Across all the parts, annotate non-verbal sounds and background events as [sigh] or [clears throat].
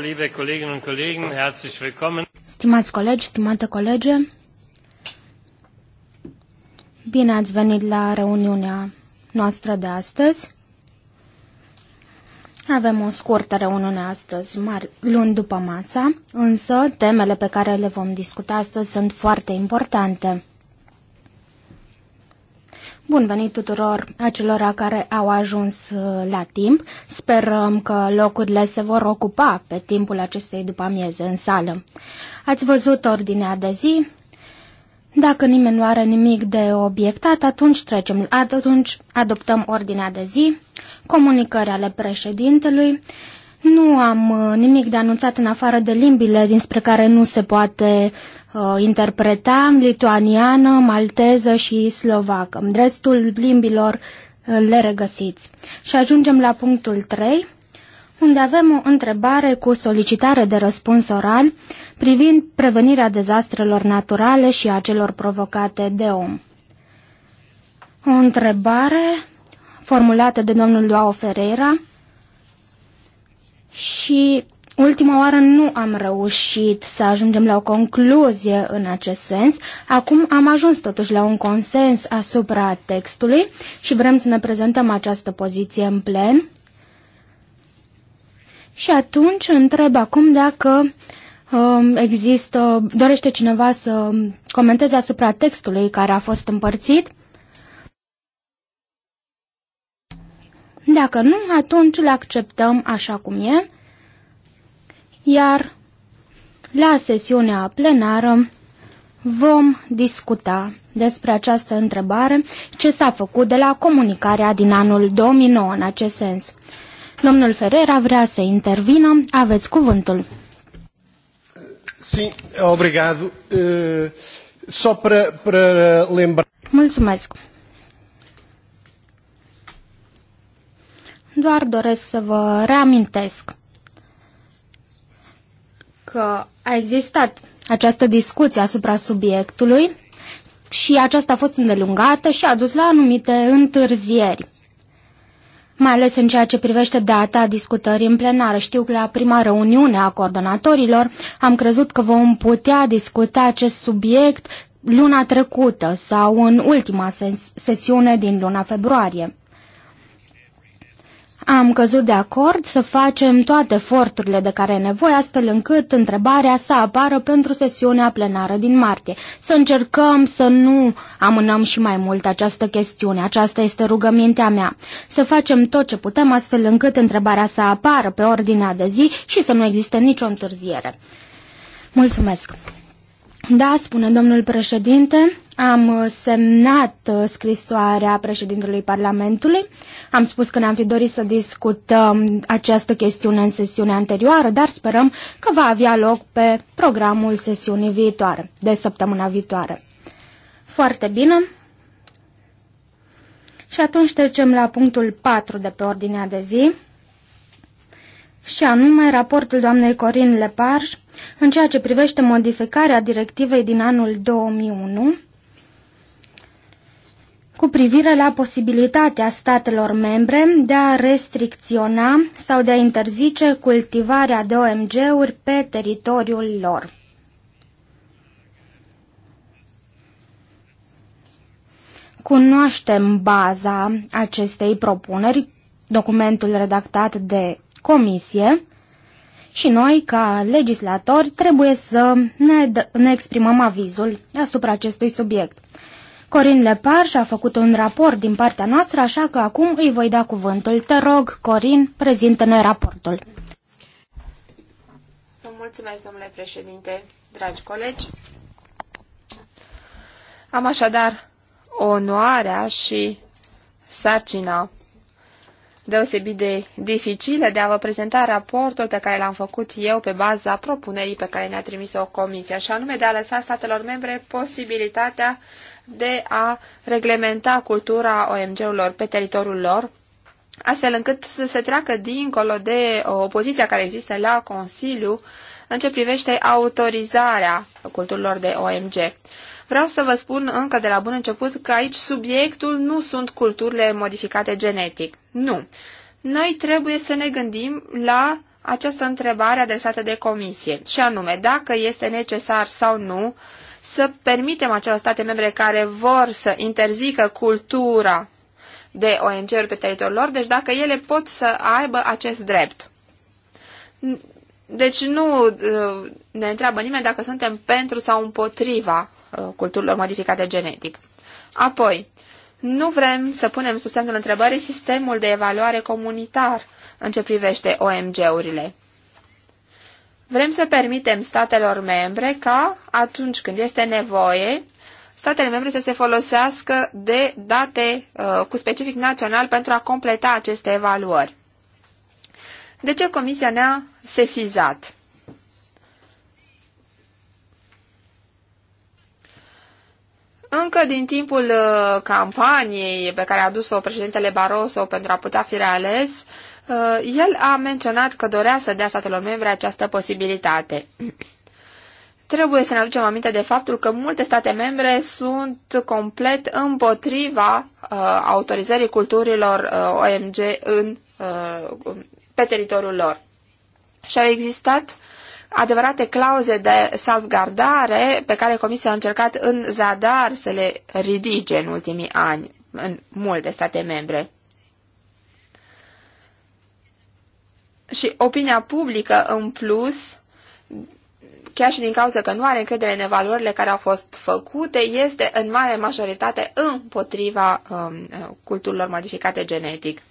liebe Kolleginnen und Kollegen, herzlich willkommen. Stimați colegi, stimate colege, bine ați venit la reuniunea noastră de astăzi. Avem o scurtă reuniune astăzi, mari, luni după masa, însă temele pe care le vom discuta astăzi sunt foarte importante. Bun venit tuturor acelora care au ajuns uh, la timp. Sperăm că locurile se vor ocupa pe timpul acestei după amieze în sală. Ați văzut ordinea de zi? Dacă nimeni nu are nimic de obiectat, atunci trecem, atunci adoptăm ordinea de zi, comunicări ale președintelui, nu am uh, nimic de anunțat în afară de limbile dinspre care nu se poate Uh, interpreta lituaniană, malteză și slovacă. Restul limbilor uh, le regăsiți. Și ajungem la punctul 3, unde avem o întrebare cu solicitare de răspuns oral privind prevenirea dezastrelor naturale și a celor provocate de om. O întrebare formulată de domnul Luau Ferreira și Ultima oară nu am reușit să ajungem la o concluzie în acest sens. Acum am ajuns totuși la un consens asupra textului și vrem să ne prezentăm această poziție în plen. Și atunci întreb acum dacă um, există, dorește cineva să comenteze asupra textului care a fost împărțit. Dacă nu, atunci îl acceptăm așa cum e iar la sesiunea plenară vom discuta despre această întrebare ce s-a făcut de la comunicarea din anul 2009 în acest sens. Domnul Ferreira vrea să intervină, aveți cuvântul. Sim, obrigado. Uh, só para, para lembrar. Mulțumesc. Doar doresc să vă reamintesc că a existat această discuție asupra subiectului și aceasta a fost îndelungată și a dus la anumite întârzieri mai ales în ceea ce privește data discutării în plenară. Știu că la prima reuniune a coordonatorilor am crezut că vom putea discuta acest subiect luna trecută sau în ultima sesiune din luna februarie. Am căzut de acord să facem toate eforturile de care e nevoie, astfel încât întrebarea să apară pentru sesiunea plenară din martie. Să încercăm să nu amânăm și mai mult această chestiune. Aceasta este rugămintea mea. Să facem tot ce putem, astfel încât întrebarea să apară pe ordinea de zi și să nu existe nicio întârziere. Mulțumesc! Da, spune domnul președinte, am semnat uh, scrisoarea președintelui Parlamentului. Am spus că ne-am fi dorit să discutăm această chestiune în sesiunea anterioară, dar sperăm că va avea loc pe programul sesiunii viitoare, de săptămâna viitoare. Foarte bine. Și atunci trecem la punctul 4 de pe ordinea de zi și anume raportul doamnei Corin Leparj în ceea ce privește modificarea directivei din anul 2001 cu privire la posibilitatea statelor membre de a restricționa sau de a interzice cultivarea de OMG-uri pe teritoriul lor. Cunoaștem baza acestei propuneri, documentul redactat de comisie, și noi, ca legislatori, trebuie să ne, ne exprimăm avizul asupra acestui subiect. Corin Lepar și-a făcut un raport din partea noastră, așa că acum îi voi da cuvântul. Te rog, Corin, prezintă-ne raportul. Vă mulțumesc, domnule președinte, dragi colegi. Am așadar onoarea și sarcina deosebit de dificilă de a vă prezenta raportul pe care l-am făcut eu pe baza propunerii pe care ne-a trimis-o comisia, și anume de a lăsa statelor membre posibilitatea de a reglementa cultura OMG-urilor pe teritoriul lor, astfel încât să se treacă dincolo de uh, opoziția care există la Consiliu în ce privește autorizarea culturilor de OMG. Vreau să vă spun încă de la bun început că aici subiectul nu sunt culturile modificate genetic. Nu. Noi trebuie să ne gândim la această întrebare adresată de comisie, și anume dacă este necesar sau nu uh, să permitem acelor state membre care vor să interzică cultura de ONG-uri pe teritoriul lor, deci dacă ele pot să aibă acest drept. Deci nu uh, ne întreabă nimeni dacă suntem pentru sau împotriva uh, culturilor modificate genetic. Apoi, nu vrem să punem sub semnul întrebării sistemul de evaluare comunitar în ce privește OMG-urile. Vrem să permitem statelor membre ca, atunci când este nevoie, statele membre să se folosească de date uh, cu specific național pentru a completa aceste evaluări. De ce Comisia ne-a sesizat? Încă din timpul uh, campaniei pe care a dus-o președintele Barroso pentru a putea fi reales, uh, Uh, el a menționat că dorea să dea statelor membre această posibilitate. Trebuie să ne aducem aminte de faptul că multe state membre sunt complet împotriva uh, autorizării culturilor uh, OMG în, uh, pe teritoriul lor. Și au existat adevărate clauze de salvgardare pe care Comisia a încercat în zadar să le ridice în ultimii ani în multe state membre. și opinia publică în plus, chiar și din cauza că nu are încredere în evaluările care au fost făcute, este în mare majoritate împotriva um, culturilor modificate genetic.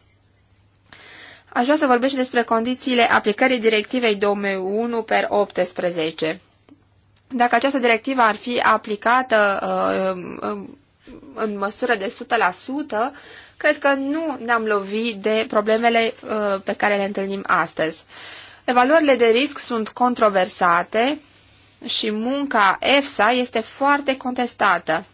Aș vrea să vorbesc despre condițiile aplicării directivei 2001 per 18. Dacă această directivă ar fi aplicată uh, um, în măsură de 100%, cred că nu ne-am lovit de problemele uh, pe care le întâlnim astăzi. Evaluările de risc sunt controversate și munca EFSA este foarte contestată.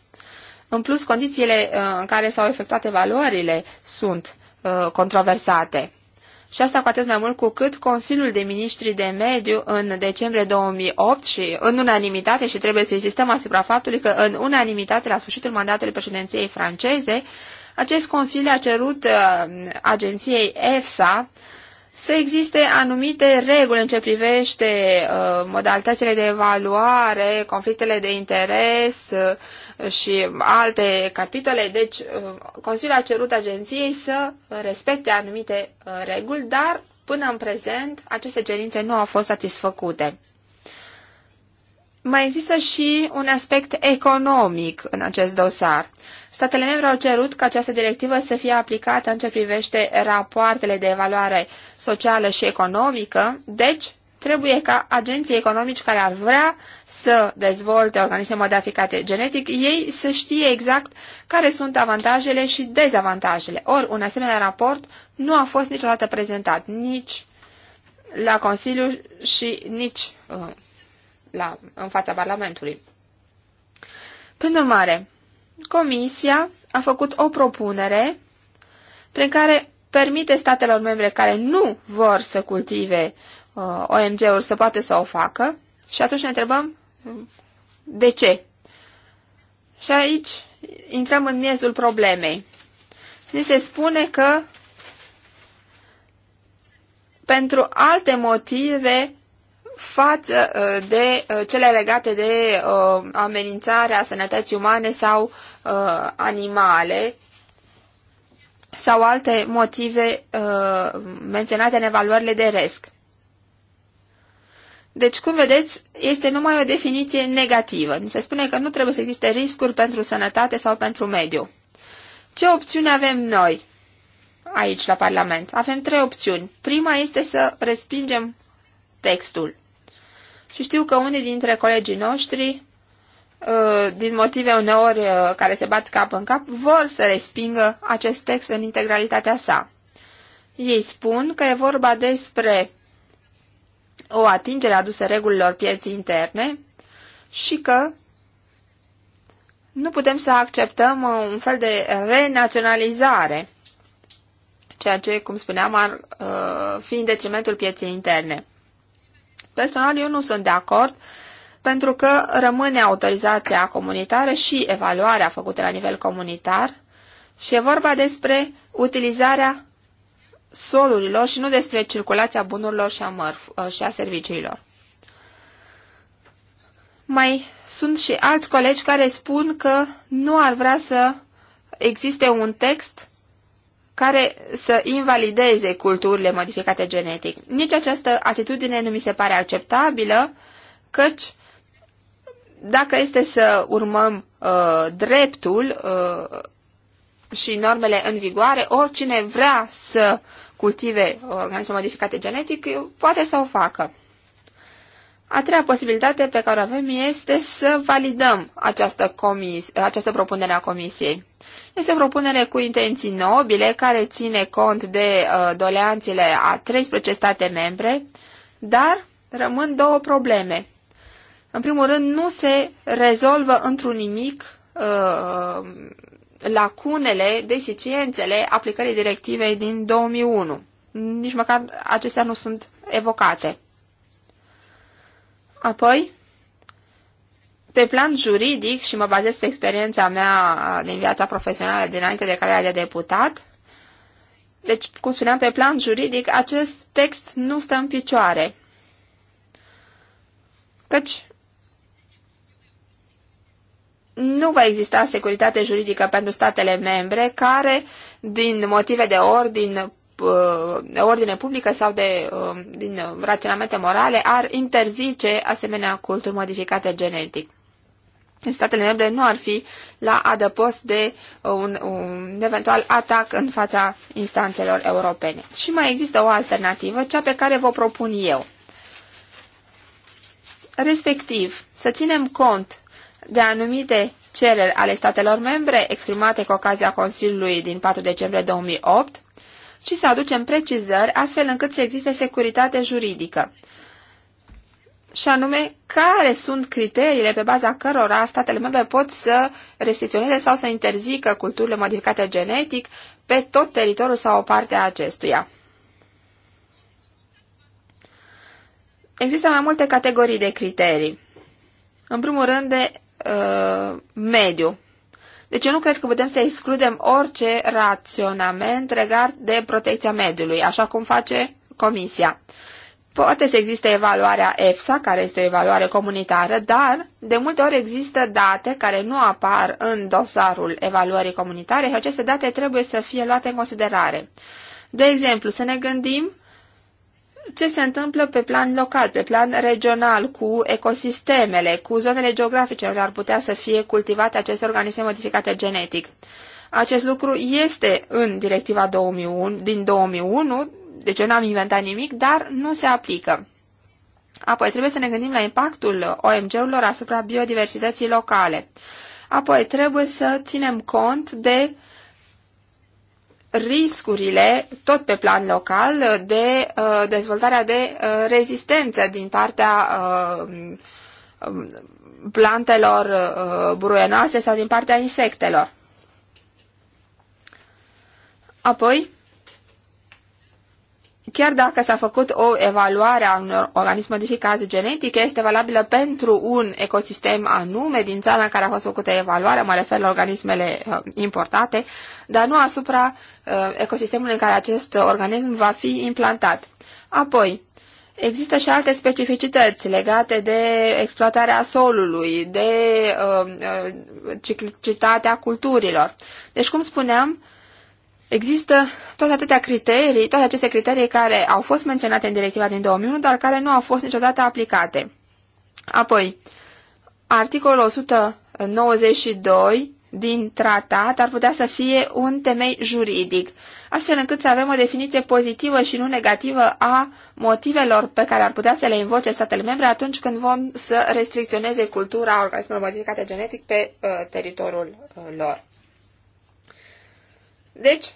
În plus, condițiile uh, în care s-au efectuat evaluările sunt uh, controversate. Și asta cu atât mai mult cu cât Consiliul de Ministri de Mediu în decembrie 2008 și în unanimitate, și trebuie să insistăm asupra faptului că în unanimitate la sfârșitul mandatului președinției franceze, uh, acest consiliu a cerut uh, agenției EFSA să existe anumite reguli în ce privește uh, modalitățile de evaluare, conflictele de interes uh, și alte capitole. Deci, uh, Consiliul a cerut agenției să respecte anumite uh, reguli, dar până în prezent aceste cerințe nu au fost satisfăcute. Mai există și un aspect economic în acest dosar. Statele membre au cerut ca această directivă să fie aplicată în ce privește rapoartele de evaluare socială și economică, deci trebuie ca agenții economici care ar vrea să dezvolte organisme modificate genetic, ei să știe exact care sunt avantajele și dezavantajele. Ori, un asemenea raport nu a fost niciodată prezentat, nici la Consiliu și nici uh, la, în fața Parlamentului. Prin urmare, Comisia a făcut o propunere prin care permite statelor membre care nu vor să cultive uh, OMG-uri să poată să o facă și atunci ne întrebăm mm, de ce. Și aici intrăm în miezul problemei. Ni se spune că pentru alte motive față uh, de uh, cele legate de uh, amenințarea sănătății umane sau animale sau alte motive menționate în evaluările de risc. Deci, cum vedeți, este numai o definiție negativă. Se spune că nu trebuie să existe riscuri pentru sănătate sau pentru mediu. Ce opțiuni avem noi aici la Parlament? Avem trei opțiuni. Prima este să respingem textul. Și știu că unii dintre colegii noștri, uh, din motive uneori uh, care se bat cap în cap, vor să respingă acest text în integralitatea sa. Ei spun că e vorba despre o atingere adusă regulilor pieții interne și că nu putem să acceptăm uh, un fel de renaționalizare, ceea ce, cum spuneam, ar fi în detrimentul pieței interne. Personal, eu nu sunt de acord pentru că rămâne autorizația comunitară și evaluarea făcută la nivel comunitar și e vorba despre utilizarea solurilor și nu despre circulația bunurilor și a, mărf- și a serviciilor. Mai sunt și alți colegi care spun că nu ar vrea să existe un text care să invalideze culturile modificate genetic. Nici această atitudine nu mi se pare acceptabilă, căci dacă este să urmăm uh, dreptul uh, și normele în vigoare, oricine vrea să cultive organisme modificate genetic poate să o facă. A treia posibilitate pe care o avem este să validăm această, comis, această propunere a Comisiei. Este o propunere cu intenții nobile care ține cont de uh, doleanțele a 13 state membre, dar rămân două probleme. În primul rând, nu se rezolvă într-un nimic uh, lacunele, deficiențele aplicării directivei din 2001. Nici măcar acestea nu sunt evocate. Apoi, pe plan juridic, și mă bazez pe experiența mea din viața profesională dinainte de cariera de deputat, deci, cum spuneam, pe plan juridic, acest text nu stă în picioare. Căci nu va exista securitate juridică pentru statele membre care, din motive de ordin Uh, ordine publică sau de, uh, din raționamente morale ar interzice asemenea culturi modificate genetic. Statele membre nu ar fi la adăpost de uh, un, un eventual atac în fața instanțelor europene. Și mai există o alternativă, cea pe care vă propun eu. Respectiv, să ținem cont de anumite cereri ale statelor membre exprimate cu ocazia Consiliului din 4 decembrie 2008 și să aducem precizări astfel încât să existe securitate juridică. Și anume, care sunt criteriile pe baza cărora statele membre pot să restricționeze sau să interzică culturile modificate genetic pe tot teritoriul sau o parte a acestuia. Există mai multe categorii de criterii. În primul rând, de uh, mediu. Deci eu nu cred că putem să excludem orice raționament legat de protecția mediului, așa cum face Comisia. Poate să existe evaluarea EFSA, care este o evaluare comunitară, dar de multe ori există date care nu apar în dosarul evaluării comunitare și aceste date trebuie să fie luate în considerare. De exemplu, să ne gândim ce se întâmplă pe plan local, pe plan regional, cu ecosistemele, cu zonele geografice unde ar putea să fie cultivate aceste organisme modificate genetic. Acest lucru este în directiva 2001, din 2001, deci eu n-am inventat nimic, dar nu se aplică. Apoi trebuie să ne gândim la impactul OMG-urilor asupra biodiversității locale. Apoi trebuie să ținem cont de riscurile, tot pe plan local, de uh, dezvoltarea de uh, rezistență din partea uh, um, plantelor bruenoase sau din partea insectelor. Apoi, chiar dacă s-a făcut o evaluare a unor organism modificat genetic, este valabilă pentru un ecosistem anume din țara în care a fost făcută evaluarea, mă refer la organismele uh, importate, dar nu asupra uh, ecosistemului în care acest organism va fi implantat. Apoi, Există și alte specificități legate de exploatarea solului, de uh, uh ciclicitatea culturilor. Deci, cum spuneam, Există toate atâtea criterii, toate aceste criterii care au fost menționate în directiva din 2001, dar care nu au fost niciodată aplicate. Apoi, articolul 192 din tratat ar putea să fie un temei juridic, astfel încât să avem o definiție pozitivă și nu negativă a motivelor pe care ar putea să le invoce statele membre atunci când vor să restricționeze cultura organismelor modificate genetic pe uh, teritoriul uh, lor. Deci,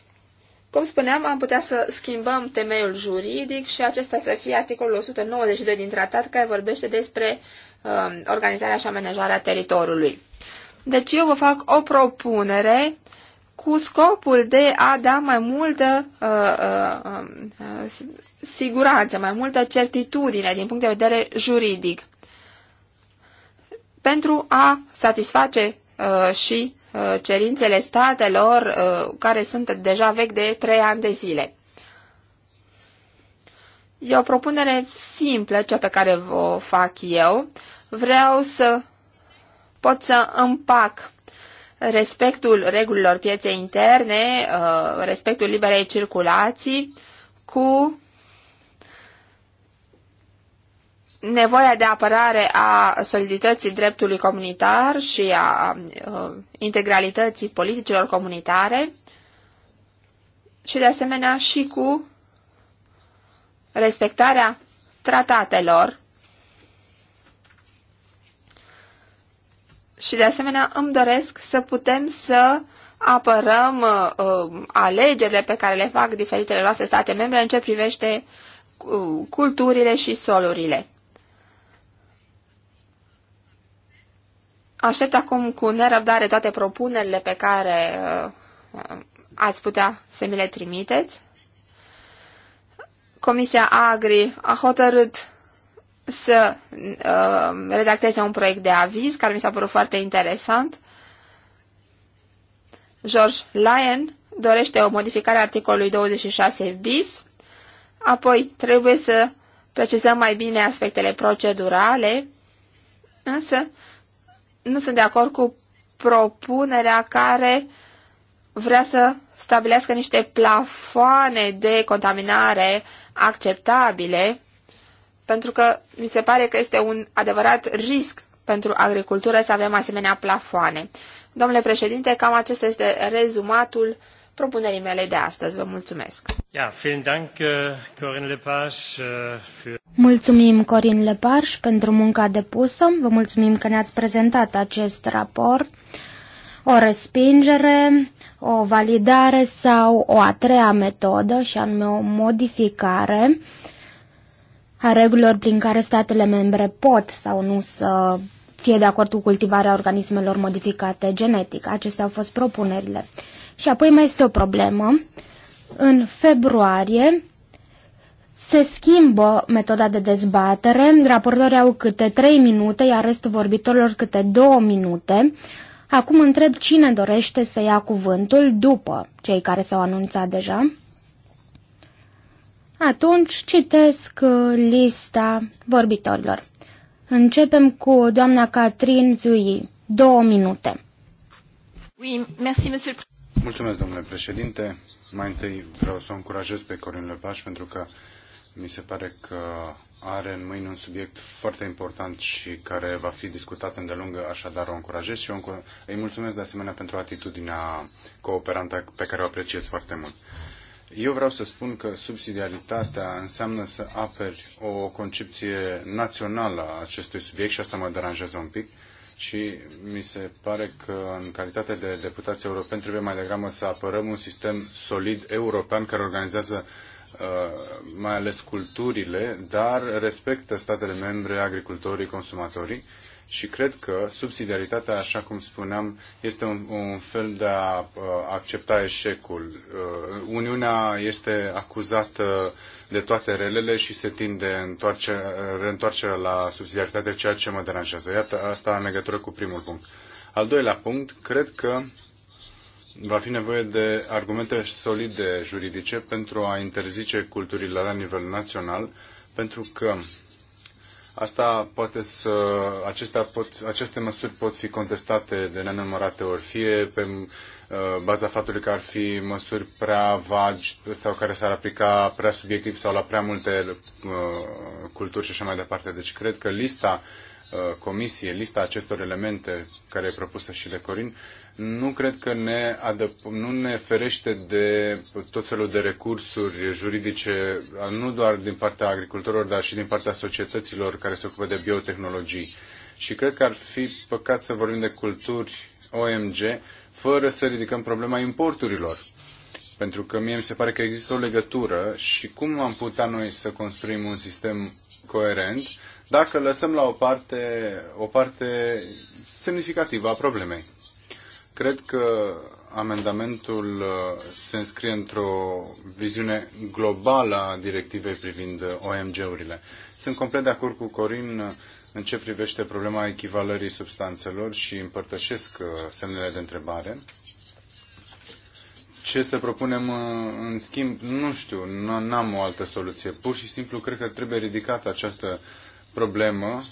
cum spuneam, am putea să schimbăm temeiul juridic și acesta să fie articolul 192 din tratat care vorbește despre uh, organizarea și amenajarea teritoriului. Deci eu vă fac o propunere cu scopul de a da mai multă uh, uh, uh, siguranță, mai multă certitudine din punct de vedere juridic pentru a satisface uh, și Uh, cerințele statelor uh, care sunt deja vechi de trei ani de zile. E o propunere simplă, cea pe care o fac eu. Vreau să pot să împac respectul regulilor pieței interne, uh, respectul liberei circulații cu nevoia de apărare a solidității dreptului comunitar și a integralității politicilor comunitare și de asemenea și cu respectarea tratatelor și de asemenea îmi doresc să putem să apărăm uh, uh alegerile pe care le fac diferitele noastre state membre în ce privește uh, culturile și solurile. Aștept acum cu nerăbdare toate propunerile pe care uh, ați putea să mi le trimiteți. Comisia Agri a hotărât să uh, redacteze un proiect de aviz care mi s-a părut foarte interesant. George Lyon dorește o modificare a articolului 26 bis, apoi trebuie să precizăm mai bine aspectele procedurale, însă nu sunt de acord cu propunerea care vrea să stabilească niște plafoane de contaminare acceptabile, pentru că mi se pare că este un adevărat risc pentru agricultură să avem asemenea plafoane. Domnule președinte, cam acesta este rezumatul propunerii mele de astăzi. Vă mulțumesc! Ja, vielen Dank, äh, Corinne Lepage, äh, für... Mulțumim, Corin Lepage, pentru munca depusă. Vă mulțumim că ne-ați prezentat acest raport. O respingere, o validare sau o a treia metodă, și anume o modificare a regulilor prin care statele membre pot sau nu să fie de acord cu cultivarea organismelor modificate genetic. Acestea au fost propunerile. Și apoi mai este o problemă. În februarie se schimbă metoda de dezbatere, raportorii au câte 3 minute, iar restul vorbitorilor câte 2 minute. Acum întreb cine dorește să ia cuvântul după cei care s-au anunțat deja. Atunci citesc uh, lista vorbitorilor. Începem cu doamna Catrin Zui. Două minute. Oui, merci, monsieur... Mulțumesc, domnule președinte. Mai întâi vreau să o încurajez pe Corin Lepaș pentru că mi se pare că are în mâini un subiect foarte important și care va fi discutat îndelungă, așadar o încurajez și o încur... îi mulțumesc de asemenea pentru atitudinea cooperantă pe care o apreciez foarte mult. Eu vreau să spun că subsidiaritatea înseamnă să aperi o concepție națională a acestui subiect și asta mă deranjează un pic și mi se pare că în calitate de deputați europeni trebuie mai degrabă să apărăm un sistem solid european care organizează uh, mai ales culturile, dar respectă statele membre, agricultorii, consumatorii și cred că subsidiaritatea, așa cum spuneam, este un, un fel de a uh, accepta eșecul. Uh, Uniunea este acuzată de toate relele și se tinde întoarce, la subsidiaritate, ceea ce mă deranjează. Iată, asta în legătură cu primul punct. Al doilea punct, cred că va fi nevoie de argumente solide juridice pentru a interzice culturile la nivel național, pentru că Asta poate să, acestea pot, aceste măsuri pot fi contestate de nenumărate ori, fie pe Uh, baza faptului că ar fi măsuri prea vagi sau care s-ar aplica prea subiectiv sau la prea multe uh, culturi și așa mai departe. Deci cred că lista uh, comisie, lista acestor elemente care e propusă și de Corin, nu cred că ne, adăp- nu ne ferește de tot felul de recursuri juridice, nu doar din partea agricultorilor, dar și din partea societăților care se ocupă de biotehnologii. Și cred că ar fi păcat să vorbim de culturi OMG fără să ridicăm problema importurilor. Pentru că mie mi se pare că există o legătură și cum am putea noi să construim un sistem coerent dacă lăsăm la o parte, o parte semnificativă a problemei. Cred că amendamentul uh, se înscrie într-o viziune globală a directivei privind OMG-urile. Sunt complet de acord cu Corin în ce privește problema echivalării substanțelor și împărtășesc uh, semnele de întrebare. Ce să propunem uh, în schimb? Nu știu, n-am o altă soluție. Pur și simplu cred că trebuie ridicată această problemă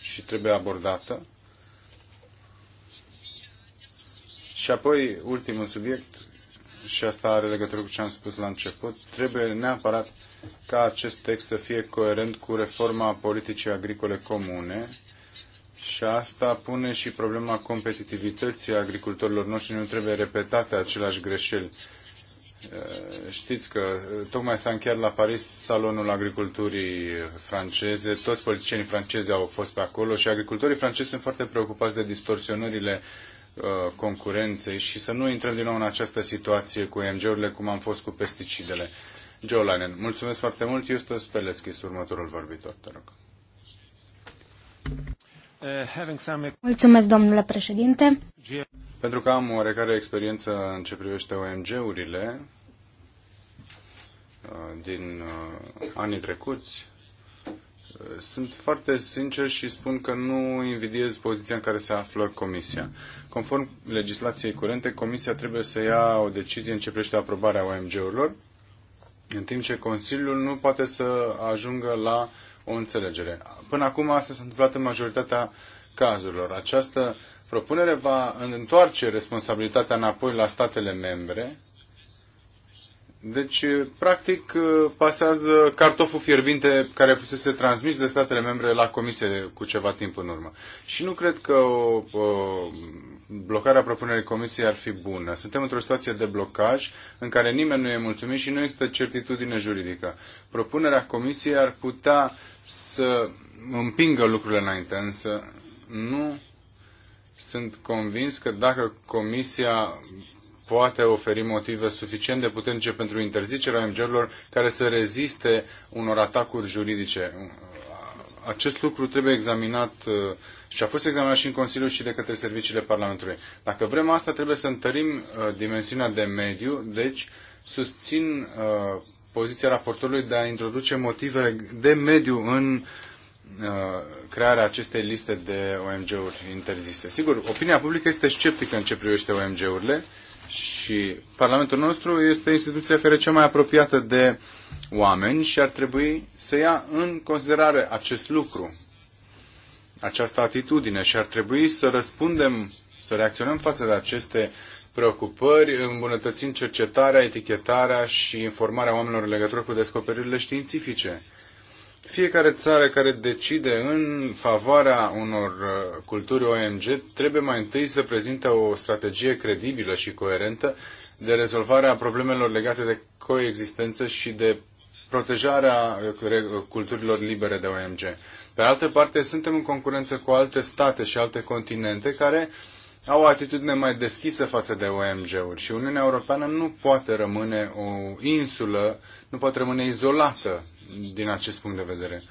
și trebuie abordată. Și apoi, ultimul subiect, și asta are legătură cu ce am spus la început, trebuie neapărat uh, ca acest text să fie coerent cu reforma politicii agricole comune și asta pune și problema competitivității agricultorilor noștri. Nu trebuie repetate aceleași greșeli. Eh, știți că eh, tocmai s-a încheiat la Paris salonul agriculturii franceze, toți politicienii francezi au fost pe acolo și agricultorii francezi sunt foarte preocupați de distorsionările eh, concurenței și să nu intrăm din nou în această situație cu MG-urile cum am fost cu pesticidele. Joe Mulțumesc foarte mult. Justus Peleschis, următorul vorbitor, te rog. Eh, Mulțumesc, domnule președinte. Pentru că am oarecare experiență în ce privește OMG-urile eh, din eh, anii trecuți, sunt foarte sincer și spun că nu invidiez poziția în care se află Comisia. Conform legislației curente, Comisia trebuie să ia o decizie în ce privește aprobarea OMG-urilor în timp ce Consiliul nu poate să ajungă la o înțelegere. Până acum asta s-a întâmplat în majoritatea cazurilor. Această propunere va întoarce responsabilitatea înapoi la statele membre. Deci, practic, pasează cartoful fierbinte care fusese transmis de statele membre la comisie cu ceva timp în urmă. Și nu cred că o, o blocarea propunerii Comisiei ar fi bună. Suntem într-o situație de blocaj în care nimeni nu e mulțumit și nu există certitudine juridică. Propunerea Comisiei ar putea să împingă lucrurile înainte, însă nu sunt convins că dacă Comisia poate oferi motive suficient de puternice pentru interzicerea omg care să reziste unor atacuri juridice. Acest lucru trebuie examinat uh, și a fost examinat și în Consiliu și de către serviciile Parlamentului. Dacă vrem asta, trebuie să întărim uh, dimensiunea de mediu, deci susțin uh, poziția raportorului de a introduce motive de mediu în uh, crearea acestei liste de OMG-uri interzise. Sigur, opinia publică este sceptică în ce privește OMG-urile și Parlamentul nostru este instituția care e cea mai apropiată de oameni și ar trebui să ia în considerare acest lucru această atitudine și ar trebui să răspundem, să reacționăm față de aceste preocupări, îmbunătățind cercetarea, etichetarea și informarea oamenilor în legătură cu descoperirile științifice. Fiecare țară care decide în favoarea unor uh, culturi OMG trebuie mai întâi să prezinte o strategie credibilă și coerentă de rezolvarea problemelor legate de coexistență și de protejarea uh, uh, culturilor libere de OMG. Pe altă parte, suntem în concurență cu alte state și alte continente care au o atitudine mai deschisă față de OMG-uri și Uniunea Europeană nu poate rămâne o insulă, nu poate rămâne izolată din acest punct de vedere.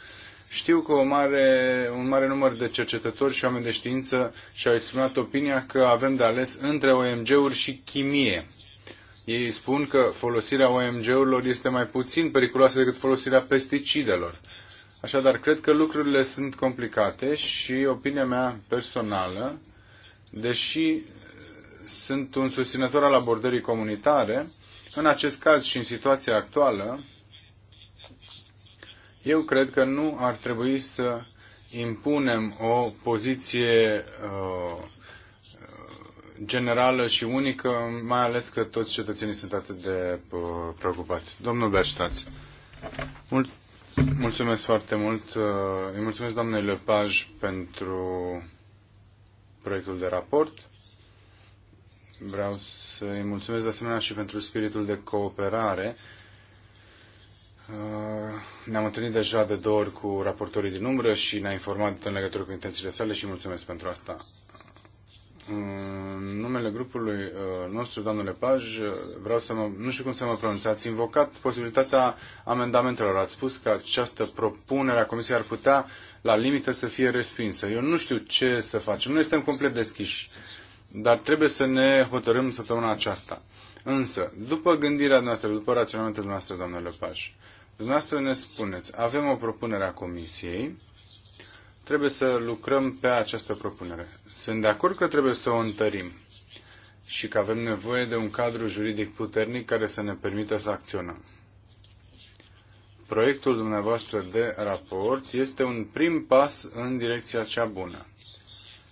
Știu că o mare, un mare număr de cercetători și oameni de știință și-au exprimat opinia că avem de ales între OMG-uri și chimie. Ei spun că folosirea OMG-urilor este mai puțin periculoasă decât folosirea pesticidelor. Așadar, cred că lucrurile sunt complicate și opinia mea personală, deși sunt un susținător al abordării comunitare, în acest caz și în situația actuală, eu cred că nu ar trebui să impunem o poziție uh, generală și unică, mai ales că toți cetățenii sunt atât de uh, preocupați. Domnul Berștați. Mult, Mulțumesc foarte mult. Uh, îi mulțumesc doamnei Lepaj pentru proiectul de raport. Vreau să îi mulțumesc de asemenea și pentru spiritul de cooperare. Uh, ne-am întâlnit deja de două ori cu raportorii din umbră și ne-a informat în legătură cu intențiile sale și mulțumesc pentru asta numele grupului uh, nostru, domnule Paj, uh, vreau să mă, nu știu cum să mă Ați invocat posibilitatea amendamentelor. Ați spus că această propunere a Comisiei ar putea la limită să fie respinsă. Eu nu știu ce să facem. Noi suntem complet deschiși, dar trebuie să ne hotărâm săptămâna aceasta. Însă, după gândirea noastră, după raționamentul noastră, domnule Paj, dumneavoastră ne spuneți, avem o propunere a Comisiei, trebuie să lucrăm pe această propunere. Sunt de acord că trebuie să o întărim și că avem nevoie de un cadru juridic puternic care să ne permită să acționăm. Proiectul dumneavoastră de raport este un prim pas în direcția cea bună.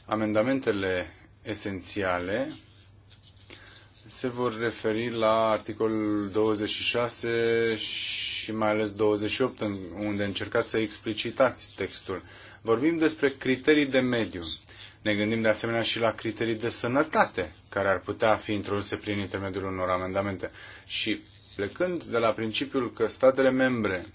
Amendamentele esențiale se vor referi la articolul 26 și mai ales 28, unde încercați să explicitați textul. Vorbim despre criterii de mediu. Ne gândim de asemenea și la criterii de sănătate, care ar putea fi introduse prin intermediul unor amendamente. Și plecând de la principiul că statele membre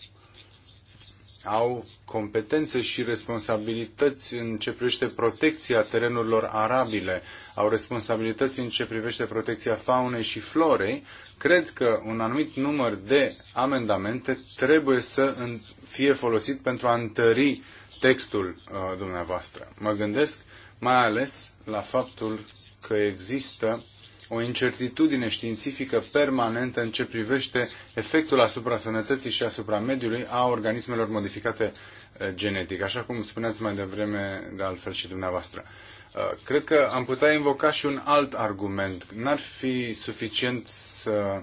au competențe și responsabilități în ce privește protecția terenurilor arabile, au responsabilități în ce privește protecția faunei și florei, cred că un anumit număr de amendamente trebuie să fie folosit pentru a întări textul uh, dumneavoastră. Mă gândesc mai ales la faptul că există o incertitudine științifică permanentă în ce privește efectul asupra sănătății și asupra mediului a organismelor modificate uh, genetic, așa cum spuneați mai devreme de altfel și dumneavoastră. Uh, cred că am putea invoca și un alt argument. N-ar fi suficient să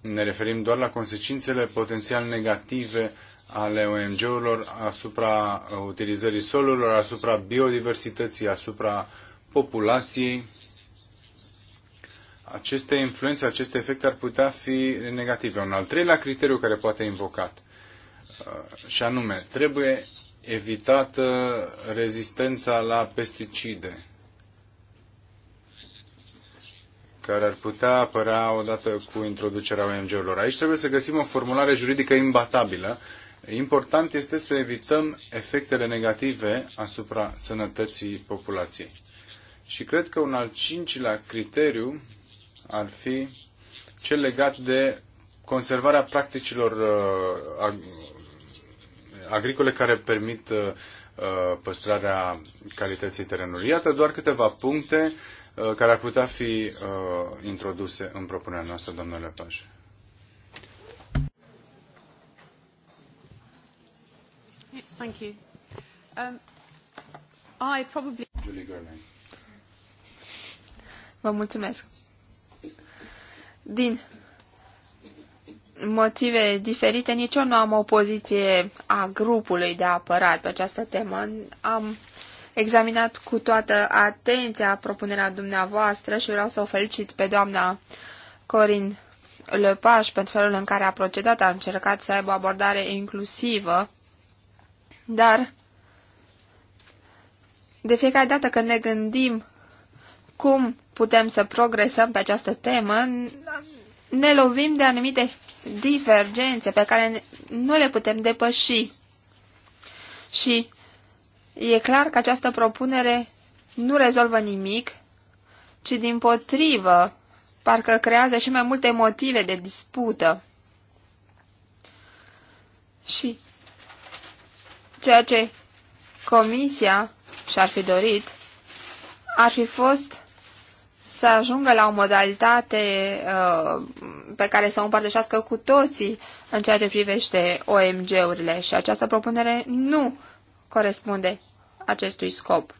ne referim doar la consecințele potențial negative ale OMG-urilor asupra uh, utilizării solurilor, asupra biodiversității, asupra populației. Aceste influențe, aceste efecte ar putea fi negative. Un al treilea criteriu care poate invocat, uh, și anume, trebuie evitată rezistența la pesticide, care ar putea apărea odată cu introducerea OMG-urilor. Aici trebuie să găsim o formulare juridică imbatabilă Important este să evităm efectele negative asupra sănătății populației. Și cred că un al cincilea criteriu ar fi cel legat de conservarea practicilor uh, agricole care permit uh, uh, păstrarea calității terenului. Iată doar câteva puncte care ar putea fi introduse în propunerea noastră, domnule Pașe. Um, Vă mulțumesc. Din motive diferite, nici eu nu am o poziție a grupului de apărat pe această temă. Am examinat cu toată atenția propunerea dumneavoastră și vreau să o felicit pe doamna Corin Lepaș pentru felul în care a procedat. A încercat să aibă o abordare inclusivă dar de fiecare dată când ne gândim cum putem să progresăm pe această temă, ne lovim de anumite divergențe pe care nu le putem depăși. Și e clar că această propunere nu rezolvă nimic, ci din potrivă, parcă creează și mai multe motive de dispută. Și Ceea ce Comisia și-ar fi dorit ar fi fost să ajungă la o modalitate uh, pe care să o împărtășească cu toții în ceea ce privește OMG-urile și această propunere nu corespunde acestui scop.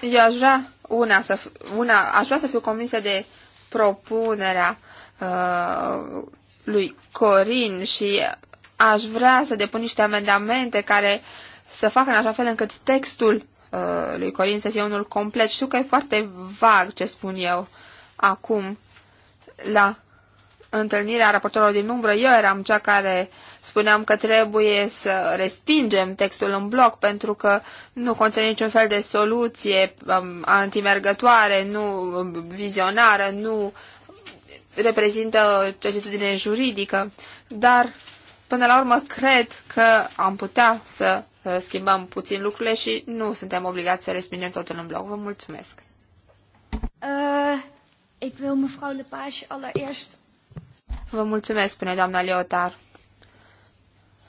Eu aș vrea una să, una, aș vrea să fiu convinsă de propunerea uh, lui Corin și aș vrea să depun niște amendamente care să facă în așa fel încât textul uh, lui Corin să fie unul complet. Știu că e foarte vag ce spun eu acum la întâlnirea raportorilor din umbră. Eu eram cea care spuneam că trebuie să respingem textul în bloc pentru că nu conține niciun fel de soluție um, antimergătoare, nu um, vizionară, nu uh, reprezintă certitudine juridică, dar până la urmă cred că am putea să uh, schimbăm puțin lucrurile și nu suntem obligați să respingem totul în bloc. Vă mulțumesc. Uh, Vă mulțumesc, spune doamna Leotar.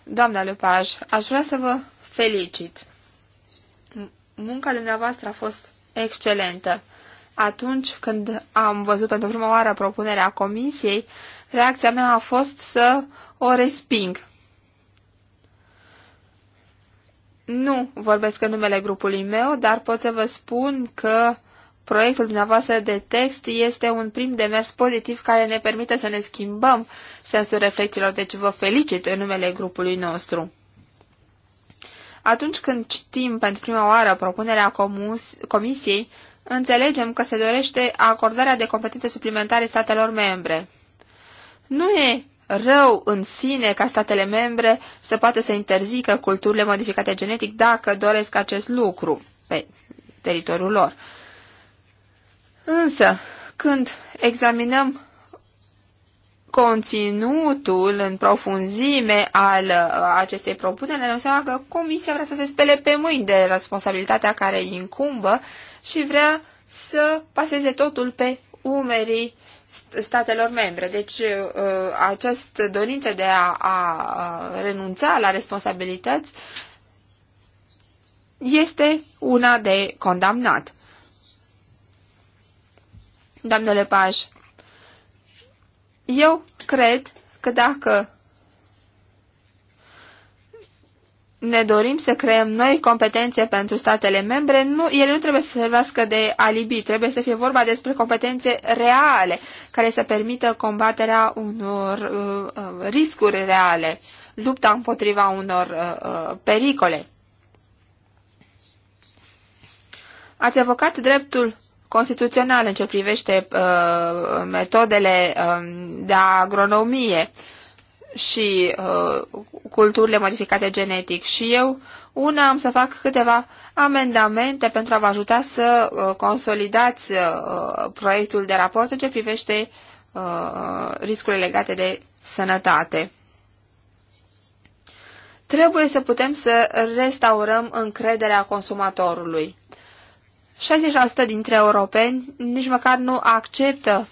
Doamna Lupaj, aș vrea să vă felicit. Munca dumneavoastră a fost excelentă. Atunci când am văzut pentru prima oară propunerea comisiei, reacția mea a fost să o resping. Nu vorbesc în numele grupului meu, dar pot să vă spun că proiectul dumneavoastră de text este un prim demers pozitiv care ne permite să ne schimbăm sensul reflexiilor, deci vă felicit în numele grupului nostru. Atunci când citim pentru prima oară propunerea comisiei, înțelegem că se dorește acordarea de competențe suplimentare statelor membre. Nu e rău în sine ca statele membre să poată să interzică culturile modificate genetic dacă doresc acest lucru pe teritoriul lor. Însă, când examinăm conținutul în profunzime al uh, acestei propuneri, ne dăm seama că Comisia vrea să se spele pe mâini de responsabilitatea care îi incumbă și vrea să paseze totul pe umerii statelor membre. Deci uh, această dorință de a, a renunța la responsabilități este una de condamnat. Doamnele Paj, eu cred că dacă ne dorim să creăm noi competențe pentru statele membre, nu, ele nu trebuie să se servească de alibi, trebuie să fie vorba despre competențe reale, care să permită combaterea unor uh, uh riscuri reale, lupta împotriva unor uh, uh, pericole. Ați evocat dreptul constituțional în ce privește uh, metodele uh, de agronomie. Uh, și uh, culturile modificate genetic și eu una am să fac câteva amendamente pentru a vă ajuta să uh, consolidați uh, proiectul de raport în ce privește uh, riscurile legate de sănătate. Trebuie să putem să restaurăm încrederea consumatorului. 60% dintre europeni nici măcar nu acceptă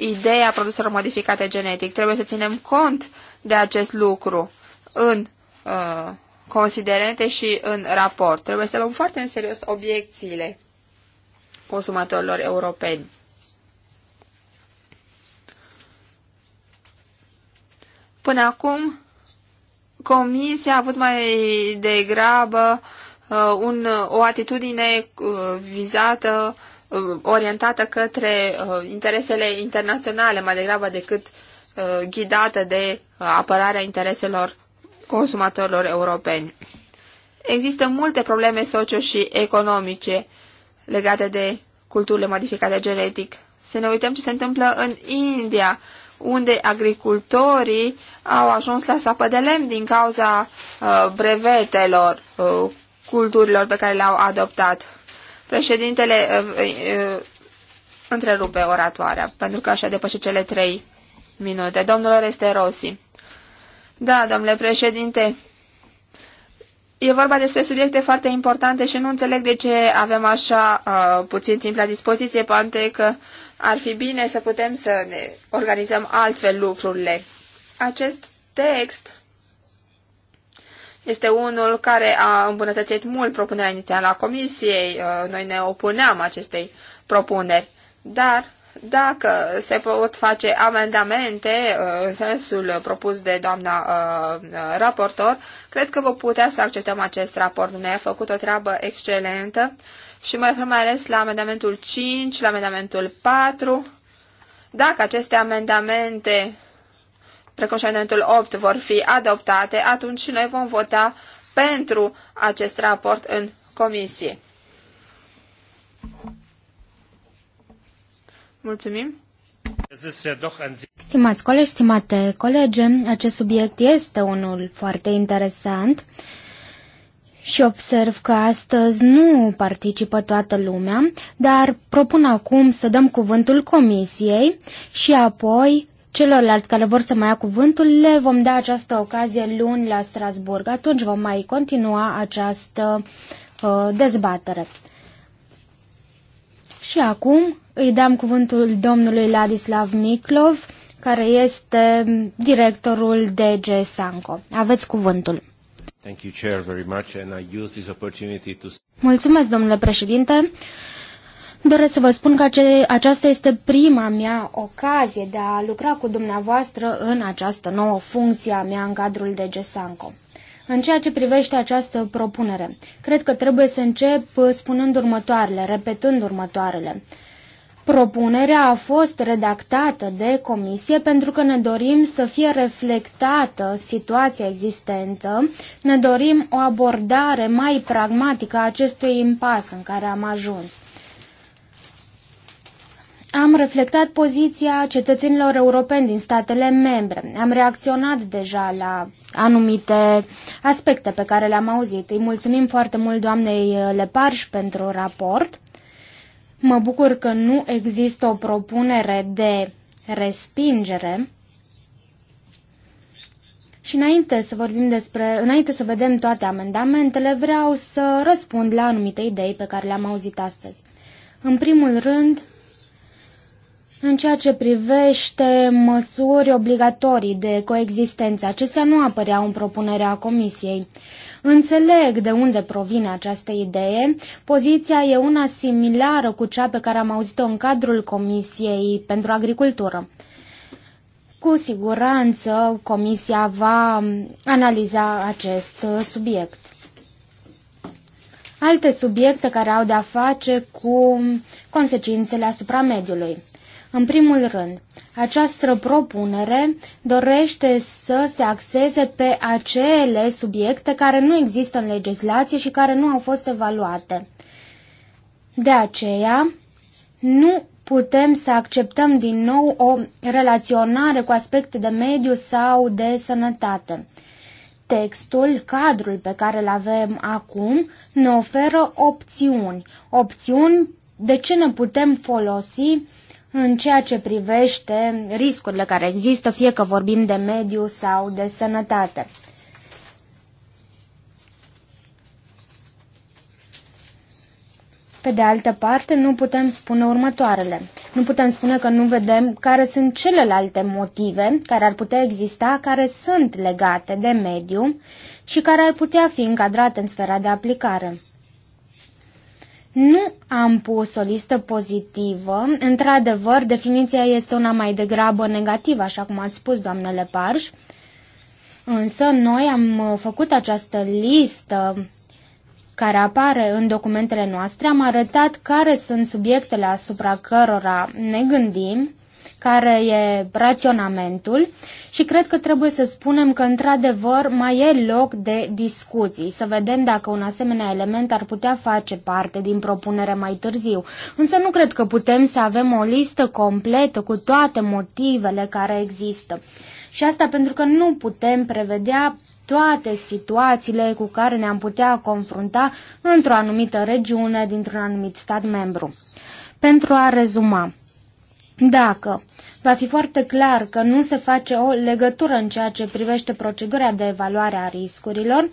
ideea produselor modificate genetic. Trebuie să ținem cont de acest lucru în uh, considerente și în raport. Trebuie să luăm foarte în serios obiecțiile consumatorilor europeni. Până acum, Comisia a avut mai degrabă uh, un, o atitudine uh, vizată, uh, orientată către uh, interesele internaționale, mai degrabă decât uh, Uh, ghidată de uh, apărarea intereselor consumatorilor europeni. Există multe probleme socio și economice legate de culturile modificate genetic. Să ne uităm ce se întâmplă în India, unde agricultorii au ajuns la sapă de lemn din cauza uh, brevetelor uh, culturilor pe care le-au adoptat. Președintele uh, uh, întrerupe oratoarea, pentru că așa depășe cele trei minute. Domnul este Rossi. Da, domnule președinte, e vorba despre subiecte foarte importante și nu înțeleg de ce avem așa uh, puțin timp la dispoziție, poate că ar fi bine să putem să ne organizăm altfel lucrurile. Acest text este unul care a îmbunătățit mult propunerea inițială a comisiei. Uh, noi ne opuneam acestei propuneri, dar dacă se pot face amendamente uh, în sensul propus de doamna uh, uh, raportor, cred că vom putea să acceptăm acest raport. Ne a făcut o treabă excelentă și mă refer mai ales la amendamentul 5, la amendamentul 4. Dacă aceste amendamente, precum și amendamentul 8, vor fi adoptate, atunci noi vom vota pentru acest raport în comisie. Mulțumim! Stimați colegi, stimate colege, acest subiect este unul foarte interesant și observ că astăzi nu participă toată lumea, dar propun acum să dăm cuvântul comisiei și apoi celorlalți care vor să mai ia cuvântul le vom da această ocazie luni la Strasburg. Atunci vom mai continua această uh, dezbatere. Și acum îi dăm cuvântul domnului Ladislav Miclov, care este directorul de Sanco. Aveți cuvântul. Thank you, Chair, very much, and I use this opportunity to... Mulțumesc, domnule președinte. Doresc să vă spun că ace- aceasta este prima mea ocazie de a lucra cu dumneavoastră în această nouă funcție a mea în cadrul de GESANCO. În ceea ce privește această propunere, cred că trebuie să încep spunând următoarele, repetând următoarele. Propunerea a fost redactată de comisie pentru că ne dorim să fie reflectată situația existentă, ne dorim o abordare mai pragmatică a acestui impas în care am ajuns. Am reflectat poziția cetățenilor europeni din statele membre. Am reacționat deja la anumite aspecte pe care le-am auzit. Îi mulțumim foarte mult doamnei Leparș pentru raport. Mă bucur că nu există o propunere de respingere. Și înainte să vorbim despre, înainte să vedem toate amendamentele, vreau să răspund la anumite idei pe care le-am auzit astăzi. În primul rând, în ceea ce privește măsuri obligatorii de coexistență, acestea nu apăreau în propunerea Comisiei. Înțeleg de unde provine această idee. Poziția e una similară cu cea pe care am auzit-o în cadrul Comisiei pentru Agricultură. Cu siguranță, Comisia va analiza acest subiect. Alte subiecte care au de-a face cu consecințele asupra mediului. În primul rând, această propunere dorește să se axeze pe acele subiecte care nu există în legislație și care nu au fost evaluate. De aceea, nu putem să acceptăm din nou o relaționare cu aspecte de mediu sau de sănătate. Textul, cadrul pe care îl avem acum, ne oferă opțiuni, opțiuni de ce ne putem folosi în ceea ce privește riscurile care există, fie că vorbim de mediu sau de sănătate. Pe de altă parte, nu putem spune următoarele. Nu putem spune că nu vedem care sunt celelalte motive care ar putea exista, care sunt legate de mediu și care ar putea fi încadrate în sfera de aplicare. Nu am pus o listă pozitivă. Într-adevăr, definiția este una mai degrabă negativă, așa cum ați spus, doamnele Parș. Însă noi am uh, făcut această listă care apare în documentele noastre, am arătat care sunt subiectele asupra cărora ne gândim care e raționamentul și cred că trebuie să spunem că, într-adevăr, mai e loc de discuții, să vedem dacă un asemenea element ar putea face parte din propunere mai târziu. Însă nu cred că putem să avem o listă completă cu toate motivele care există. Și asta pentru că nu putem prevedea toate situațiile cu care ne-am putea confrunta într-o anumită regiune, dintr-un anumit stat membru. Pentru a rezuma, dacă va fi foarte clar că nu se face o legătură în ceea ce privește procedura de evaluare a riscurilor,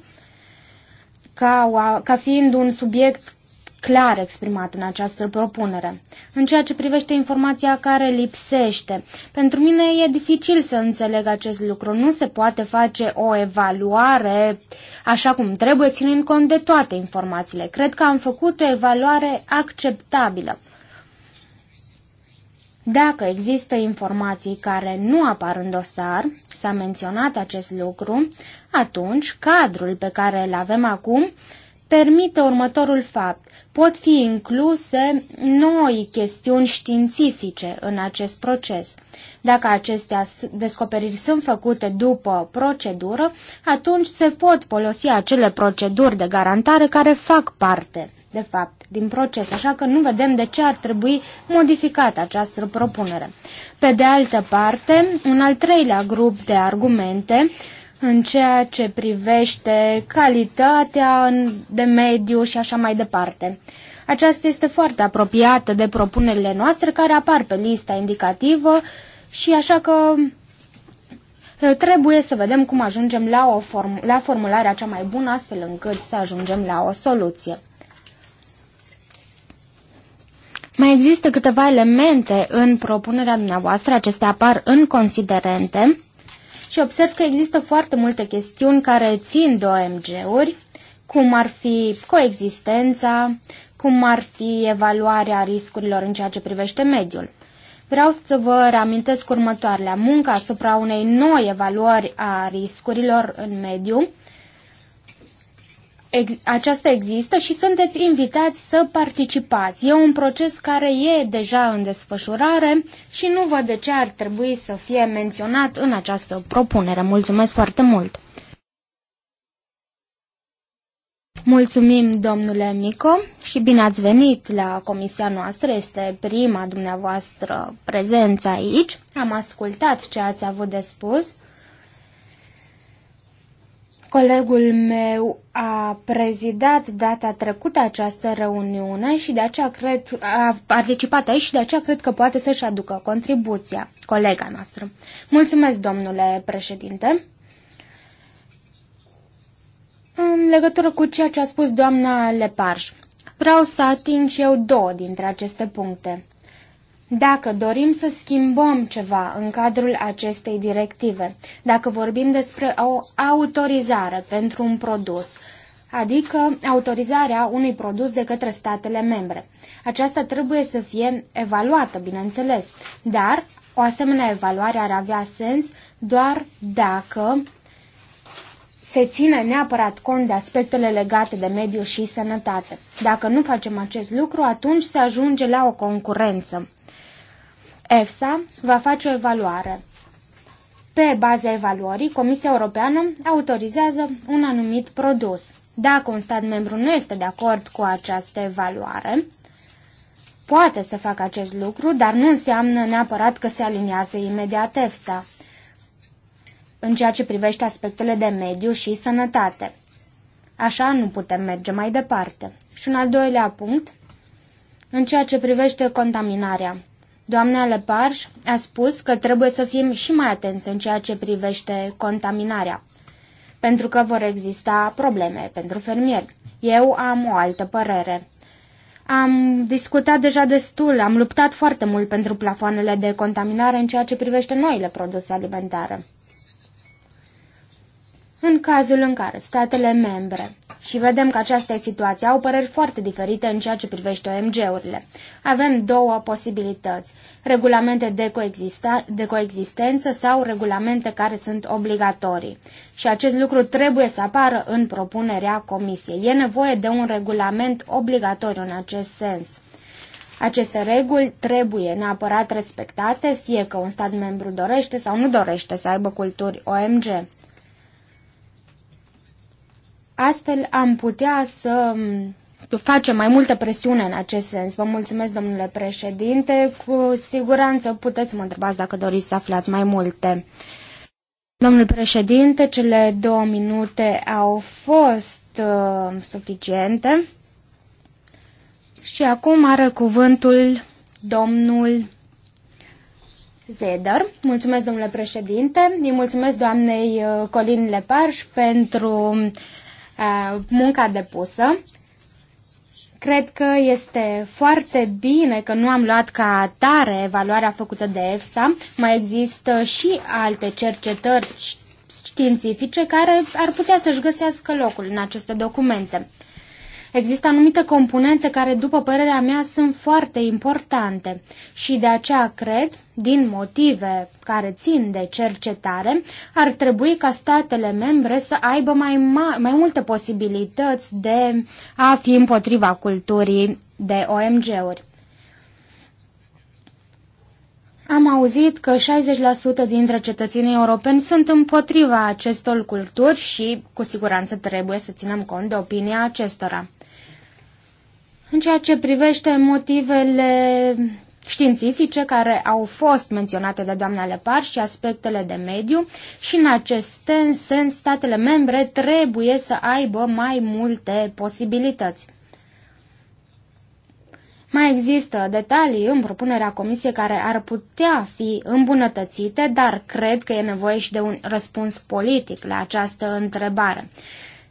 ca, ca fiind un subiect clar exprimat în această propunere. În ceea ce privește informația care lipsește, pentru mine e dificil să înțeleg acest lucru. Nu se poate face o evaluare așa cum trebuie, ținând cont de toate informațiile. Cred că am făcut o evaluare acceptabilă. Dacă există informații care nu apar în dosar, s-a menționat acest lucru, atunci cadrul pe care îl avem acum permite următorul fapt. Pot fi incluse noi chestiuni științifice în acest proces. Dacă aceste descoperiri sunt făcute după procedură, atunci se pot folosi acele proceduri de garantare care fac parte, de fapt, din proces, așa că nu vedem de ce ar trebui modificată această propunere. Pe de altă parte, un al treilea grup de argumente în ceea ce privește calitatea de mediu și așa mai departe. Aceasta este foarte apropiată de propunerile noastre care apar pe lista indicativă și așa că trebuie să vedem cum ajungem la, o form- la formularea cea mai bună astfel încât să ajungem la o soluție. Mai există câteva elemente în propunerea dumneavoastră, acestea apar în considerente și observ că există foarte multe chestiuni care țin de OMG-uri, cum ar fi coexistența, cum ar fi evaluarea riscurilor în ceea ce privește mediul. Vreau să vă reamintesc următoarele. Munca asupra unei noi evaluări a riscurilor în mediu, ex, aceasta există și sunteți invitați să participați. E un proces care e deja în desfășurare și nu văd de ce ar trebui să fie menționat în această propunere. Mulțumesc foarte mult! Mulțumim, domnule Mico, și bine ați venit la comisia noastră. Este prima dumneavoastră prezență aici. Am ascultat ce ați avut de spus. Colegul meu a prezidat data trecută această reuniune și de aceea cred, a participat aici și de aceea cred că poate să-și aducă contribuția, colega noastră. Mulțumesc, domnule președinte. În legătură cu ceea ce a spus doamna Leparș, vreau să ating și eu două dintre aceste puncte. Dacă dorim să schimbăm ceva în cadrul acestei directive, dacă vorbim despre o autorizare pentru un produs, adică autorizarea unui produs de către statele membre. Aceasta trebuie să fie evaluată, bineînțeles, dar o asemenea evaluare ar avea sens doar dacă se ține neapărat cont de aspectele legate de mediu și sănătate. Dacă nu facem acest lucru, atunci se ajunge la o concurență EFSA va face o evaluare. Pe baza evaluării, Comisia Europeană autorizează un anumit produs. Dacă un stat membru nu este de acord cu această evaluare, poate să facă acest lucru, dar nu înseamnă neapărat că se aliniază imediat EFSA în ceea ce privește aspectele de mediu și sănătate. Așa nu putem merge mai departe. Și un al doilea punct, în ceea ce privește contaminarea. Doamna Lepaș a spus că trebuie să fim și mai atenți în ceea ce privește contaminarea, pentru că vor exista probleme pentru fermieri. Eu am o altă părere. Am discutat deja destul, am luptat foarte mult pentru plafoanele de contaminare în ceea ce privește noile produse alimentare. În cazul în care statele membre, și vedem că aceasta e situația, au păreri foarte diferite în ceea ce privește OMG-urile, avem două posibilități, regulamente de, coexista, de coexistență sau regulamente care sunt obligatorii. Și acest lucru trebuie să apară în propunerea Comisiei. E nevoie de un regulament obligatoriu în acest sens. Aceste reguli trebuie neapărat respectate, fie că un stat membru dorește sau nu dorește să aibă culturi OMG. Astfel am putea să facem mai multă presiune în acest sens. Vă mulțumesc, domnule președinte. Cu siguranță puteți mă întrebați dacă doriți să aflați mai multe. Domnul președinte, cele două minute au fost uh, suficiente. Și acum are cuvântul domnul Zeder. Mulțumesc, domnule președinte. Îi mulțumesc doamnei uh, Colin Leparș pentru Uh, munca depusă. Cred că este foarte bine că nu am luat ca atare evaluarea făcută de EFSA. Mai există și alte cercetări științifice care ar putea să-și găsească locul în aceste documente. Există anumite componente care, după părerea mea, sunt foarte importante și de aceea cred, din motive care țin de cercetare, ar trebui ca statele membre să aibă mai, ma- mai multe posibilități de a fi împotriva culturii de OMG-uri. Am auzit că 60% dintre cetățenii europeni sunt împotriva acestor culturi și, cu siguranță, trebuie să ținem cont de opinia acestora. În ceea ce privește motivele științifice care au fost menționate de doamna Lepar și aspectele de mediu și în acest sens statele membre trebuie să aibă mai multe posibilități. Mai există detalii în propunerea comisiei care ar putea fi îmbunătățite, dar cred că e nevoie și de un răspuns politic la această întrebare.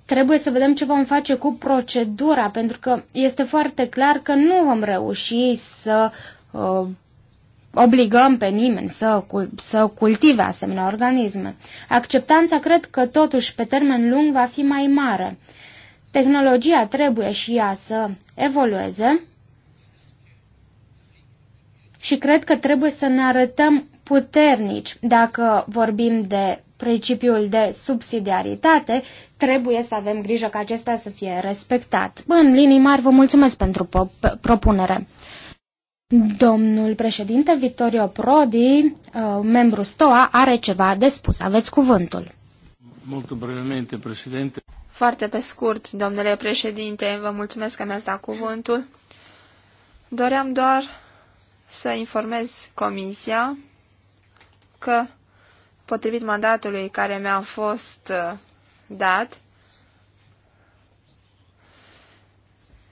Trebuie să vedem ce vom face cu procedura, pentru că este foarte clar că nu vom reuși să uh, obligăm pe nimeni să, să cultive asemenea organisme. Acceptanța cred că totuși pe termen lung va fi mai mare. Tehnologia trebuie și ea să evolueze și cred că trebuie să ne arătăm puternici dacă vorbim de principiul de subsidiaritate, trebuie să avem grijă ca acesta să fie respectat. În linii mari, vă mulțumesc pentru propunere. Domnul președinte Vittorio Prodi, uh, membru STOA, are ceva de spus. Aveți cuvântul. Mult brevemente, președinte. Foarte pe scurt, domnule președinte, vă mulțumesc că mi-ați dat cuvântul. Doream doar să informez Comisia că potrivit mandatului care mi-a fost uh, dat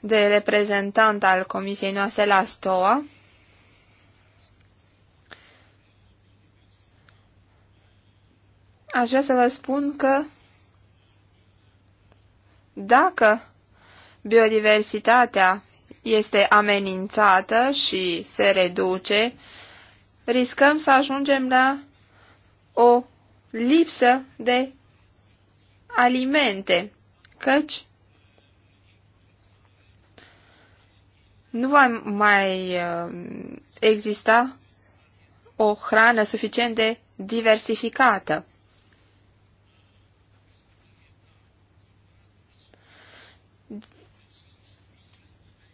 de reprezentant al comisiei noastre la STOA, aș vrea să vă spun că dacă biodiversitatea este amenințată și se reduce, riscăm să ajungem la o lipsă de alimente, căci nu va mai uh, exista o hrană suficient de diversificată.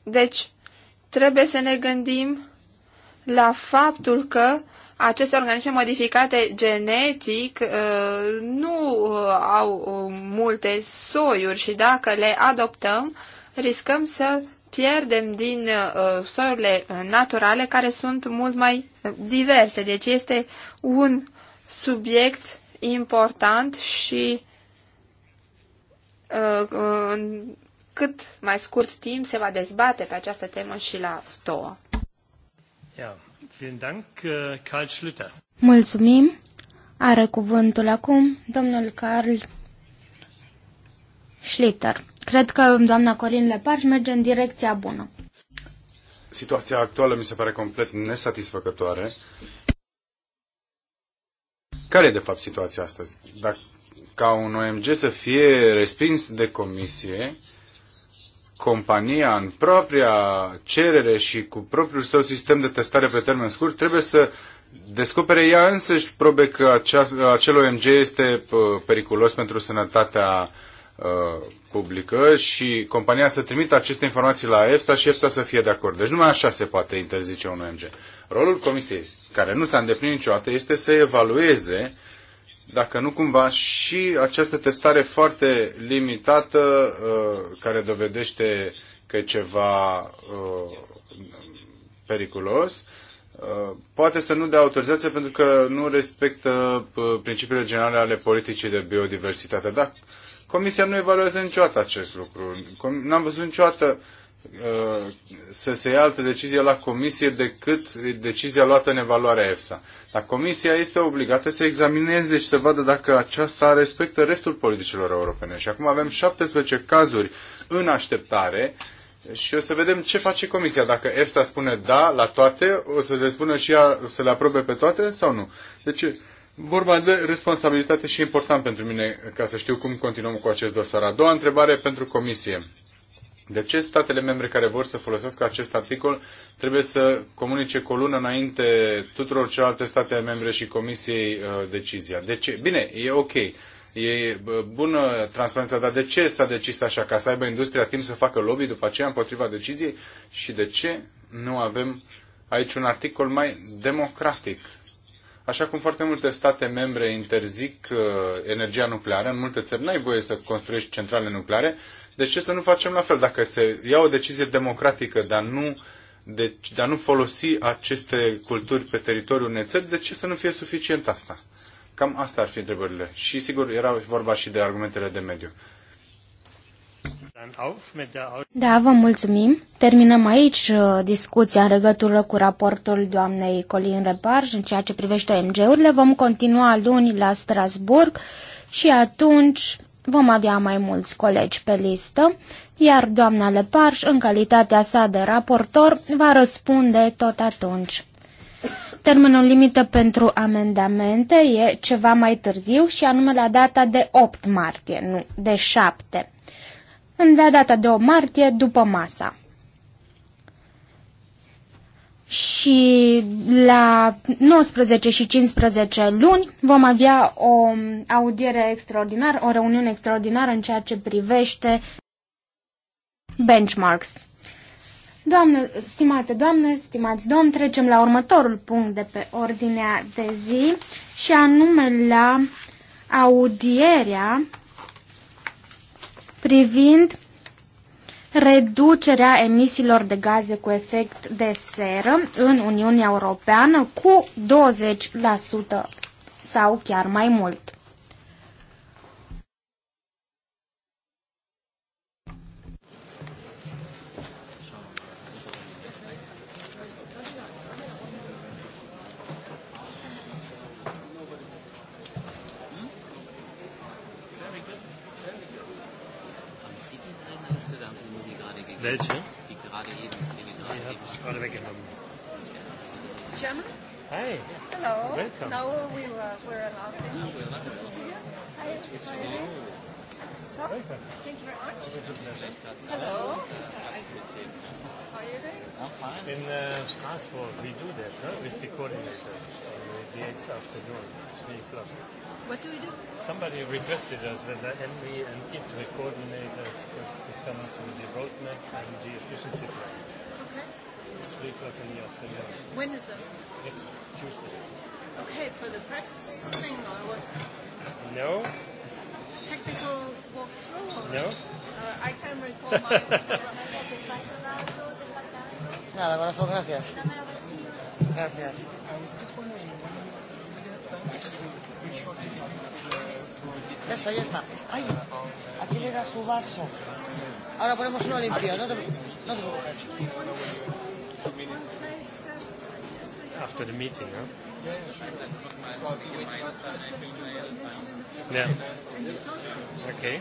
Deci, trebuie să ne gândim la faptul că aceste organisme modificate genetic uh, nu uh, au uh, multe soiuri și dacă le adoptăm, riscăm să pierdem din soiurile naturale care sunt mult mai diverse. Deci este un subiect important și în cât mai scurt timp se va dezbate pe această temă și la STOA. Yeah. Äh, Mulțumim. Are cuvântul acum domnul Carl Schlitter. Cred că doamna Corin Lepaj merge în direcția bună. Situația actuală mi se pare complet nesatisfăcătoare. Care e de fapt situația astăzi? Dacă ca un OMG să fie respins de comisie, compania în propria cerere și cu propriul său sistem de testare pe termen scurt trebuie să descopere ea însăși probe că acea, acel OMG este periculos pentru sănătatea uh, publică și compania să trimită aceste informații la EFSA și EFSA să fie de acord. Deci numai așa se poate interzice un OMG. Rolul comisiei, care nu s-a îndeplinit niciodată, este să evalueze dacă nu cumva și această testare foarte limitată uh, care dovedește că e ceva uh, periculos, uh, poate să nu dea autorizație pentru că nu respectă principiile generale ale politicii de biodiversitate. Da? Comisia nu evaluează niciodată acest lucru. N-am văzut niciodată Uh, să se ia altă decizie la comisie decât decizia luată în evaluarea EFSA. Dar comisia este obligată să examineze și să vadă dacă aceasta respectă restul politicilor europene. Și acum avem 17 cazuri în așteptare și o să vedem ce face comisia. Dacă EFSA spune da la toate, o să le spună și ea să le aprobe pe toate sau nu. Deci vorba de responsabilitate și important pentru mine ca să știu cum continuăm cu acest dosar. A doua întrebare pentru comisie de ce statele membre care vor să folosească acest articol trebuie să comunice cu o lună înainte tuturor celelalte state membre și Comisiei uh, decizia? De ce? Bine, e ok. E bună transparența, dar de ce s-a decis așa? Ca să aibă industria timp să facă lobby după aceea împotriva deciziei? Și de ce nu avem aici un articol mai democratic? Așa cum foarte multe state membre interzic uh, energia nucleară, în multe țări n-ai voie să construiești centrale nucleare, deci ce să nu facem la fel? Dacă se ia o decizie democratică de a nu, de, de a nu folosi aceste culturi pe teritoriul unei țări, de ce să nu fie suficient asta? Cam asta ar fi întrebările. Și sigur, era vorba și de argumentele de mediu. Da, vă mulțumim. Terminăm aici uh, discuția în legătură cu raportul doamnei Colin Reparș în ceea ce privește OMG-urile. Vom continua luni la Strasburg și atunci Vom avea mai mulți colegi pe listă, iar doamna Leparș, în calitatea sa de raportor, va răspunde tot atunci. Termenul limită pentru amendamente e ceva mai târziu și anume la data de 8 martie, nu, de 7. În la data de 8 martie, după masa și la 19 și 15 luni vom avea o audiere extraordinară, o reuniune extraordinară în ceea ce privește benchmarks. Doamne, stimate doamne, stimați domn, trecem la următorul punct de pe ordinea de zi și anume la audierea privind reducerea emisiilor de gaze cu efect de seră în Uniunea Europeană cu 20% sau chiar mai mult. Welche? Die gerade eben. Die habe ich gerade weggenommen. German? Hi. Hello. Welcome. Now we were, we're allowed Now we're allowed to see you. Hi. It's, it's Welcome. Thank you very much. Hello. Hello. I'm fine. In uh, Strasbourg, we do that huh? with the coordinators on the 8th afternoon, 3 o'clock. What do we do? Somebody requested us that the MV and ITRE coordinators could come to the roadmap and the efficiency plan. Okay. It's 3 o'clock in the afternoon. When is it? Next Tuesday. Okay, for the press thing or what? No. Technical walkthrough? No. Uh, I can recall my... [laughs] Nada, corazón, gracias. Gracias. Ya está, ya está. Ay, aquí le da su vaso. Ahora ponemos uno limpio, no te, no te preocupes. After the meeting, huh? Yeah. Okay.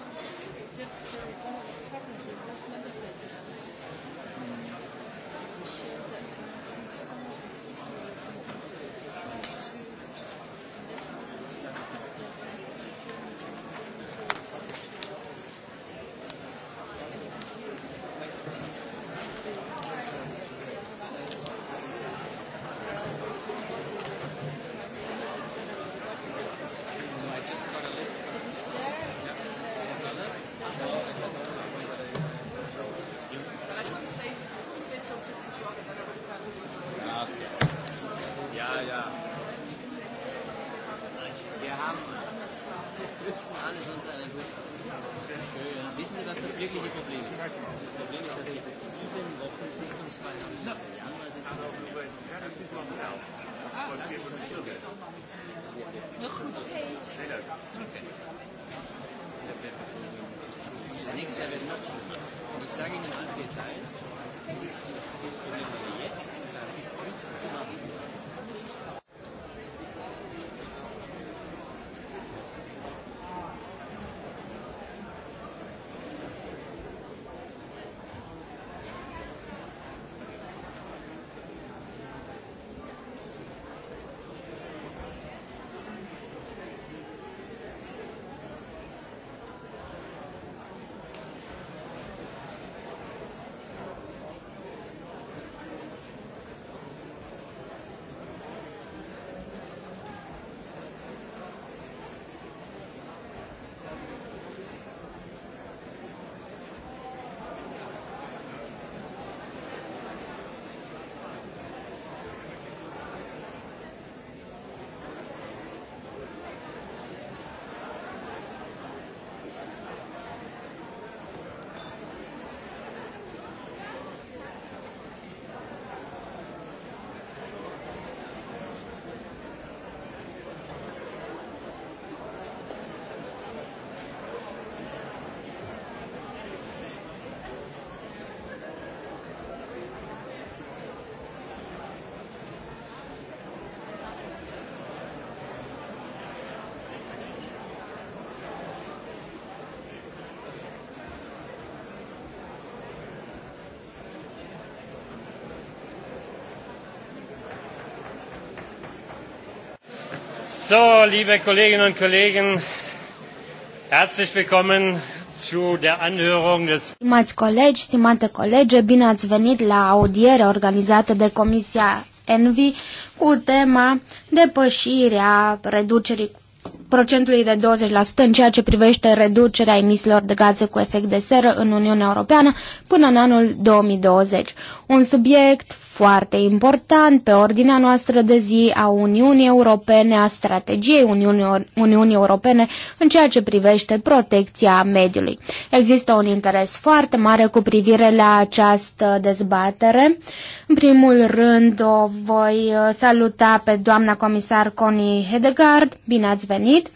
So, liebe Kolleginnen und Kollegen, herzlich willkommen zu der Anhörung des Stimați colegi, stimate colege, bine ați venit la audiere organizată de Comisia Envi cu tema depășirea reducerii procentului de 20% în ceea ce privește reducerea emisiilor de gaze cu efect de seră în Uniunea Europeană până în anul 2020. Un subiect foarte important pe ordinea noastră de zi a Uniunii Europene, a strategiei Uniunii, Uniunii Europene în ceea ce privește protecția mediului. Există un interes foarte mare cu privire la această dezbatere. În primul rând o voi saluta pe doamna comisar Connie Hedegaard. Bine ați venit!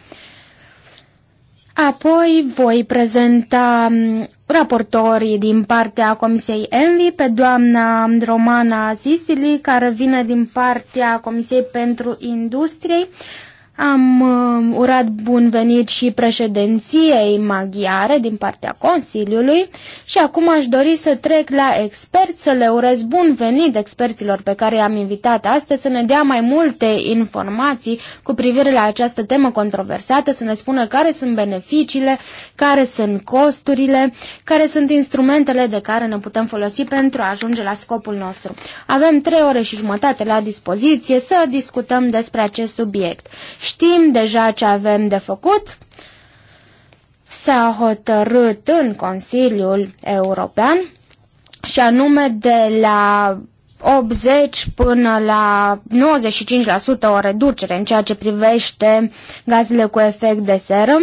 Apoi voi prezenta mm, raportorii din partea Comisiei Envi pe doamna Romana Sisili, care vine din partea Comisiei pentru Industrie, am uh, urat bun venit și președinției maghiare din partea Consiliului și acum aș dori să trec la experți, să le urez bun venit experților pe care i-am invitat astăzi, să ne dea mai multe informații cu privire la această temă controversată, să ne spună care sunt beneficiile, care sunt costurile, care sunt instrumentele de care ne putem folosi pentru a ajunge la scopul nostru. Avem trei ore și jumătate la dispoziție să discutăm despre acest subiect. Știm deja ce avem de făcut. S-a hotărât în Consiliul European și anume de la 80 până la 95% o reducere în ceea ce privește gazele cu efect de seră.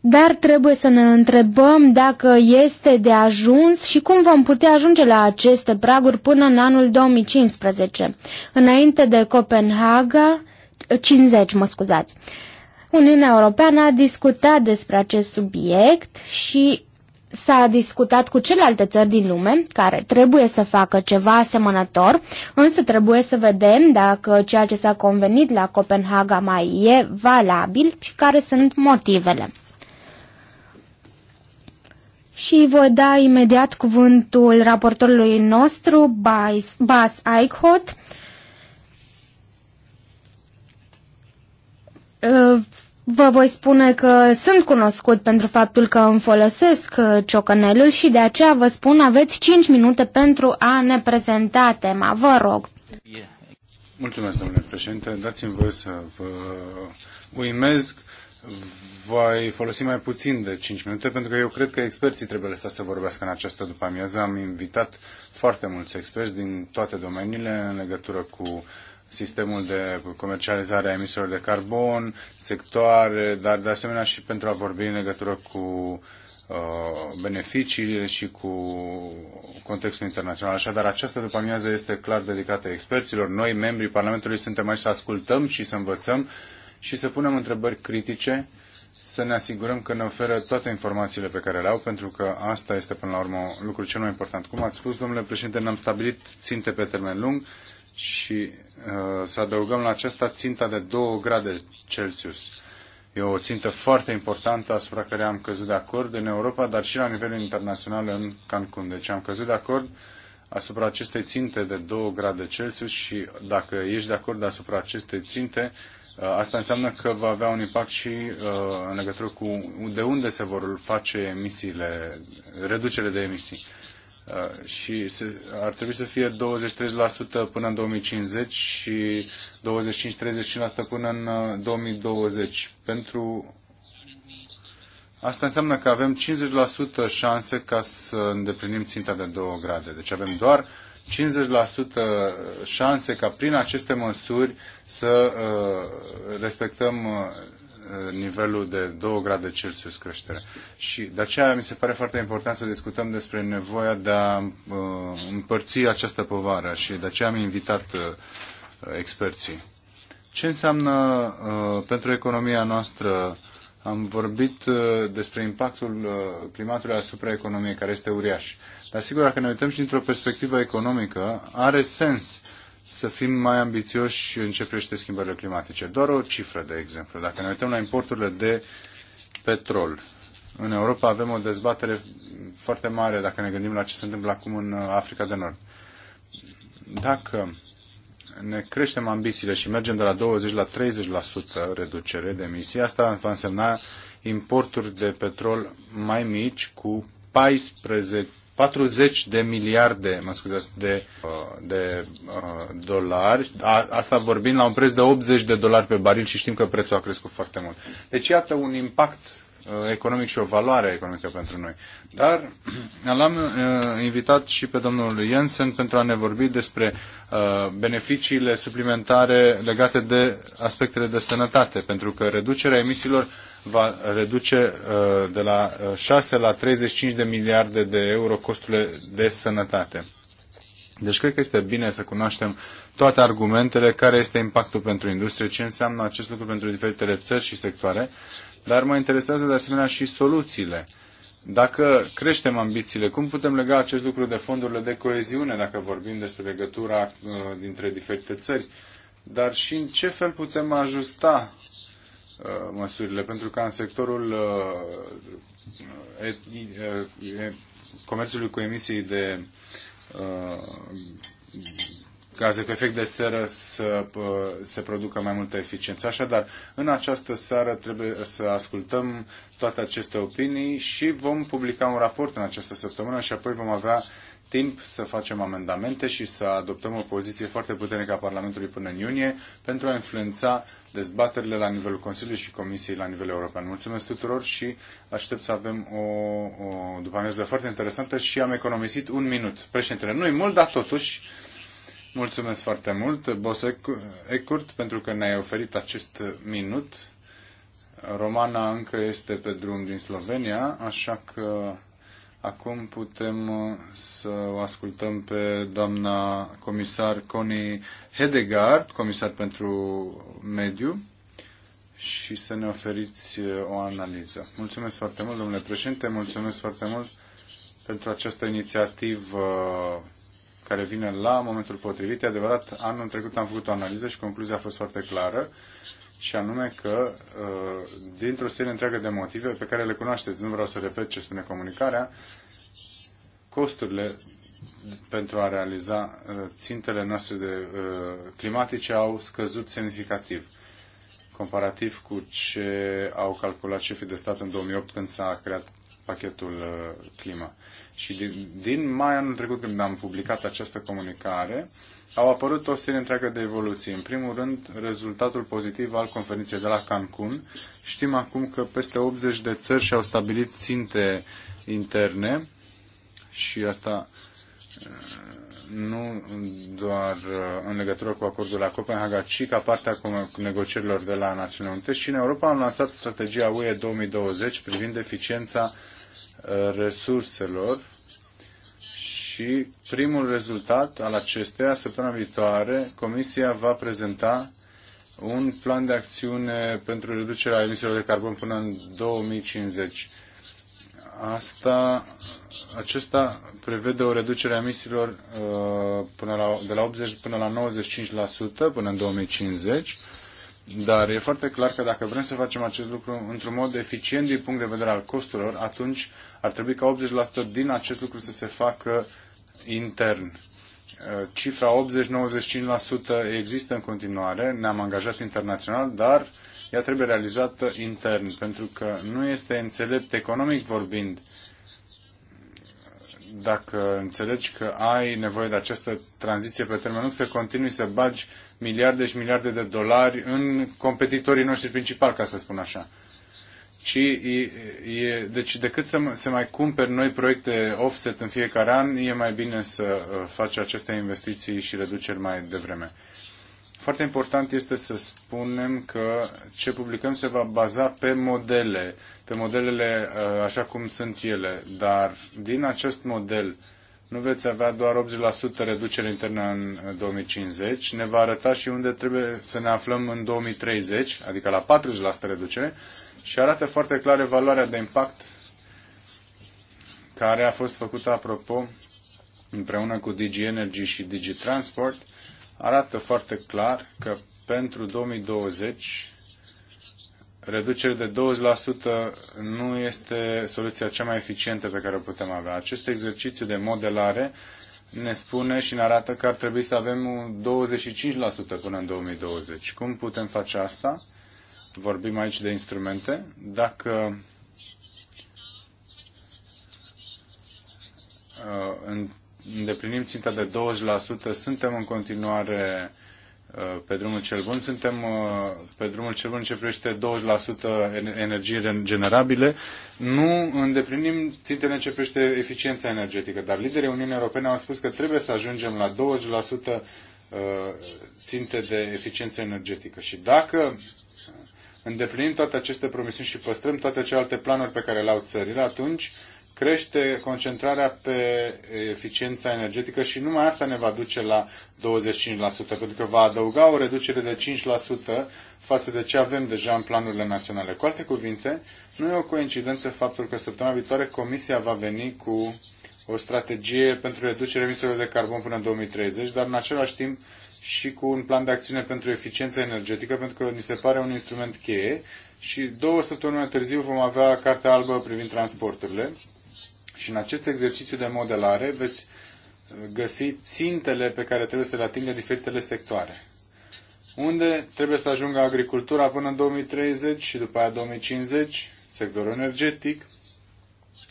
Dar trebuie să ne întrebăm dacă este de ajuns și cum vom putea ajunge la aceste praguri până în anul 2015. Înainte de Copenhaga, 50, mă scuzați. Uniunea Europeană a discutat despre acest subiect și s-a discutat cu celelalte țări din lume care trebuie să facă ceva asemănător, însă trebuie să vedem dacă ceea ce s-a convenit la Copenhaga mai e valabil și care sunt motivele. Și voi da imediat cuvântul raportorului nostru, Bas Eichhoff, Uh, vă voi spune că sunt cunoscut pentru faptul că îmi folosesc uh, ciocănelul și de aceea vă spun aveți 5 minute pentru a ne prezenta tema. Vă rog. Mulțumesc, domnule președinte. Dați-mi voi să vă uimez. Voi folosi mai puțin de 5 minute pentru că eu cred că experții trebuie lăsați să vorbească în această după amiază. Am invitat foarte mulți experți din toate domeniile în legătură cu sistemul de comercializare a emisiilor de carbon, sectoare, dar de asemenea și pentru a vorbi în legătură cu uh, beneficiile și cu contextul internațional. Așadar, această după amiază este clar dedicată experților. Noi, membrii Parlamentului, suntem aici să ascultăm și să învățăm și să punem întrebări critice, să ne asigurăm că ne oferă toate informațiile pe care le au, pentru că asta este, până la urmă, lucrul cel mai important. Cum ați spus, domnule președinte, ne-am stabilit ținte pe termen lung și uh, să adăugăm la aceasta ținta de 2 grade Celsius. E o țintă foarte importantă asupra care am căzut de acord în Europa, dar și la nivel internațional în Cancun. Deci am căzut de acord asupra acestei ținte de 2 grade Celsius și dacă ești de acord asupra acestei ținte, uh, asta înseamnă că va avea un impact și uh, în legătură cu de unde se vor face emisiile, reducere de emisii. Uh, și ar trebui să fie 23% până în 2050 și 25-35% până în 2020. Uh, Pentru Asta înseamnă că avem 50% șanse ca să îndeplinim ținta de 2 grade. Deci avem doar 50% șanse ca prin aceste măsuri să uh, respectăm nivelul de 2 grade Celsius creștere. Și de aceea mi se pare foarte important să discutăm despre nevoia de a uh, împărți această povară și de aceea am invitat uh, experții. Ce înseamnă uh, pentru economia noastră? Am vorbit despre impactul climatului asupra economiei, care este uriaș. Dar sigur, dacă ne uităm și dintr-o perspectivă economică, are sens să fim mai ambițioși în ce privește schimbările climatice. Doar o cifră, de exemplu. Dacă ne uităm la importurile de petrol, în Europa avem o dezbatere foarte mare dacă ne gândim la ce se întâmplă acum în Africa de Nord. Dacă ne creștem ambițiile și mergem de la 20 la 30% reducere de emisii, asta va însemna importuri de petrol mai mici cu 40 de miliarde, mă scuzați, de, uh, de uh, dolari. asta vorbind la un preț de 80 de dolari pe baril și știm că prețul a crescut foarte mult. Deci iată un impact uh, economic și o valoare economică pentru noi. Dar [clears throat] l-am uh, invitat și pe domnul Jensen pentru a ne vorbi despre uh, beneficiile suplimentare legate de aspectele de sănătate, pentru că reducerea emisiilor va reduce uh, de la 6 uh, la 35 de miliarde de euro costurile de sănătate. Deci cred că este bine să cunoaștem toate argumentele, care este impactul pentru industrie, ce înseamnă acest lucru pentru diferitele țări și sectoare, dar mă interesează de asemenea și soluțiile. Dacă creștem ambițiile, cum putem lega acest lucru de fondurile de coeziune, dacă vorbim despre legătura uh, dintre diferite țări, dar și în ce fel putem ajusta Uh, măsurile, pentru că în sectorul uh, uh, comerțului cu emisii de gaze cu efect de seră să se producă mai multă eficiență. Așadar, în această seară trebuie să ascultăm toate aceste opinii și vom publica un raport în această săptămână și apoi vom avea timp să facem amendamente și să adoptăm o poziție foarte puternică a Parlamentului până în iunie pentru a influența dezbaterile la nivelul Consiliului și Comisiei la nivel european. Mulțumesc tuturor și aștept să avem o, o după amiază foarte interesantă și am economisit un minut. Președintele, nu-i mult, dar totuși mulțumesc foarte mult, Bos Ecurt, pentru că ne-ai oferit acest minut. Romana încă este pe drum din Slovenia, așa că Acum putem uh, să o ascultăm pe doamna comisar Connie Hedegaard, comisar pentru mediu, și să ne oferiți uh, o analiză. Mulțumesc foarte mult, domnule președinte, mulțumesc foarte mult pentru această inițiativă uh, care vine la momentul potrivit. E adevărat, anul trecut am făcut o analiză și concluzia a fost foarte clară și anume că uh, dintr-o serie întreagă de motive pe care le cunoașteți, nu vreau să repet ce spune comunicarea, costurile pentru a realiza uh, țintele noastre de uh, climatice au scăzut semnificativ comparativ cu ce au calculat șefii de stat în 2008 când s-a creat pachetul clima. Și din, din mai anul trecut când am publicat această comunicare, uh, au apărut o serie întreagă de evoluții. În primul rând, rezultatul pozitiv al conferinței de la Cancun. Știm acum că peste 80 de țări și-au stabilit ținte interne și asta uh, nu doar uh, în legătură cu acordul la Copenhaga, ci ca partea cu negocierilor de la Națiunile Unite. Și în Europa am lansat strategia UE 2020 privind eficiența uh, resurselor și primul rezultat al acesteia, săptămâna viitoare, Comisia va prezenta un plan de acțiune pentru reducerea emisiilor de carbon până în 2050. Asta, acesta prevede o reducere a emisiilor uh, până la, de la 80 până la 95% până în 2050, dar e foarte clar că dacă vrem să facem acest lucru într-un mod eficient din punct de vedere al costurilor, atunci ar trebui ca 80% din acest lucru să se facă intern. Uh, cifra 80-95% există în continuare, ne-am angajat internațional, dar ea trebuie realizată intern, pentru că nu este înțelept economic vorbind dacă înțelegi că ai nevoie de această tranziție pe termen lung, să continui să bagi miliarde și miliarde de dolari în competitorii noștri principali, ca să spun așa ci e, deci decât să se mai cumperi noi proiecte offset în fiecare an, e mai bine să uh, faci aceste investiții și reduceri mai devreme. Foarte important este să spunem că ce publicăm se va baza pe modele, pe modelele uh, așa cum sunt ele, dar din acest model nu veți avea doar 80% reducere internă în 2050, uh, ne va arăta și unde trebuie să ne aflăm în 2030, adică la 40% reducere, și arată foarte clar valoarea de impact care a fost făcută, apropo, împreună cu Digi Energy și Digi Transport, arată foarte clar că pentru 2020 reducerea de 20% nu este soluția cea mai eficientă pe care o putem avea. Acest exercițiu de modelare ne spune și ne arată că ar trebui să avem 25% până în 2020. Cum putem face asta? vorbim aici de instrumente, dacă uh, îndeplinim ținta de 20%, suntem în continuare uh, pe drumul cel bun. Suntem uh, pe drumul cel bun ce privește 20% energie regenerabile. Nu îndeplinim țintele ce privește eficiența energetică, dar liderii Uniunii Europene au spus că trebuie să ajungem la 20% ținte de eficiență energetică. Și dacă îndeplinim toate aceste promisiuni și păstrăm toate celelalte planuri pe care le au țările, atunci crește concentrarea pe eficiența energetică și numai asta ne va duce la 25%, pentru că va adăuga o reducere de 5% față de ce avem deja în planurile naționale. Cu alte cuvinte, nu e o coincidență faptul că săptămâna viitoare Comisia va veni cu o strategie pentru reducerea emisiilor de carbon până în 2030, dar în același timp și cu un plan de acțiune pentru eficiență energetică, pentru că ni se pare un instrument cheie. Și două săptămâni mai târziu vom avea Cartea Albă privind transporturile. Și în acest exercițiu de modelare veți găsi țintele pe care trebuie să le atingă diferitele sectoare. Unde trebuie să ajungă agricultura până în 2030 și după aia 2050, sectorul energetic,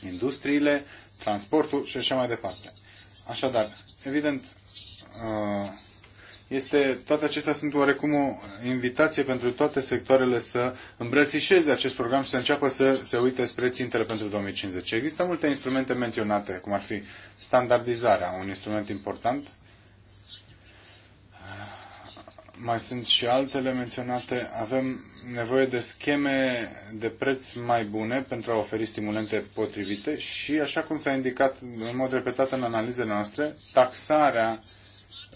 industriile, transportul și așa mai departe. Așadar, evident, uh, este, toate acestea sunt oarecum o invitație pentru toate sectoarele să îmbrățișeze acest program și să înceapă să se uite spre țintele pentru 2050. Există multe instrumente menționate, cum ar fi standardizarea, un instrument important. Mai sunt și altele menționate. Avem nevoie de scheme de preț mai bune pentru a oferi stimulente potrivite și, așa cum s-a indicat în mod repetat în analizele noastre, taxarea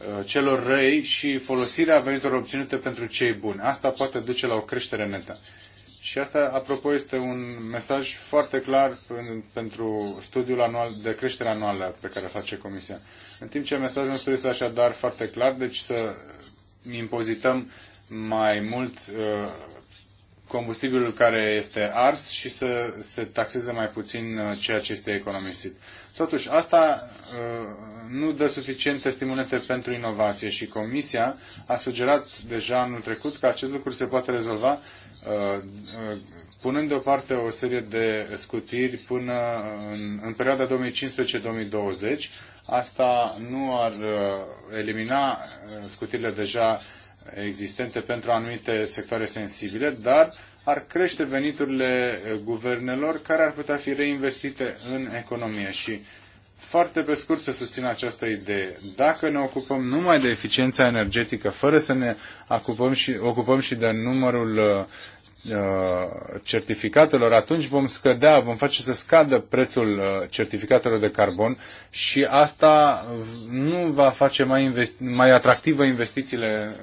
Uh, celor răi și folosirea veniturilor obținute pentru cei buni. Asta poate duce la o creștere netă. Și asta, apropo, este un mesaj foarte clar pentru studiul anual de creștere anuală pe care face Comisia. În timp ce mesajul nostru este așadar foarte clar, deci să impozităm mai mult uh, combustibilul care este ars și să se taxeze mai puțin uh, ceea ce este economisit. Totuși, asta uh, nu dă suficiente stimulente pentru inovație și Comisia a sugerat deja anul trecut că acest lucru se poate rezolva uh, uh, punând deoparte o serie de scutiri până în, în perioada 2015-2020. Asta nu ar uh, elimina scutirile deja existente pentru anumite sectoare sensibile, dar ar crește veniturile guvernelor care ar putea fi reinvestite în economie și uh, foarte pe scurt să susțin această idee. Dacă ne ocupăm numai de eficiența energetică, fără să ne ocupăm și, ocupăm și de numărul uh, uh, certificatelor, atunci vom scădea, vom face să scadă prețul uh, certificatelor de carbon și asta nu va face mai, investi- mai atractivă investițiile,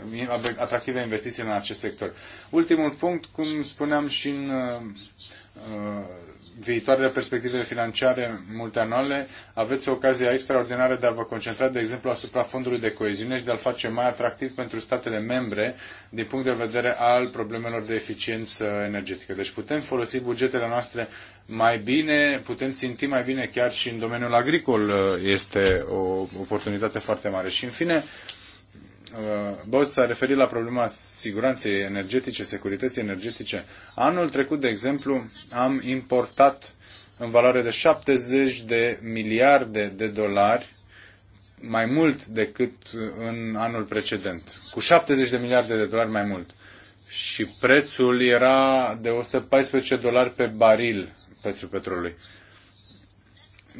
atractive investițiile în acest sector. Ultimul punct, cum spuneam și în uh, viitoarele perspective financiare multianuale, aveți ocazia extraordinară de a vă concentra, de exemplu, asupra fondului de coeziune și de a-l face mai atractiv pentru statele membre din punct de vedere al problemelor de eficiență energetică. Deci putem folosi bugetele noastre mai bine, putem ținti mai bine chiar și în domeniul agricol este o oportunitate foarte mare. Și în fine, Uh, Boz s-a referit la problema siguranței energetice, securității energetice. Anul trecut, de exemplu, am importat în valoare de 70 de miliarde de dolari mai mult decât în anul precedent. Cu 70 de miliarde de dolari mai mult. Și prețul era de 114 dolari pe baril, prețul petrolului.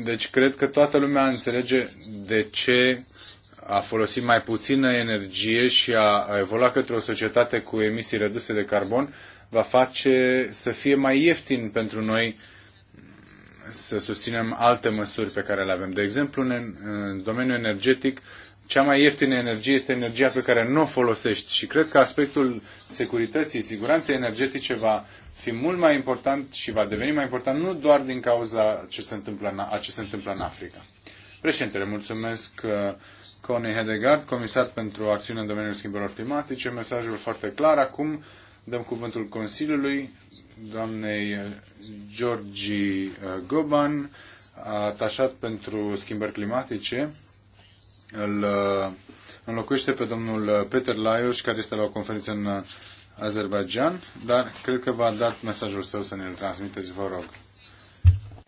Deci cred că toată lumea înțelege de ce a folosi mai puțină energie și a evolua către o societate cu emisii reduse de carbon va face să fie mai ieftin pentru noi să susținem alte măsuri pe care le avem. De exemplu, în, în domeniul energetic, cea mai ieftină energie este energia pe care nu o folosești și cred că aspectul securității, siguranței energetice va fi mult mai important și va deveni mai important nu doar din cauza ce se întâmplă în, a ce se întâmplă în Africa. Președintele, mulțumesc uh, Connie Hedegaard, comisar pentru acțiune în domeniul schimbărilor climatice. Mesajul foarte clar. Acum dăm cuvântul Consiliului doamnei uh, Georgi uh, Goban, atașat pentru schimbări climatice. Îl înlocuiește pe domnul Peter Laios, care este la o conferință în Azerbaijan, dar cred că v-a dat mesajul său să ne-l transmiteți, vă rog.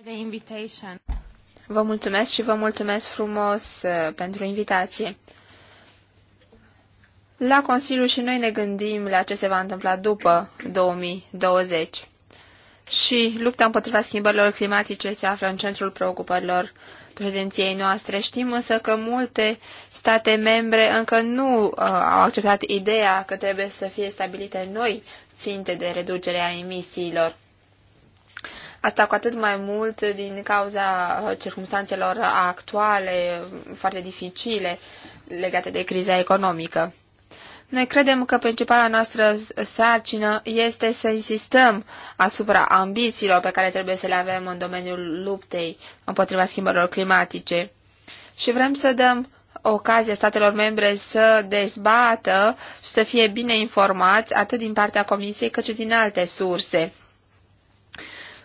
The invitation. Vă mulțumesc și vă mulțumesc frumos uh, pentru invitație. La Consiliu și noi ne gândim la ce se va întâmpla după 2020. Și lupta împotriva schimbărilor climatice se află în centrul preocupărilor președinției noastre. Știm însă că multe state membre încă nu uh, au acceptat ideea că trebuie să fie stabilite noi ținte de reducere a emisiilor. Asta cu atât mai mult din cauza uh, circumstanțelor actuale foarte dificile legate de criza economică. Noi credem că principala noastră sarcină este să insistăm asupra ambițiilor pe care trebuie să le avem în domeniul luptei împotriva schimbărilor climatice și vrem să dăm ocazie statelor membre să dezbată și să fie bine informați atât din partea Comisiei cât și din alte surse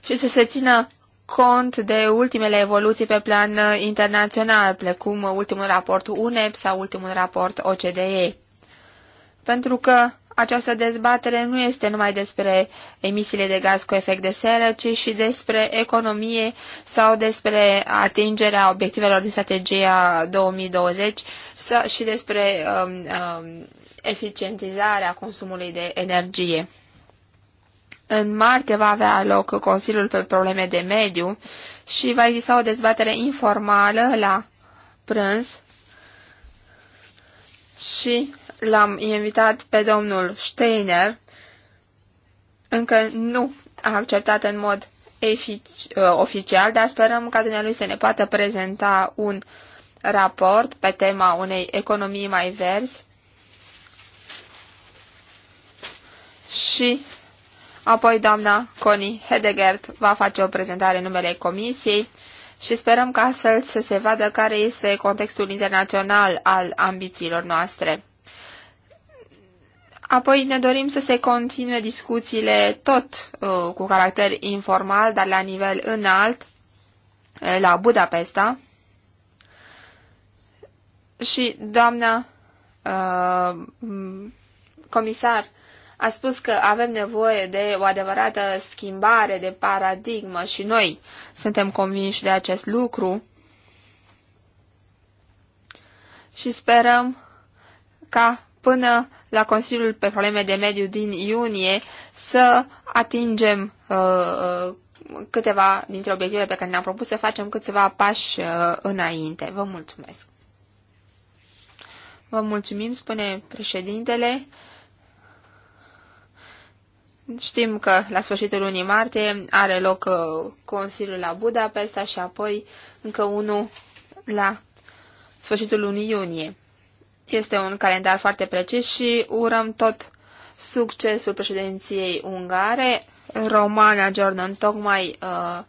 și să se țină cont de ultimele evoluții pe plan uh, internațional, precum ultimul raport UNEP sau ultimul raport OCDE. Pentru că această dezbatere nu este numai despre emisiile de gaz cu efect de seră, ci și despre economie sau despre atingerea obiectivelor din strategia 2020 și despre um, um, eficientizarea consumului de energie. În martie va avea loc Consiliul pe probleme de mediu și va exista o dezbatere informală la prânz și l-am invitat pe domnul Steiner. Încă nu a acceptat în mod uh, oficial, dar sperăm ca dumnealui să ne poată prezenta un raport pe tema unei economii mai verzi și apoi doamna Connie Hedegert va face o prezentare în numele Comisiei și sperăm ca astfel să se vadă care este contextul internațional al ambițiilor noastre. Apoi ne dorim să se continue discuțiile tot uh, cu caracter informal, dar la nivel înalt, uh, la Budapesta. Și doamna uh, comisar a spus că avem nevoie de o adevărată schimbare de paradigmă și noi suntem convinși de acest lucru și sperăm ca până la Consiliul pe probleme de mediu din iunie să atingem uh, uh câteva dintre obiectivele pe care ne-am propus să facem câțiva pași uh, înainte. Vă mulțumesc! Vă mulțumim, spune președintele. Știm că la sfârșitul lunii martie are loc uh, Consiliul la Budapesta și apoi încă unul la sfârșitul lunii iunie. Este un calendar foarte precis și urăm tot succesul președinției ungare. Romana Jordan tocmai uh,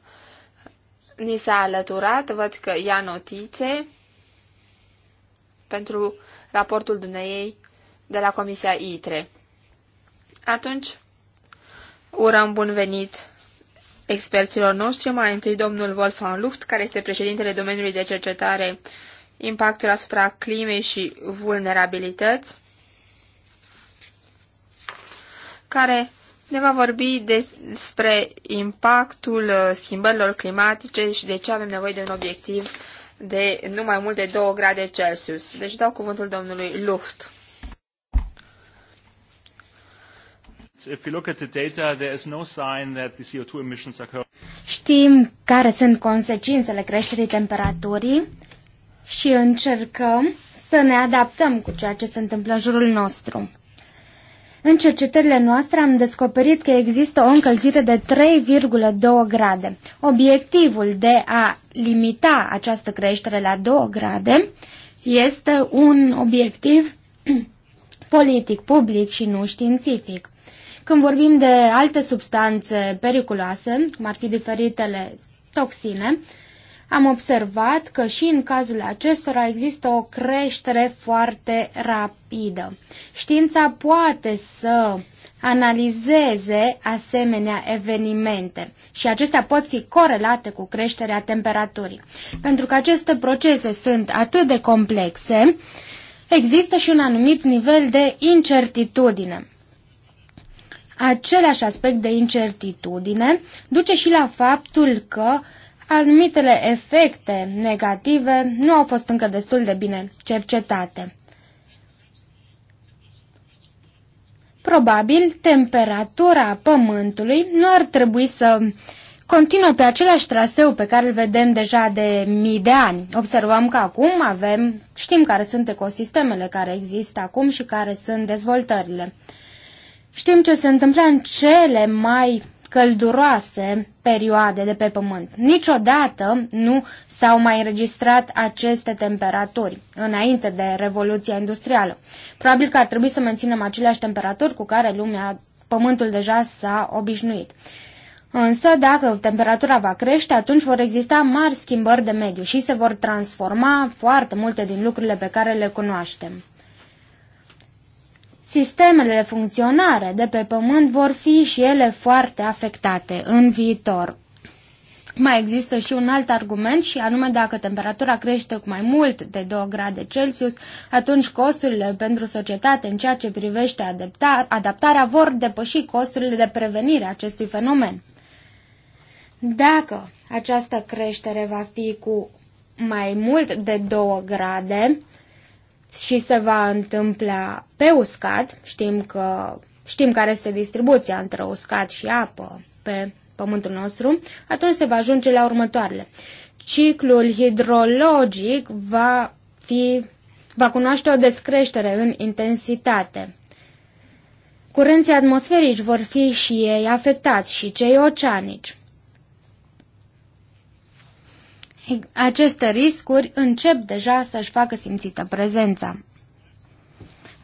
ni s-a alăturat, văd că ia notițe pentru raportul dumneiei de la Comisia ITRE. Atunci, Uram bun venit experților noștri, mai întâi domnul Wolfgang Luft, care este președintele domeniului de cercetare Impactul asupra climei și vulnerabilități, care ne va vorbi despre impactul uh, schimbărilor climatice și de ce avem nevoie de un obiectiv de nu mai mult de 2 grade Celsius. Deci dau cuvântul domnului Luft. If you look at the data, there is no sign that the CO2 emissions occur. Știm care sunt consecințele creșterii temperaturii și încercăm să ne adaptăm cu ceea ce se întâmplă în jurul nostru. În cercetările noastre am descoperit că există o încălzire de 3,2 grade. Obiectivul de a limita această creștere la 2 grade este un obiectiv [clears throat] politic, public și nu științific. Când vorbim de alte substanțe periculoase, cum ar fi diferitele toxine, am observat că și în cazul acestora există o creștere foarte rapidă. Știința poate să analizeze asemenea evenimente și acestea pot fi corelate cu creșterea temperaturii. Pentru că aceste procese sunt atât de complexe, există și un anumit nivel de incertitudine același aspect de incertitudine duce și la faptul că anumitele efecte negative nu au fost încă destul de bine cercetate. Probabil, temperatura Pământului nu ar trebui să continuă pe același traseu pe care îl vedem deja de mii de ani. Observăm că acum avem, știm care sunt ecosistemele care există acum și care sunt dezvoltările. Știm ce se întâmplă în cele mai călduroase perioade de pe Pământ. Niciodată nu s-au mai înregistrat aceste temperaturi înainte de Revoluția Industrială. Probabil că ar trebui să menținem aceleași temperaturi cu care lumea, Pământul deja s-a obișnuit. Însă, dacă temperatura va crește, atunci vor exista mari schimbări de mediu și se vor transforma foarte multe din lucrurile pe care le cunoaștem. Sistemele de funcționare de pe pământ vor fi și ele foarte afectate în viitor. Mai există și un alt argument și anume dacă temperatura crește cu mai mult de 2 grade Celsius, atunci costurile pentru societate în ceea ce privește adaptarea vor depăși costurile de prevenire a acestui fenomen. Dacă această creștere va fi cu mai mult de 2 grade, și se va întâmpla pe uscat. Știm, că, știm care este distribuția între uscat și apă pe pământul nostru, atunci se va ajunge la următoarele. Ciclul hidrologic va, fi, va cunoaște o descreștere în intensitate. Curenții atmosferici vor fi și ei afectați și cei oceanici aceste riscuri încep deja să-și facă simțită prezența.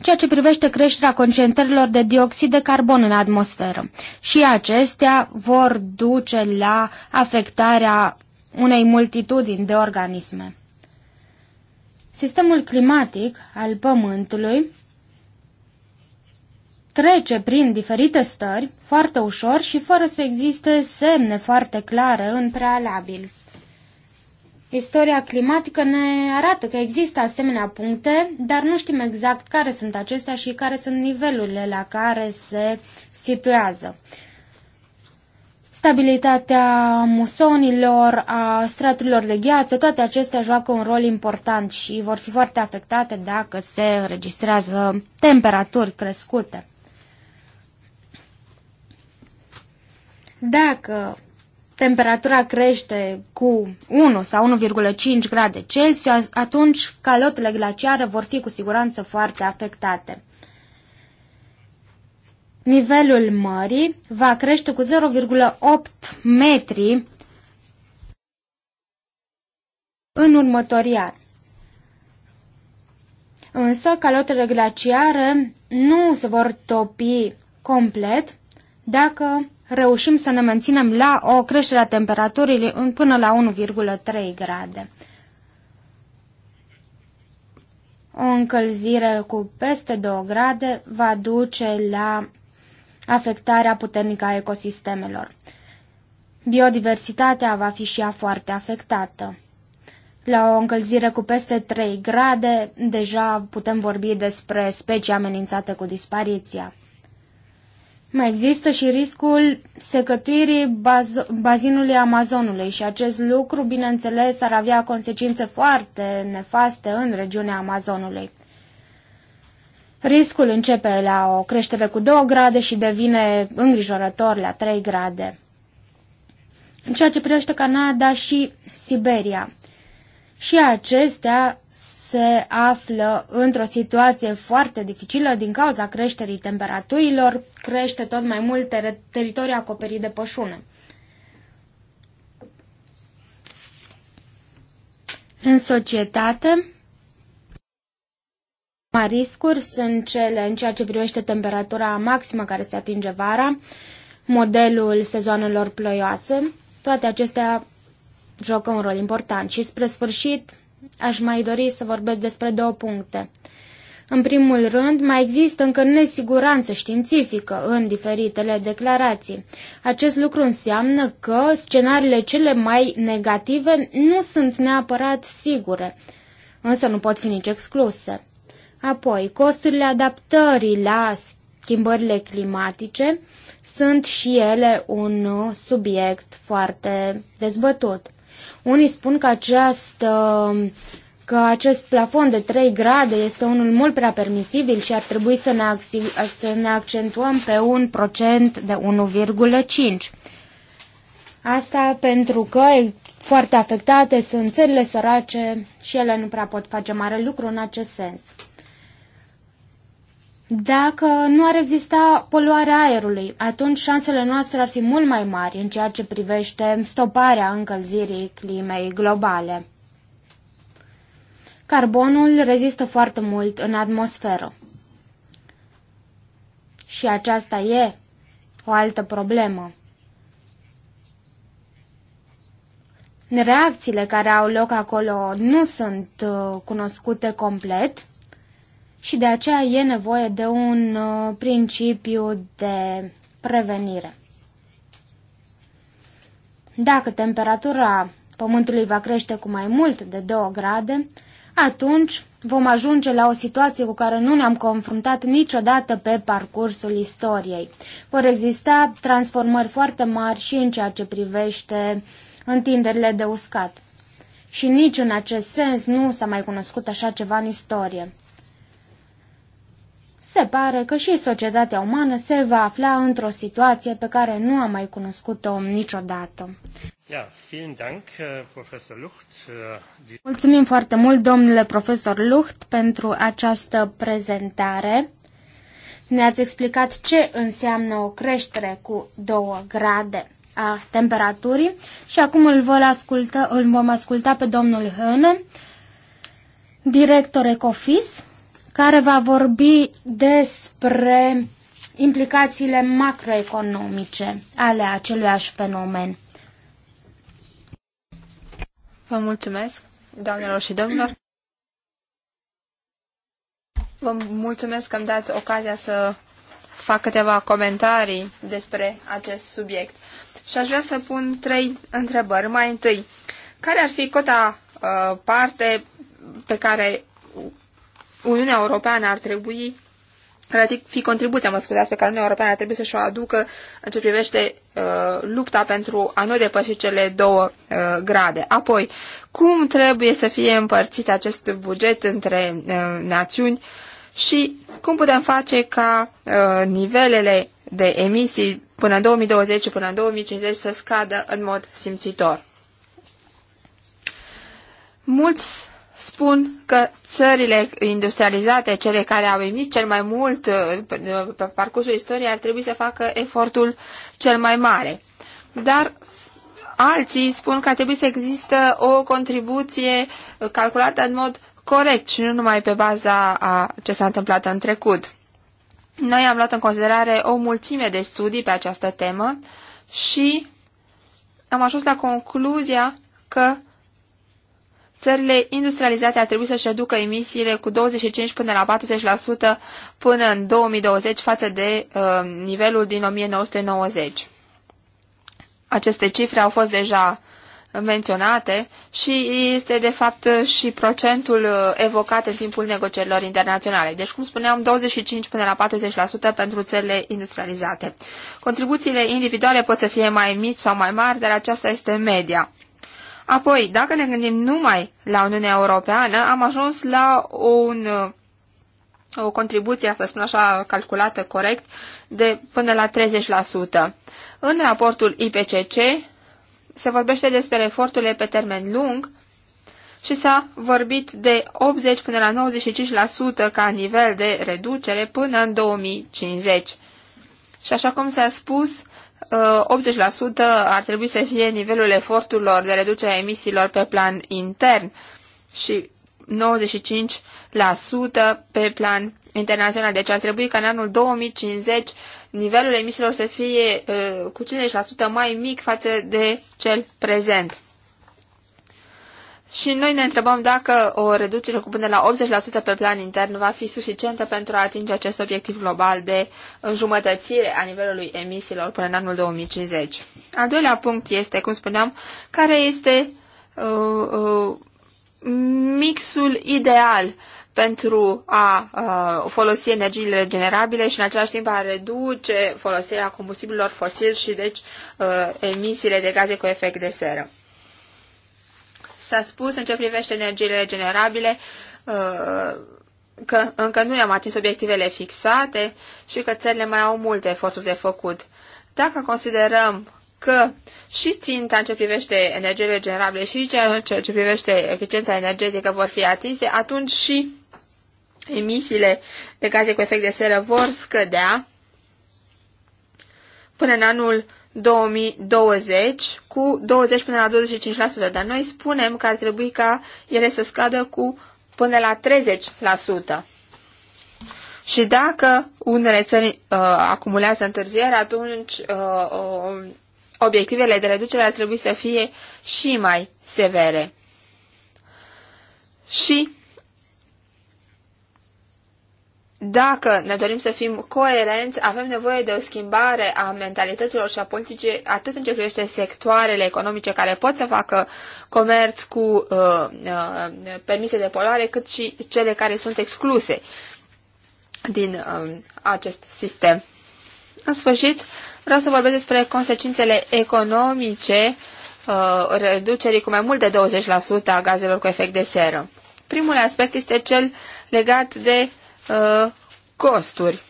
Ceea ce privește creșterea concentrărilor de dioxid de carbon în atmosferă. Și acestea vor duce la afectarea unei multitudini de organisme. Sistemul climatic al Pământului trece prin diferite stări foarte ușor și fără să existe semne foarte clare în prealabil. Istoria climatică ne arată că există asemenea puncte, dar nu știm exact care sunt acestea și care sunt nivelurile la care se situează. Stabilitatea musonilor, a straturilor de gheață, toate acestea joacă un rol important și vor fi foarte afectate dacă se înregistrează temperaturi crescute. Dacă temperatura crește cu 1 sau 1,5 grade Celsius, atunci calotele glaciare vor fi cu siguranță foarte afectate. Nivelul mării va crește cu 0,8 metri în următorii ani. Însă calotele glaciare nu se vor topi complet dacă reușim să ne menținem la o creștere a temperaturii până la 1,3 grade. O încălzire cu peste 2 grade va duce la afectarea puternică a ecosistemelor. Biodiversitatea va fi și ea foarte afectată. La o încălzire cu peste 3 grade, deja putem vorbi despre specii amenințate cu dispariția. Mai există și riscul secătuirii baz- bazinului Amazonului și acest lucru, bineînțeles, ar avea consecințe foarte nefaste în regiunea Amazonului. Riscul începe la o creștere cu 2 grade și devine îngrijorător la 3 grade. În ceea ce privește Canada și Siberia. Și acestea se află într-o situație foarte dificilă din cauza creșterii temperaturilor, crește tot mai mult ter- teritoriul acoperit de pășune. În societate, mai riscuri sunt cele în ceea ce privește temperatura maximă care se atinge vara, modelul sezoanelor ploioase, toate acestea joacă un rol important. Și spre sfârșit, aș mai dori să vorbesc despre două puncte. În primul rând, mai există încă nesiguranță științifică în diferitele declarații. Acest lucru înseamnă că scenariile cele mai negative nu sunt neapărat sigure, însă nu pot fi nici excluse. Apoi, costurile adaptării la schimbările climatice sunt și ele un subiect foarte dezbătut. Unii spun că, acest că acest plafon de 3 grade este unul mult prea permisibil și ar trebui să ne, să ne accentuăm pe un procent de 1,5. Asta pentru că foarte afectate sunt țările sărace și ele nu prea pot face mare lucru în acest sens. Dacă nu ar exista poluarea aerului, atunci șansele noastre ar fi mult mai mari în ceea ce privește stoparea încălzirii climei globale. Carbonul rezistă foarte mult în atmosferă. Și aceasta e o altă problemă. Reacțiile care au loc acolo nu sunt uh, cunoscute complet și de aceea e nevoie de un uh, principiu de prevenire. Dacă temperatura Pământului va crește cu mai mult de 2 grade, atunci vom ajunge la o situație cu care nu ne-am confruntat niciodată pe parcursul istoriei. Vor exista transformări foarte mari și în ceea ce privește întinderile de uscat. Și nici în acest sens nu s-a mai cunoscut așa ceva în istorie se pare că și societatea umană se va afla într-o situație pe care nu a mai cunoscut-o niciodată. Äh, äh, Mulțumim foarte mult, domnule profesor Lucht, pentru această prezentare. Ne-ați explicat ce înseamnă o creștere cu două grade a temperaturii și acum îl, vor asculta, îl vom asculta pe domnul Hână, director Ecofis care va vorbi despre implicațiile macroeconomice ale aceluiași fenomen. Vă mulțumesc, doamnelor și domnilor. Vă mulțumesc că îmi dați ocazia să fac câteva comentarii despre acest subiect. Și aș vrea să pun trei întrebări. Mai întâi, care ar fi cota uh, parte pe care Uniunea Europeană ar trebui practic fi contribuția, mă scuzați, pe care Uniunea Europeană ar trebui să-și o aducă în ce privește uh, lupta pentru a nu depăși cele două uh, grade. Apoi, cum trebuie să fie împărțit acest buget între uh, națiuni și cum putem face ca uh, nivelele de emisii până în 2020 și până în 2050 să scadă în mod simțitor. Mulți spun că țările industrializate, cele care au emis cel mai mult uh, pe parcursul istoriei, ar trebui să facă efortul cel mai mare. Dar alții spun că ar trebui să există o contribuție calculată în mod corect și nu numai pe baza a ce s-a întâmplat în trecut. Noi am luat în considerare o mulțime de studii pe această temă și am ajuns la concluzia că Țările industrializate ar trebui să-și reducă emisiile cu 25 până la 40% până în 2020 față de uh, nivelul din 1990. Aceste cifre au fost deja menționate și este de fapt și procentul uh, evocat în timpul negocierilor internaționale. Deci, cum spuneam, 25 până la 40% pentru țările industrializate. Contribuțiile individuale pot să fie mai mici sau mai mari, dar aceasta este media. Apoi, dacă ne gândim numai la Uniunea Europeană, am ajuns la un, o contribuție, să spun așa, calculată corect, de până la 30%. În raportul IPCC se vorbește despre eforturile pe termen lung și s-a vorbit de 80 până la 95% ca nivel de reducere până în 2050. Și așa cum s-a spus, 80% uh, ar trebui să fie nivelul eforturilor de reducere a emisiilor pe plan intern și 95% pe plan internațional. Deci ar trebui ca în anul 2050 nivelul emisiilor să fie uh, cu 50% mai mic față de cel prezent. Și noi ne întrebăm dacă o reducere cu până la 80% pe plan intern va fi suficientă pentru a atinge acest obiectiv global de înjumătățire a nivelului emisiilor până în anul 2050. Al doilea punct este, cum spuneam, care este uh, uh, mixul ideal pentru a uh, folosi energiile regenerabile și în același timp a reduce folosirea combustibilor fosili și deci uh, emisiile de gaze cu efect de seră. S-a spus în ce privește energiile regenerabile uh, că încă nu am atins obiectivele fixate și că țările mai au multe eforturi de făcut. Dacă considerăm că și ținta în ce privește energiile regenerabile și în ceea ce privește eficiența energetică vor fi atinse, atunci și emisiile de gaze cu efect de seră vor scădea până în anul 2020 cu 20 până la 25%, dar noi spunem că ar trebui ca ele să scadă cu până la 30%. Și dacă unele țări uh, acumulează întârzieri, atunci uh, uh, obiectivele de reducere ar trebui să fie și mai severe. Și dacă ne dorim să fim coerenți, avem nevoie de o schimbare a mentalităților și a politicii, atât în ce privește sectoarele economice care pot să facă comerț cu uh, uh, permise de poluare, cât și cele care sunt excluse din uh, acest sistem. În sfârșit, vreau să vorbesc despre consecințele economice uh, reducerii cu mai mult de 20% a gazelor cu efect de seră. Primul aspect este cel legat de Uh, costuri.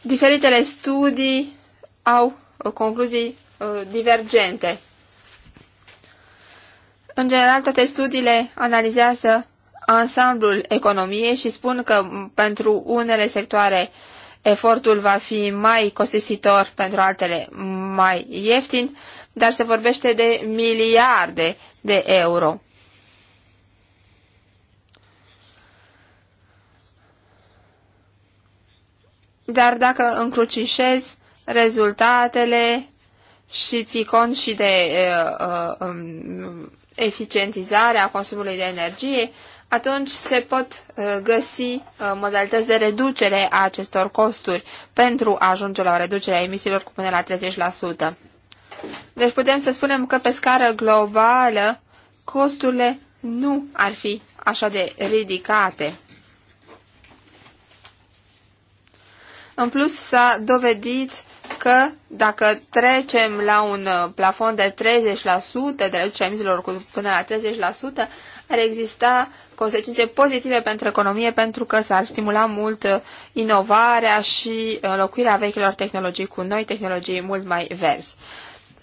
Diferitele studii au concluzii uh, divergente. În general, toate studiile analizează ansamblul economiei și spun că pentru unele sectoare efortul va fi mai costisitor, pentru altele mai ieftin, dar se vorbește de miliarde de euro. Dar dacă încrucișezi rezultatele și ții cont și de uh, uh, um, eficientizarea consumului de energie, atunci se pot uh, găsi uh, modalități de reducere a acestor costuri pentru a ajunge la o reducere a emisiilor cu până la 30%. Deci putem să spunem că pe scară globală costurile nu ar fi așa de ridicate. În plus, s-a dovedit că dacă trecem la un uh, plafon de 30%, de reducerea emisiilor cu până la 30%, ar exista consecințe pozitive pentru economie, pentru că s-ar stimula mult uh, inovarea și uh, înlocuirea vechilor tehnologii cu noi tehnologii mult mai verzi.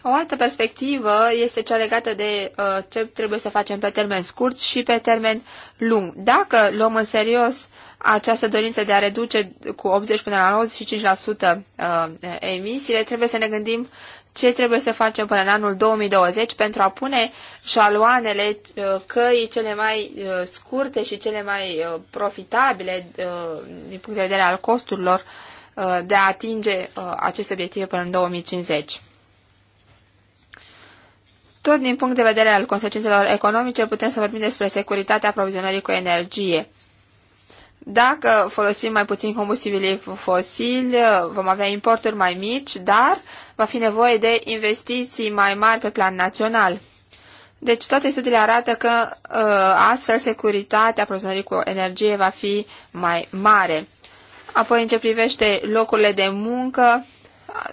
O altă perspectivă este cea legată de uh, ce trebuie să facem pe termen scurt și pe termen lung. Dacă luăm în serios uh, această dorință de a reduce cu 80 până la 95% uh, emisiile, trebuie să ne gândim ce trebuie să facem până în anul 2020 pentru a pune șaloanele uh, căii cele mai uh, scurte și cele mai profitabile din punct de vedere al costurilor de a atinge aceste obiective până în 2050. Tot din punct de vedere al consecințelor economice putem să vorbim despre securitatea aprovizionării cu energie. Dacă folosim mai puțin combustibili fosili, vom avea importuri mai mici, dar va fi nevoie de investiții mai mari pe plan național. Deci toate studiile arată că uh, astfel securitatea aprovizionării cu energie va fi mai mare. Apoi, în ce privește locurile de muncă,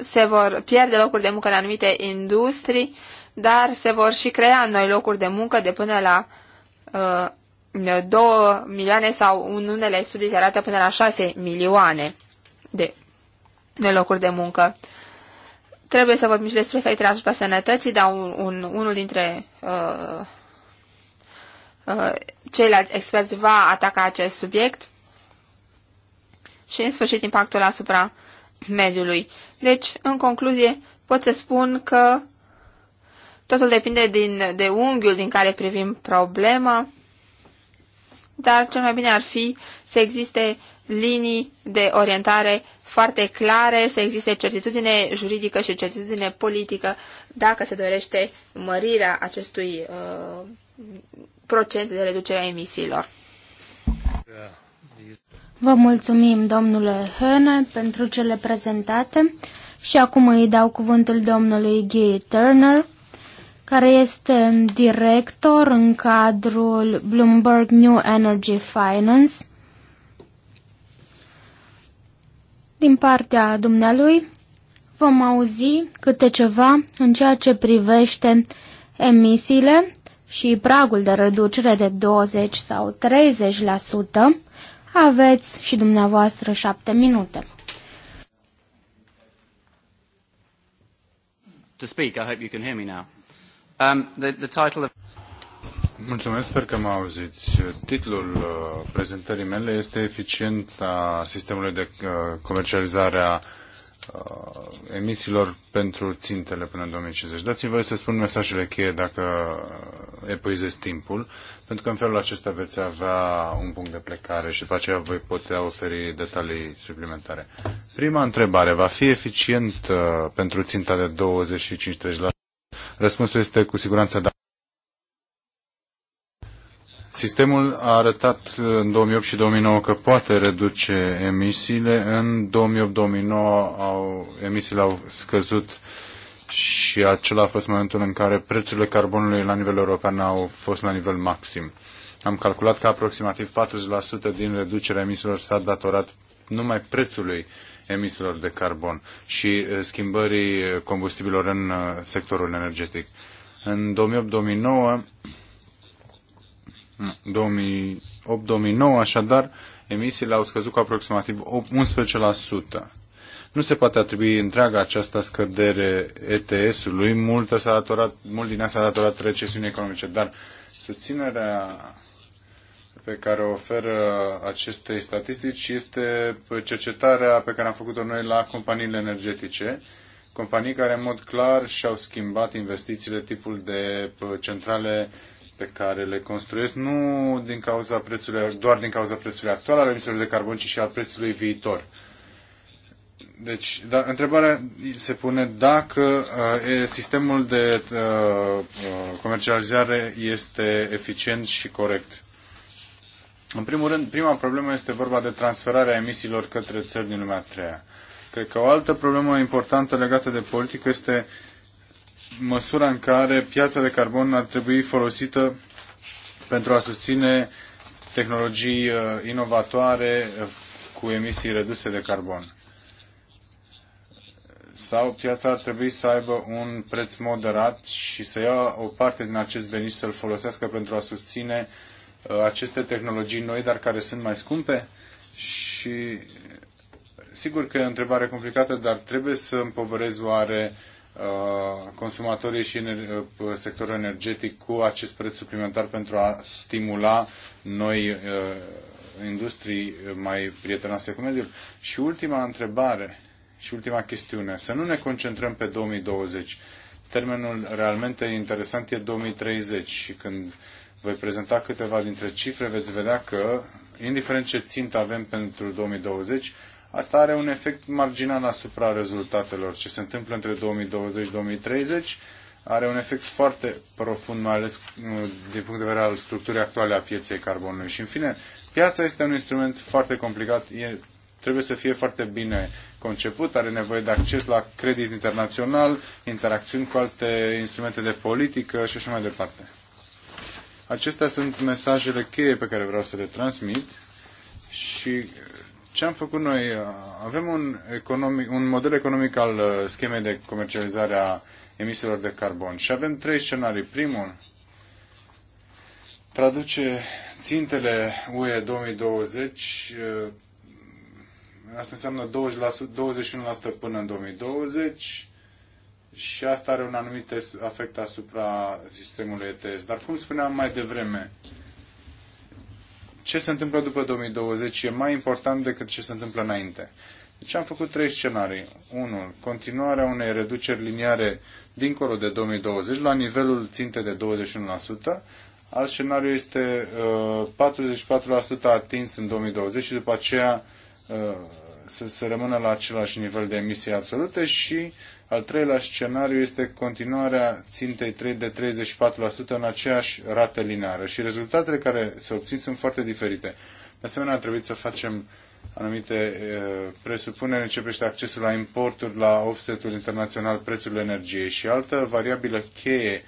se vor pierde locuri de muncă în anumite industrii, dar se vor și crea noi locuri de muncă de până la uh, 2 milioane sau în unele studii se arată până la 6 milioane de, de locuri de muncă. Trebuie să vorbim și despre efectele asupra sănătății, dar un, un, unul dintre uh, uh, ceilalți experți va ataca acest subiect și, în sfârșit, impactul asupra mediului. Deci, în concluzie, pot să spun că totul depinde din, de unghiul din care privim problema dar cel mai bine ar fi să existe linii de orientare foarte clare, să existe certitudine juridică și certitudine politică dacă se dorește mărirea acestui uh, procent de reducere a emisiilor. Vă mulțumim, domnule Höne, pentru cele prezentate și acum îi dau cuvântul domnului Guy Turner care este director în cadrul Bloomberg New Energy Finance. Din partea dumnealui vom auzi câte ceva în ceea ce privește emisiile și pragul de reducere de 20 sau 30%. Aveți și dumneavoastră șapte minute. To speak, I hope you can hear me now. Um, the, the title of... Mulțumesc, sper că mă auziți. Titlul uh, prezentării mele este Eficiența sistemului de uh, comercializare a uh, emisiilor pentru țintele până în 2050. Dați-mi voie să spun mesajele cheie dacă epuizez timpul, pentru că în felul acesta veți avea un punct de plecare și după aceea voi putea oferi detalii suplimentare. Prima întrebare, va fi eficient pentru ținta de 25-30%? Răspunsul este cu siguranță da. Sistemul a arătat în 2008 și 2009 că poate reduce emisiile. În 2008-2009 au, emisiile au scăzut și acela a fost momentul în care prețurile carbonului la nivel european au fost la nivel maxim. Am calculat că aproximativ 40% din reducerea emisiilor s-a datorat numai prețului emisiilor de carbon și eh, schimbării combustibilor în eh, sectorul energetic. În 2008-2009, 2008-2009 mm, așadar, emisiile au scăzut cu aproximativ 11%. Nu se poate atribui întreaga această scădere ETS-ului, mult, s-a datorat, mult din ea s-a datorat recesiunii economice, dar susținerea pe care o oferă aceste statistici este cercetarea pe care am făcut-o noi la companiile energetice, companii care în mod clar și-au schimbat investițiile, tipul de centrale pe care le construiesc, nu din cauza prețului, doar din cauza prețului actual al emisiilor de carbon, ci și al prețului viitor. Deci, da, întrebarea se pune dacă uh, sistemul de uh, uh, comercializare este eficient și corect. În primul rând, prima problemă este vorba de transferarea emisiilor către țări din lumea treia. Cred că o altă problemă importantă legată de politică este măsura în care piața de carbon ar trebui folosită pentru a susține tehnologii uh, inovatoare uh, cu emisii reduse de carbon. Sau piața ar trebui să aibă un preț moderat și să ia o parte din acest venit să-l folosească pentru a susține uh, Uh, aceste tehnologii noi, dar care sunt mai scumpe? Și sigur că e o întrebare complicată, dar trebuie să împovărezi oare uh, consumatorii și uh, sectorul energetic cu acest preț suplimentar pentru a stimula noi industrii mai prietenoase cu mediul. Și ultima întrebare și ultima chestiune. Să nu ne concentrăm pe 2020. Termenul realmente interesant e 2030 și când uh, voi prezenta câteva dintre cifre, veți vedea că, indiferent ce țintă avem pentru 2020, asta are un efect marginal asupra rezultatelor. Ce se întâmplă între 2020-2030 are un efect foarte profund, mai ales uh, din punct de vedere al structurii actuale a pieței carbonului. Și, în fine, piața este un instrument foarte complicat, e, trebuie să fie foarte bine conceput, are nevoie de acces la credit internațional, interacțiuni cu alte instrumente de politică și așa mai departe. Acestea sunt mesajele cheie pe care vreau să le transmit și ce am făcut noi? Avem un, economic, un model economic al uh, schemei de comercializare a emisiilor de carbon și avem trei scenarii. Primul traduce țintele UE 2020 uh, Asta înseamnă 20%, 21% până în 2020, și asta are un anumit efect asupra sistemului ETS. Dar cum spuneam mai devreme, ce se întâmplă după 2020 e mai important decât ce se întâmplă înainte. Deci am făcut trei scenarii. Unul Continuarea unei reduceri liniare dincolo de 2020 la nivelul ținte de 21%. Alt scenariu este uh, 44% atins în 2020 și după aceea uh, să se rămână la același nivel de emisii absolute și al treilea scenariu este continuarea țintei 3 de 34% în aceeași rată lineară și rezultatele care se obțin sunt foarte diferite. De asemenea, a trebuit să facem anumite presupuneri privește accesul la importuri, la offsetul internațional, prețul energiei și altă variabilă cheie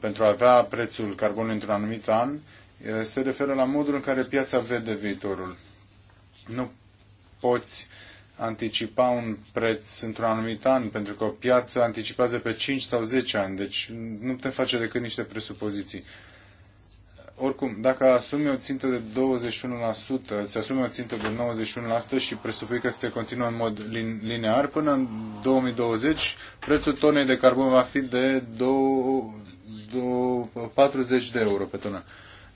pentru a avea prețul carbonului într-un anumit an se referă la modul în care piața vede viitorul. Nu poți anticipa un preț într-un anumit an, pentru că o piață anticipează pe 5 sau 10 ani, deci nu putem face decât niște presupoziții. Oricum, dacă asumi o țintă de 21%, ți asumi o țintă de 91% și presupui că se continuă în mod lin- linear, până în 2020 prețul tonei de carbon va fi de 2, 2, 40 de euro pe tonă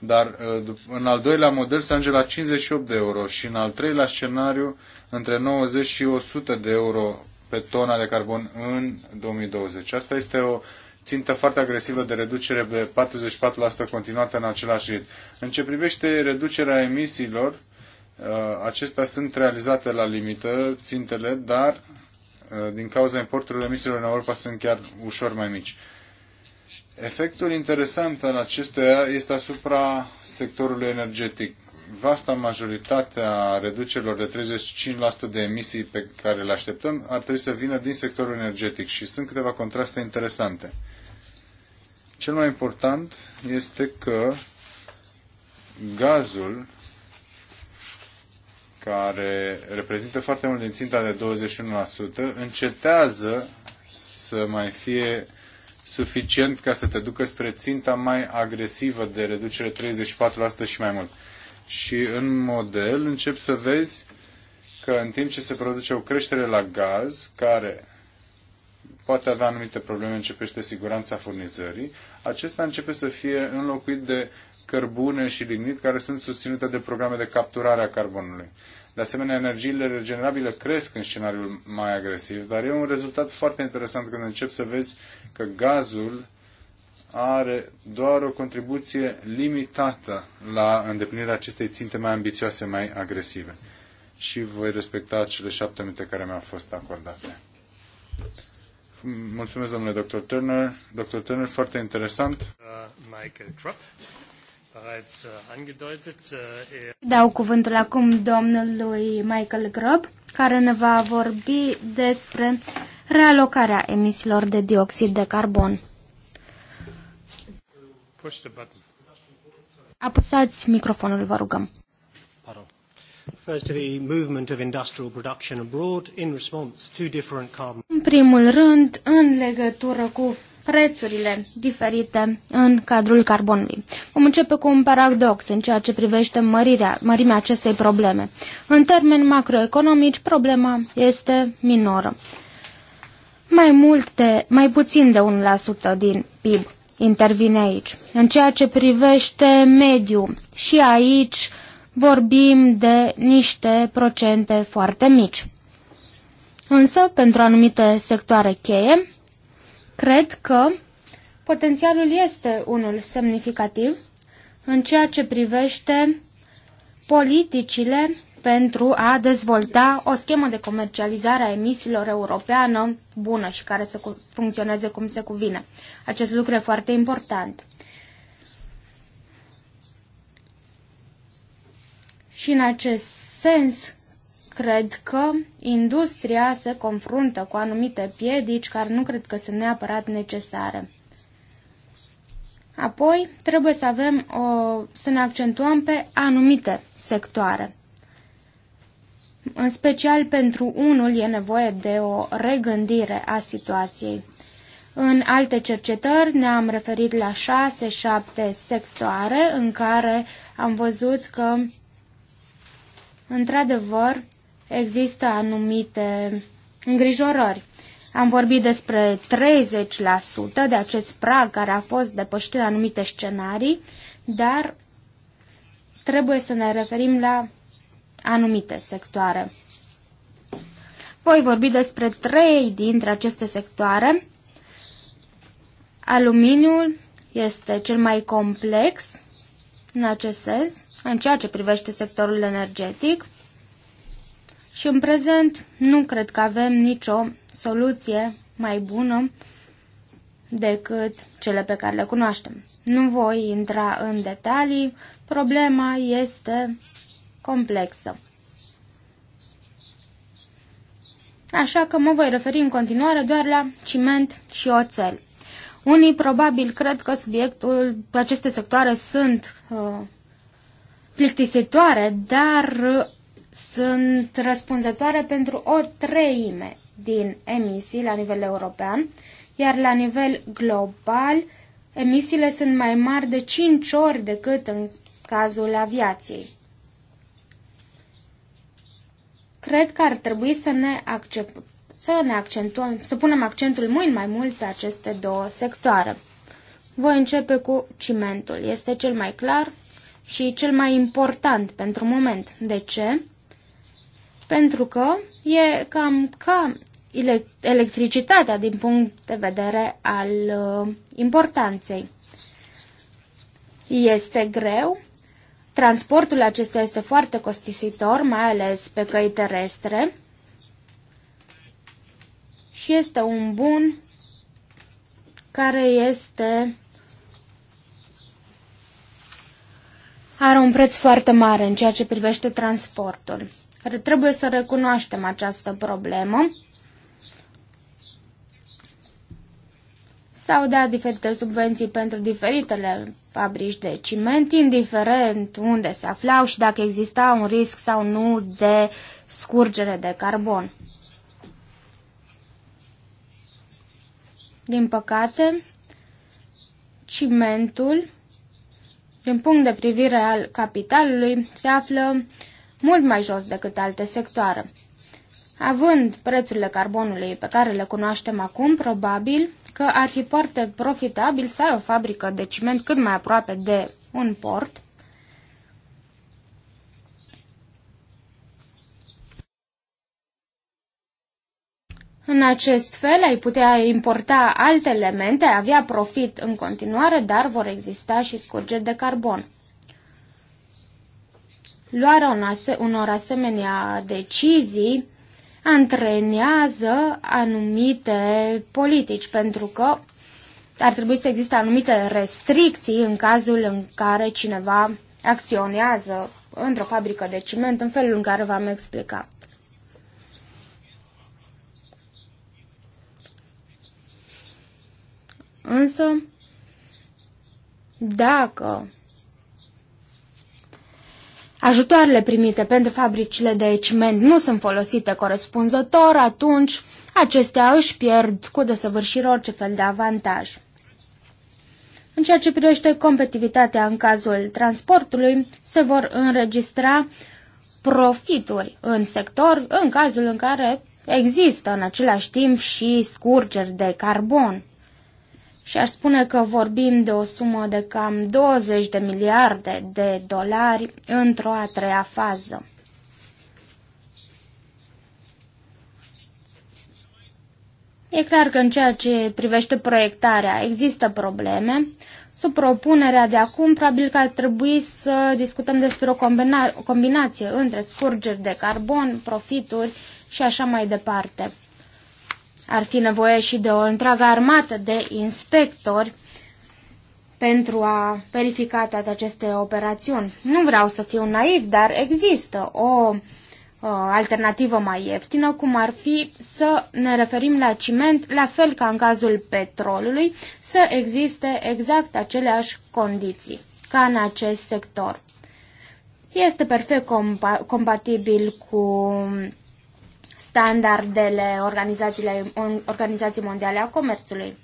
dar uh, în al doilea model se ajunge la 58 de euro și în al treilea scenariu între 90 și 100 de euro pe tona de carbon în 2020. Asta este o țintă foarte agresivă de reducere de 44% continuată în același ritm. În ce privește reducerea emisiilor, uh, acestea sunt realizate la limită, țintele, dar uh, din cauza importurilor emisiilor în Europa sunt chiar ușor mai mici. Efectul interesant al acestuia este asupra sectorului energetic. Vasta majoritate a reducerilor de 35% de emisii pe care le așteptăm ar trebui să vină din sectorul energetic și sunt câteva contraste interesante. Cel mai important este că gazul, care reprezintă foarte mult din ținta de 21%, încetează să mai fie suficient ca să te ducă spre ținta mai agresivă de reducere 34% și mai mult. Și în model încep să vezi că în timp ce se produce o creștere la gaz, care poate avea anumite probleme, începește siguranța furnizării, acesta începe să fie înlocuit de cărbune și lignit care sunt susținute de programe de capturare a carbonului. De asemenea, energiile regenerabile cresc în scenariul mai agresiv, dar e un rezultat foarte interesant când începi să vezi că gazul are doar o contribuție limitată la îndeplinirea acestei ținte mai ambițioase, mai agresive. Și voi respecta cele șapte minute care mi-au fost acordate. Mulțumesc, domnule Dr. Turner. Dr. Turner, foarte interesant. Michael Krupp. Uh, uh, er- Dau cuvântul acum domnului Michael Grob, care ne va vorbi despre realocarea emisiilor de dioxid de carbon. Apăsați microfonul, vă rugăm. În primul rând, în legătură cu prețurile diferite în cadrul carbonului. Vom începe cu un paradox în ceea ce privește mărirea, mărimea acestei probleme. În termeni macroeconomici, problema este minoră. Mai mult de, mai puțin de 1% din PIB intervine aici. În ceea ce privește mediu, și aici vorbim de niște procente foarte mici. Însă, pentru anumite sectoare cheie, cred că potențialul este unul semnificativ în ceea ce privește politicile pentru a dezvolta o schemă de comercializare a emisiilor europeană bună și care să funcționeze cum se cuvine. Acest lucru e foarte important. Și în acest sens, cred că industria se confruntă cu anumite piedici care nu cred că sunt neapărat necesare. Apoi, trebuie să avem o, să ne accentuăm pe anumite sectoare. În special pentru unul e nevoie de o regândire a situației. În alte cercetări ne-am referit la șase-șapte sectoare în care am văzut că, într-adevăr, există anumite îngrijorări. Am vorbit despre 30% de acest prag care a fost depășit în anumite scenarii, dar trebuie să ne referim la anumite sectoare. Voi vorbi despre trei dintre aceste sectoare. Aluminiul este cel mai complex în acest sens, în ceea ce privește sectorul energetic și în prezent nu cred că avem nicio soluție mai bună decât cele pe care le cunoaștem. Nu voi intra în detalii, problema este complexă. Așa că mă voi referi în continuare doar la ciment și oțel. Unii probabil cred că subiectul, aceste sectoare sunt uh, plictisitoare, dar uh, sunt răspunzătoare pentru o treime din emisii la nivel european, iar la nivel global emisiile sunt mai mari de 5 ori decât în cazul aviației. Cred că ar trebui să ne, accep- să ne accentuăm, să punem accentul mult mai mult pe aceste două sectoare. Voi începe cu cimentul. Este cel mai clar și cel mai important pentru moment. De ce? Pentru că e cam ca electricitatea din punct de vedere al uh, importanței. Este greu, Transportul acesta este foarte costisitor, mai ales pe căi terestre și este un bun care este are un preț foarte mare în ceea ce privește transportul. Trebuie să recunoaștem această problemă sau da diferite subvenții pentru diferitele fabrici de ciment, indiferent unde se aflau și dacă exista un risc sau nu de scurgere de carbon. Din păcate, cimentul, din punct de privire al capitalului, se află mult mai jos decât alte sectoare. Având prețurile carbonului pe care le cunoaștem acum, probabil că ar fi foarte profitabil să ai o fabrică de ciment cât mai aproape de un port, În acest fel ai putea importa alte elemente, avea profit în continuare, dar vor exista și scurgeri de carbon. Luarea unor asemenea decizii antrenează anumite politici, pentru că ar trebui să existe anumite restricții în cazul în care cineva acționează într-o fabrică de ciment în felul în care v-am explicat. Însă, dacă ajutoarele primite pentru fabricile de ciment nu sunt folosite corespunzător, atunci acestea își pierd cu desăvârșire orice fel de avantaj. În ceea ce privește competitivitatea în cazul transportului, se vor înregistra profituri în sector în cazul în care există în același timp și scurgeri de carbon și aș spune că vorbim de o sumă de cam 20 de miliarde de dolari într-o a treia fază. E clar că în ceea ce privește proiectarea există probleme. Sub propunerea de acum, probabil că ar trebui să discutăm despre o combina- combinație între scurgeri de carbon, profituri și așa mai departe ar fi nevoie și de o întreagă armată de inspectori pentru a verifica toate aceste operațiuni. Nu vreau să fiu naiv, dar există o alternativă mai ieftină, cum ar fi să ne referim la ciment, la fel ca în cazul petrolului, să existe exact aceleași condiții ca în acest sector. Este perfect compa compatibil cu standardele Organizației Mondiale a Comerțului.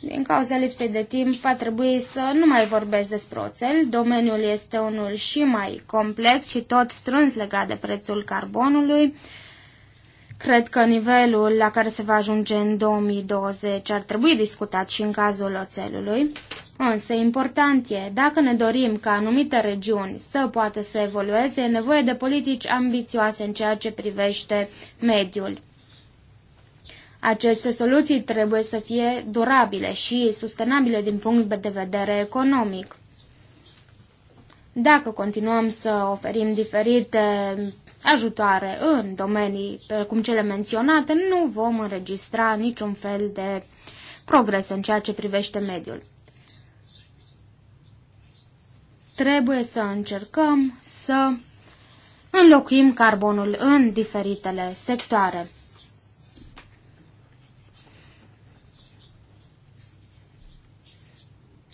Din cauza lipsei de timp, va trebui să nu mai vorbesc despre oțel. Domeniul este unul și mai complex și tot strâns legat de prețul carbonului. Cred că nivelul la care se va ajunge în 2020 ar trebui discutat și în cazul oțelului, însă important e, dacă ne dorim ca anumite regiuni să poată să evolueze, e nevoie de politici ambițioase în ceea ce privește mediul. Aceste soluții trebuie să fie durabile și sustenabile din punct de vedere economic. Dacă continuăm să oferim diferite ajutoare în domenii precum cele menționate, nu vom înregistra niciun fel de progres în ceea ce privește mediul. Trebuie să încercăm să înlocuim carbonul în diferitele sectoare.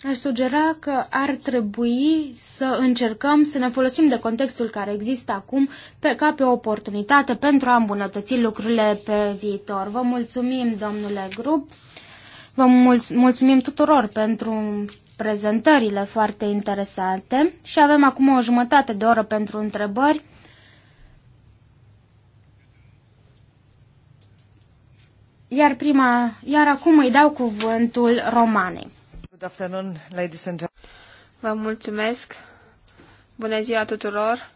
Aș sugera că ar trebui să încercăm să ne folosim de contextul care există acum pe, ca pe o oportunitate pentru a îmbunătăți lucrurile pe viitor. Vă mulțumim, domnule grup, vă mulțumim tuturor pentru prezentările foarte interesante și avem acum o jumătate de oră pentru întrebări. Iar, prima, iar acum îi dau cuvântul Romanei. Good afternoon, ladies and gentlemen. Vă mulțumesc. Bună ziua tuturor.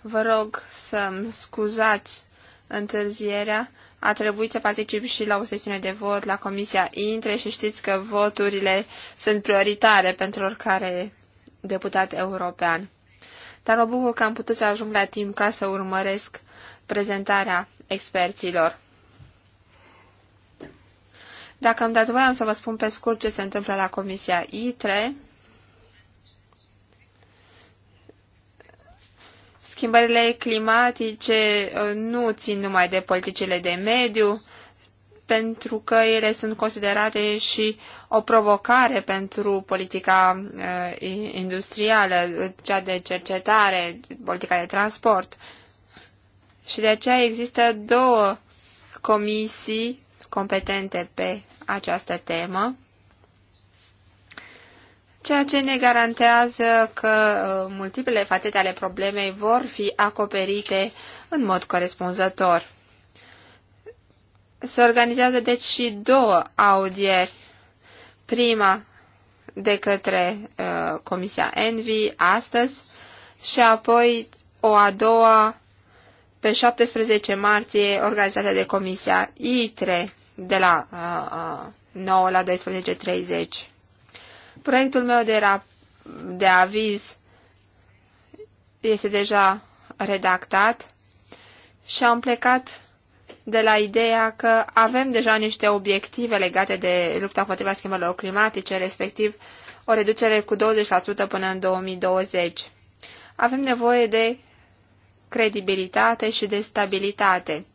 Vă rog să-mi scuzați întârzierea. A trebuit să particip și la o sesiune de vot la Comisia Intre și știți că voturile sunt prioritare pentru oricare deputat european. Dar mă bucur că am putut să ajung la timp ca să urmăresc prezentarea experților. Dacă îmi dați voie, am să vă spun pe scurt ce se întâmplă la Comisia ITRE. Schimbările climatice uh, nu țin numai de politicile de mediu, pentru că ele sunt considerate și o provocare pentru politica uh, industrială, cea de cercetare, politica de transport. Și de aceea există două comisii competente pe această temă, ceea ce ne garantează că uh, multiplele fațete ale problemei vor fi acoperite în mod corespunzător. Se organizează deci și două audieri. Prima de către uh, Comisia Envi astăzi și apoi o a doua pe 17 martie organizată de Comisia ITRE de la uh, uh, 9 la 12.30. Proiectul meu de, rap- de aviz este deja redactat și am plecat de la ideea că avem deja niște obiective legate de lupta împotriva schimbărilor climatice, respectiv o reducere cu 20% până în 2020. Avem nevoie de credibilitate și de stabilitate.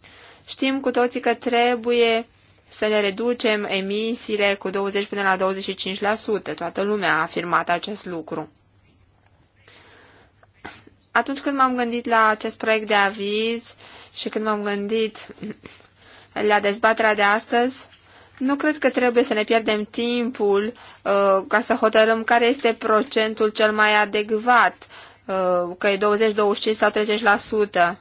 Știm cu toții că trebuie să ne reducem emisiile cu 20 până la 25%. Toată lumea a afirmat acest lucru. Atunci când m-am gândit la acest proiect de aviz și când m-am gândit la dezbaterea de astăzi, nu cred că trebuie să ne pierdem timpul uh, ca să hotărâm care este procentul cel mai adecvat, uh, că e 20, 25 sau 30%.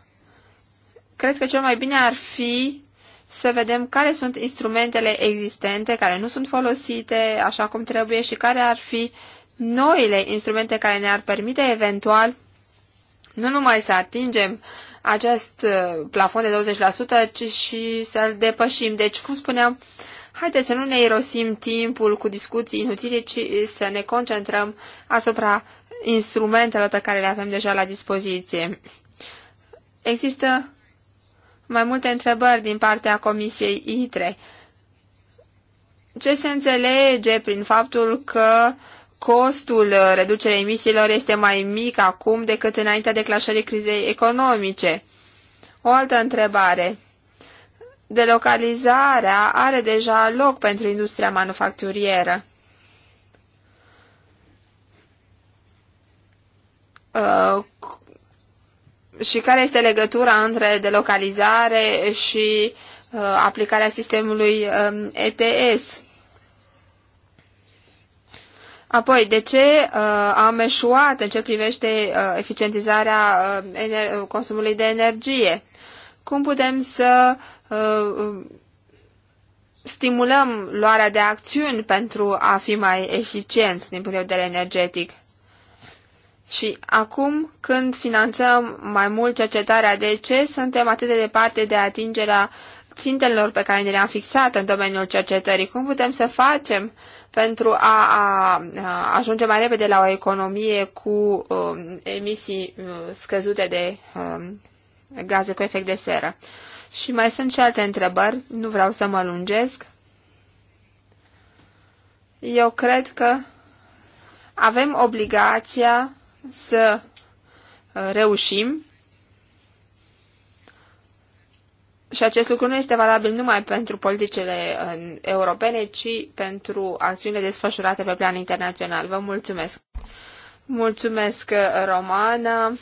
Cred că cel mai bine ar fi să vedem care sunt instrumentele existente care nu sunt folosite așa cum trebuie și care ar fi noile instrumente care ne-ar permite eventual nu numai să atingem acest uh, plafon de 20%, ci și să-l depășim. Deci, cum spuneam, haideți să nu ne irosim timpul cu discuții inutile, ci să ne concentrăm asupra instrumentelor pe care le avem deja la dispoziție. Există mai multe întrebări din partea Comisiei ITRE. Ce se înțelege prin faptul că costul reducerii emisiilor este mai mic acum decât înaintea declanșării crizei economice? O altă întrebare. Delocalizarea are deja loc pentru industria manufacturieră. Uh, și care este legătura între delocalizare și uh, aplicarea sistemului uh, um, ETS. Apoi, de ce uh, am eșuat în ce privește uh, eficientizarea uh, uh consumului de energie? Cum putem să uh, um, stimulăm luarea de acțiuni pentru a fi mai eficienți din punct de vedere energetic? Și acum, când finanțăm mai mult cercetarea, de ce suntem atât de departe de atingerea țintelor pe care ne le-am fixat în domeniul cercetării? Cum putem să facem pentru a, a, a ajunge mai repede la o economie cu um, emisii uh, scăzute de um, gaze cu efect de seră? Și mai sunt și alte întrebări, nu vreau să mă lungesc. Eu cred că avem obligația să uh, reușim și acest lucru nu este valabil numai pentru politicile uh, europene, ci pentru acțiunile desfășurate pe plan internațional. Vă mulțumesc! Mulțumesc, uh, Romana!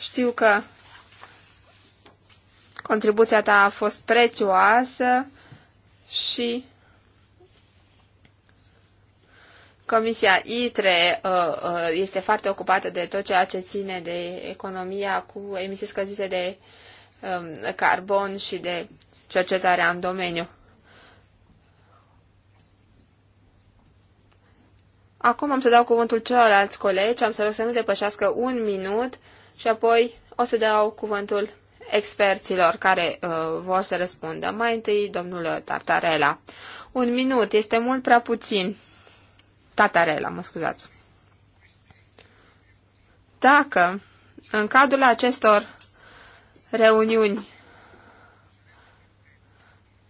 Știu că contribuția ta a fost prețioasă și Comisia ITRE uh, uh, este foarte ocupată de tot ceea ce ține de economia cu emisii scăzute de um, carbon și de cercetarea în domeniu. Acum am să dau cuvântul celorlalți colegi, am să rog să nu depășească un minut și apoi o să dau cuvântul experților care uh, vor să răspundă. Mai întâi, domnul Tartarela. Un minut este mult prea puțin. Tatarela, mă scuzați. Dacă în cadrul acestor reuniuni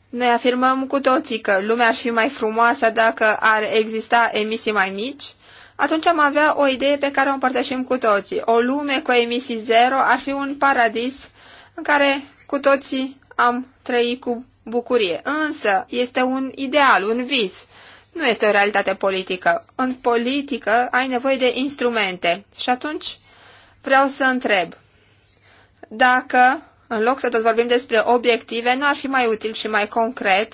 noi afirmăm cu toții că lumea ar fi mai frumoasă dacă ar exista emisii mai mici, atunci am avea o idee pe care o împărtășim cu toții. O lume cu emisii zero ar fi un paradis în care cu toții am trăit cu bucurie. Însă este un ideal, un vis nu este o realitate politică. În politică ai nevoie de instrumente. Și atunci vreau să întreb dacă, în loc să tot vorbim despre obiective, nu ar fi mai util și mai concret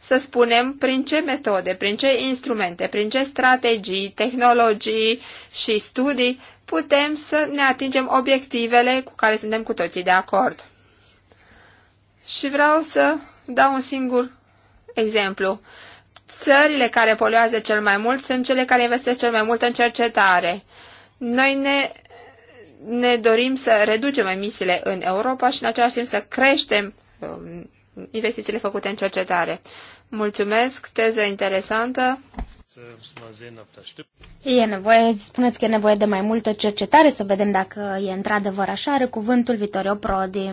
să spunem prin ce metode, prin ce instrumente, prin ce strategii, tehnologii și studii putem să ne atingem obiectivele cu care suntem cu toții de acord. Și vreau să dau un singur exemplu țările care poluează cel mai mult sunt cele care investesc cel mai mult în cercetare. Noi ne, ne dorim să reducem emisiile în Europa și în același timp să creștem um, investițiile făcute în cercetare. Mulțumesc, teză interesantă. E nevoie, spuneți că e nevoie de mai multă cercetare, să vedem dacă e într-adevăr așa. Are cuvântul Vitorio Prodi.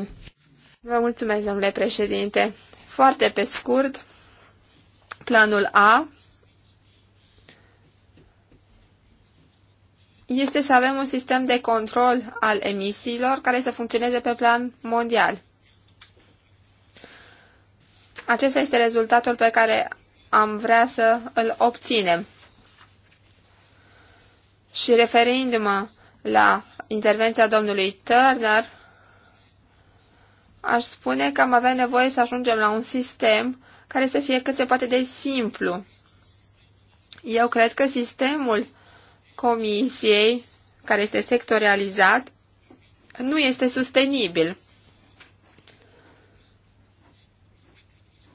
Vă mulțumesc, domnule președinte. Foarte pe scurt, Planul A este să avem un sistem de control al emisiilor care să funcționeze pe plan mondial. Acesta este rezultatul pe care am vrea să îl obținem. Și referindu-mă la intervenția domnului Turner, aș spune că am avea nevoie să ajungem la un sistem care să fie cât se poate de simplu. Eu cred că sistemul comisiei, care este sectorializat, nu este sustenibil.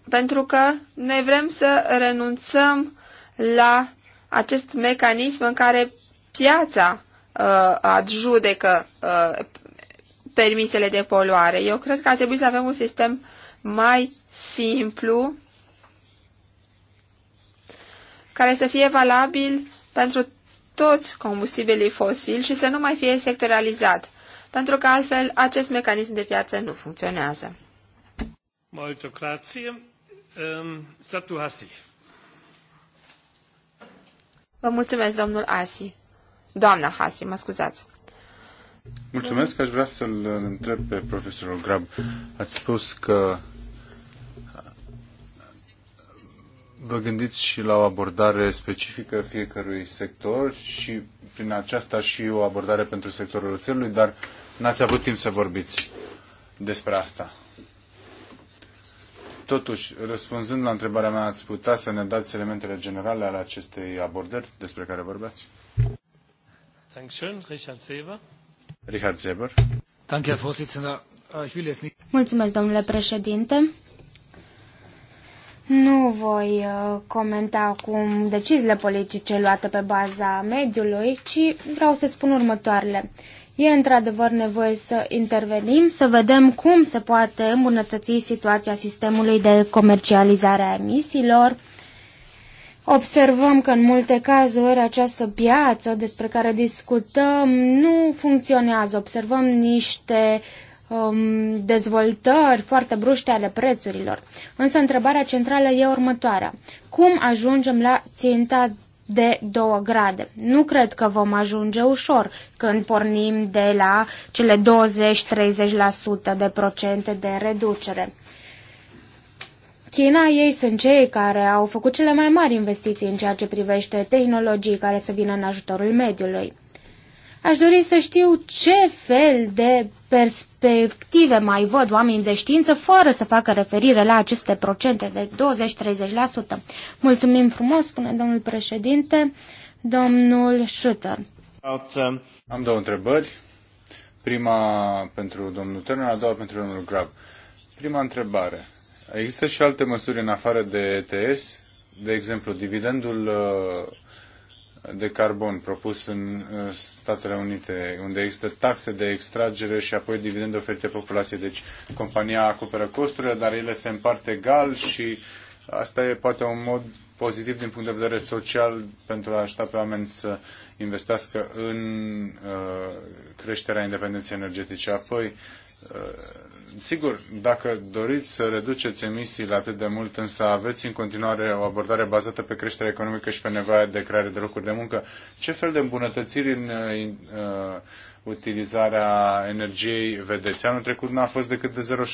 Pentru că noi vrem să renunțăm la acest mecanism în care piața uh, adjudecă uh, permisele de poluare. Eu cred că ar trebui să avem un sistem mai simplu care să fie valabil pentru toți combustibilii fosili și să nu mai fie sectorializat, pentru că altfel acest mecanism de piață nu funcționează. Ehm, Vă mulțumesc, domnul Asi. Doamna Hasi, mă scuzați. Mulțumesc, aș vrea să-l întreb pe profesorul Grab. Ați spus că vă gândiți și la o abordare specifică fiecărui sector și prin aceasta și o abordare pentru sectorul oțelului, dar n-ați avut timp să vorbiți despre asta. Totuși, răspunzând la întrebarea mea, ați putea să ne dați elementele generale ale acestei abordări despre care vorbeați? Richard Zeber. Richard äh, Mulțumesc, domnule președinte. Nu voi uh, comenta acum deciziile politice luate pe baza mediului, ci vreau să spun următoarele. E într-adevăr nevoie să intervenim, să vedem cum se poate îmbunătăți situația sistemului de comercializare a emisiilor. Observăm că în multe cazuri această piață despre care discutăm nu funcționează. Observăm niște um, dezvoltări foarte bruște ale prețurilor. Însă întrebarea centrală e următoarea. Cum ajungem la ținta de 2 grade. Nu cred că vom ajunge ușor când pornim de la cele 20-30% de procente de reducere. China, ei sunt cei care au făcut cele mai mari investiții în ceea ce privește tehnologii care să vină în ajutorul mediului. Aș dori să știu ce fel de perspective mai văd oamenii de știință fără să facă referire la aceste procente de 20-30%. Mulțumim frumos, spune domnul președinte, domnul Schutter. Am două întrebări. Prima pentru domnul Turner, a doua pentru domnul Grab. Prima întrebare. Există și alte măsuri în afară de ETS? De exemplu, dividendul uh, de carbon propus în Statele Unite, unde există taxe de extragere și apoi dividende oferite populației. Deci compania acoperă costurile, dar ele se împart egal și asta e poate un mod pozitiv din punct de vedere social pentru a ajuta pe oameni să investească în uh, creșterea independenței energetice. Apoi, uh, Sigur, dacă doriți să reduceți emisiile atât de mult, însă aveți în continuare o abordare bazată pe creșterea economică și pe nevoia de creare de locuri de muncă, ce fel de îmbunătățiri în, în uh, utilizarea energiei vedeți? Anul trecut n-a fost decât de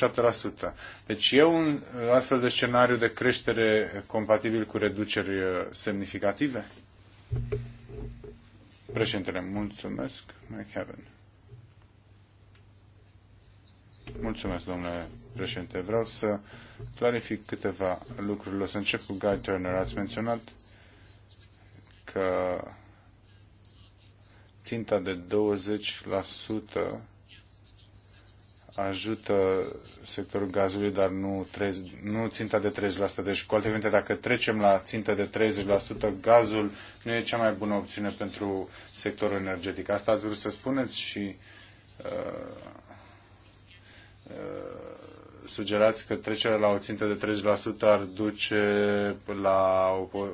0,7%. Deci e un astfel de scenariu de creștere compatibil cu reduceri uh, semnificative? Președintele, mulțumesc. Heaven. Mulțumesc, domnule președinte. Vreau să clarific câteva lucruri. O să încep cu Guy Turner. Ați menționat că ținta de 20% ajută sectorul gazului, dar nu, 30, nu ținta de 30%. Deci, cu alte cuvinte, dacă trecem la ținta de 30%, gazul nu e cea mai bună opțiune pentru sectorul energetic. Asta ați vrut să spuneți și uh, Uh, sugerați că trecerea la o țintă de 30% ar duce la o uh,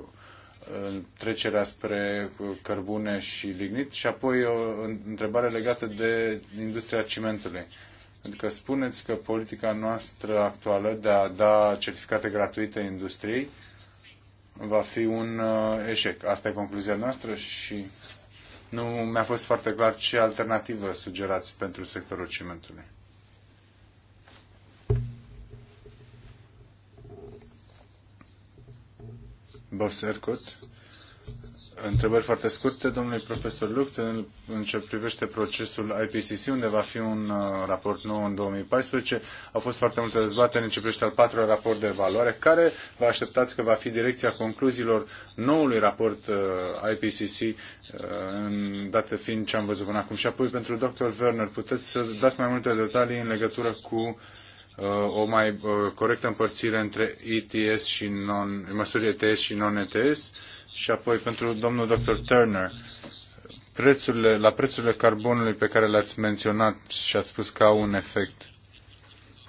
trecerea spre cărbune și lignit și apoi o întrebare legată de industria cimentului. Pentru că spuneți că politica noastră actuală de a da certificate gratuite industriei va fi un uh, eșec. Asta e concluzia noastră și nu mi-a fost foarte clar ce alternativă sugerați pentru sectorul cimentului. Bosercut. Întrebări foarte scurte, domnului profesor Lucht, în ce privește procesul IPCC, unde va fi un uh, raport nou în 2014. Au fost foarte multe dezbateri în ce privește al patrulea raport de valoare. care vă așteptați că va fi direcția concluziilor noului raport uh, IPCC, uh, în dată fiind ce am văzut până acum. Și apoi, pentru dr. Werner, puteți să dați mai multe detalii în legătură cu uh, Uh, o mai uh, corectă împărțire între ETS și non, măsuri ETS și non-ETS și apoi pentru domnul dr. Turner, prețurile, la prețurile carbonului pe care le-ați menționat și ați spus că au un efect,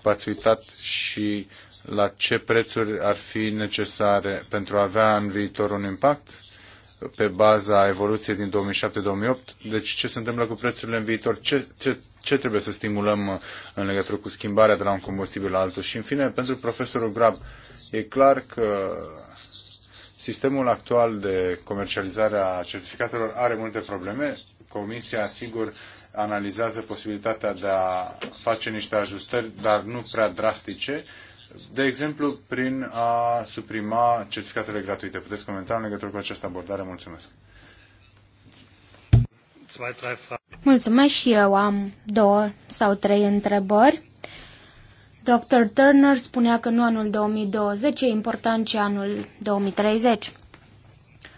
v-ați uitat și la ce prețuri ar fi necesare pentru a avea în viitor un impact pe baza evoluției din 2007-2008. Deci ce se întâmplă cu prețurile în viitor? Ce, ce ce trebuie să stimulăm uh, în legătură cu schimbarea de la un combustibil la altul. Și, în fine, pentru profesorul Grab, e clar că sistemul actual de comercializare a certificatelor are multe probleme. Comisia, sigur, analizează posibilitatea de a face niște ajustări, dar nu prea drastice, de exemplu, prin a suprima certificatele gratuite. Puteți comenta în legătură cu această abordare? Mulțumesc! Mulțumesc și eu am două sau trei întrebări. Dr. Turner spunea că nu anul 2020 e important, ci anul 2030.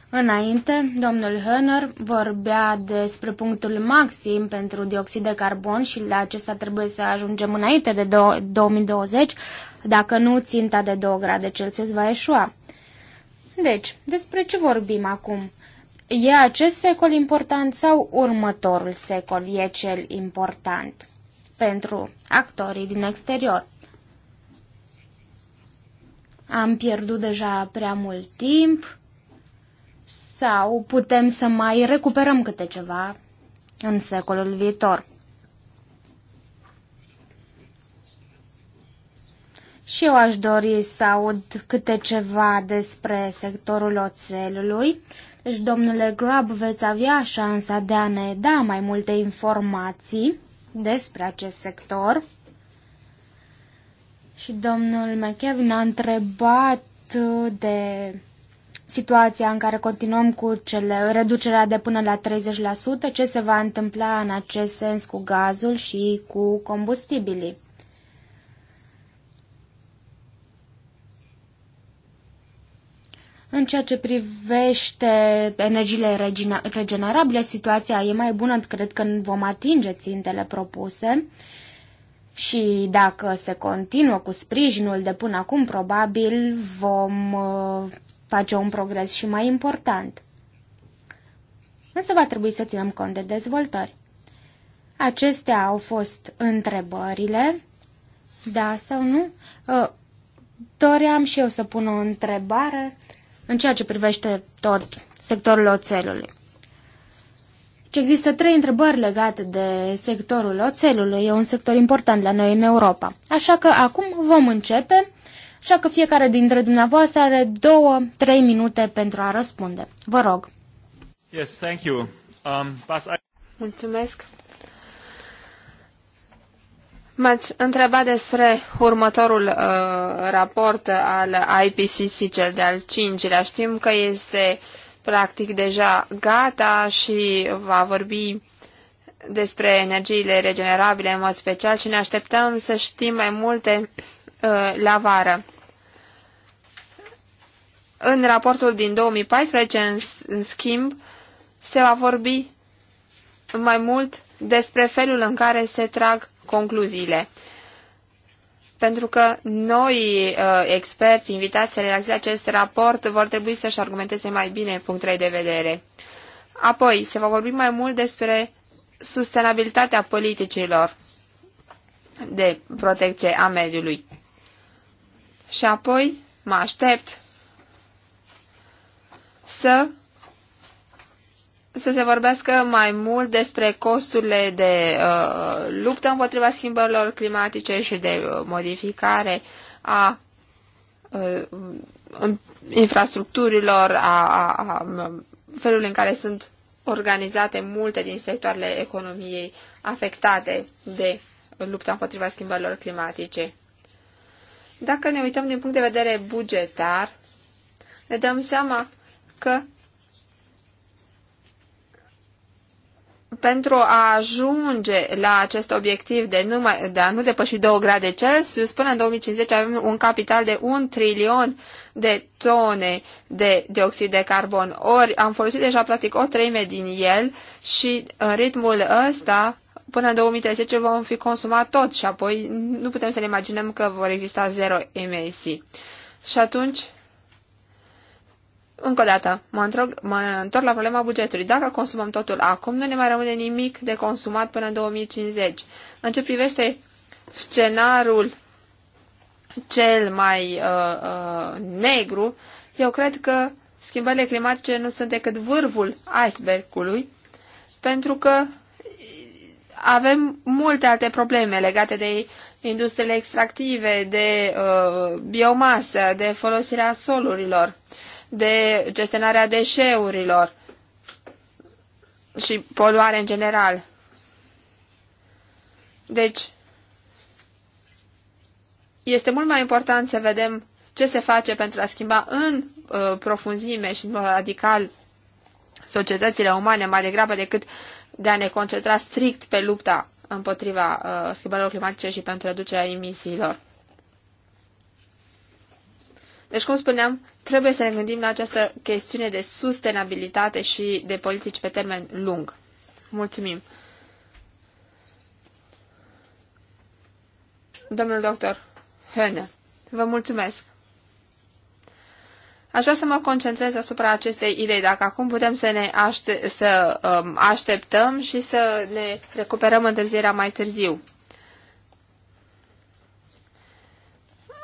Înainte, domnul Höner vorbea despre punctul maxim pentru dioxid de carbon și la acesta trebuie să ajungem înainte de 2020, dacă nu ținta de 2 grade Celsius va eșua. Deci, despre ce vorbim acum? E acest secol important sau următorul secol e cel important pentru actorii din exterior? Am pierdut deja prea mult timp sau putem să mai recuperăm câte ceva în secolul viitor? Și eu aș dori să aud câte ceva despre sectorul oțelului deci, domnule Grab, veți avea șansa de a ne da mai multe informații despre acest sector. Și domnul McKevin a întrebat uh, de situația în care continuăm cu cele, reducerea de până la 30%, ce se va întâmpla în acest sens cu gazul și cu combustibilii. În ceea ce privește energiile regenerabile, situația e mai bună, cred că vom atinge țintele propuse și dacă se continuă cu sprijinul de până acum, probabil vom uh, face un progres și mai important. Însă va trebui să ținem cont de dezvoltări. Acestea au fost întrebările. Da sau nu? Uh, doream și eu să pun o întrebare în ceea ce privește tot sectorul oțelului. Ce deci există trei întrebări legate de sectorul oțelului. E un sector important la noi în Europa. Așa că acum vom începe, așa că fiecare dintre dumneavoastră are două, trei minute pentru a răspunde. Vă rog. Yes, thank you. Um, I... Mulțumesc. M-ați întrebat despre următorul uh, raport al IPCC, cel de-al cincilea. Știm că este practic deja gata și va vorbi despre energiile regenerabile în mod special și ne așteptăm să știm mai multe uh, la vară. În raportul din 2014, în, în schimb, se va vorbi mai mult despre felul în care se trag concluziile. Pentru că noi, uh, experți invitați să realizeze acest raport, vor trebui să-și argumenteze mai bine punctele de vedere. Apoi, se va vorbi mai mult despre sustenabilitatea politicilor de protecție a mediului. Și apoi mă aștept să să se vorbească mai mult despre costurile de uh, luptă împotriva schimbărilor climatice și de uh, modificare a uh, infrastructurilor, a, a, a felul în care sunt organizate multe din sectoarele economiei afectate de lupta împotriva schimbărilor climatice. Dacă ne uităm din punct de vedere bugetar, ne dăm seama că pentru a ajunge la acest obiectiv de, numai, de a nu depăși 2 grade Celsius, până în 2050 avem un capital de 1 trilion de tone de dioxid de carbon. Ori am folosit deja practic o treime din el și în ritmul ăsta până în 2030 vom fi consumat tot și apoi nu putem să ne imaginăm că vor exista zero emisii. Și atunci încă o dată, mă întorc, mă întorc la problema bugetului. Dacă consumăm totul acum, nu ne mai rămâne nimic de consumat până în 2050. În ce privește scenarul cel mai uh, uh, negru, eu cred că schimbările climatice nu sunt decât vârful icebergului, pentru că avem multe alte probleme legate de industriile extractive, de uh, biomasă, de folosirea solurilor. Uh, de gestionarea deșeurilor și poluare în general. Deci, este mult mai important să vedem ce se face pentru a schimba în uh, profunzime și în mod radical societățile umane, mai degrabă decât de a ne concentra strict pe lupta împotriva uh, schimbărilor climatice și pentru reducerea emisiilor. Deci, cum spuneam, trebuie să ne gândim la această chestiune de sustenabilitate și de politici pe termen lung. Mulțumim! Domnul doctor Höne, vă mulțumesc! Aș vrea să mă concentrez asupra acestei idei, dacă acum putem să ne aște- să, um, așteptăm și să ne recuperăm întârzierea mai târziu.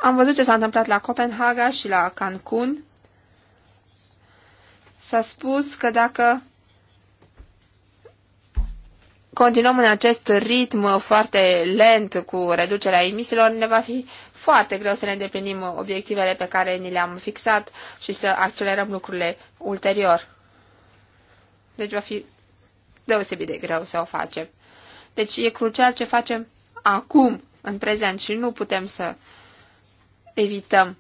Am văzut ce s-a întâmplat la Copenhaga și la Cancun. S-a spus că dacă continuăm în acest ritm foarte lent cu reducerea emisiilor, ne va fi foarte greu să ne îndeplinim obiectivele pe care ni le-am fixat și să accelerăm lucrurile ulterior. Deci va fi deosebit de greu să o facem. Deci e crucial ce facem acum, în prezent, și nu putem să evităm.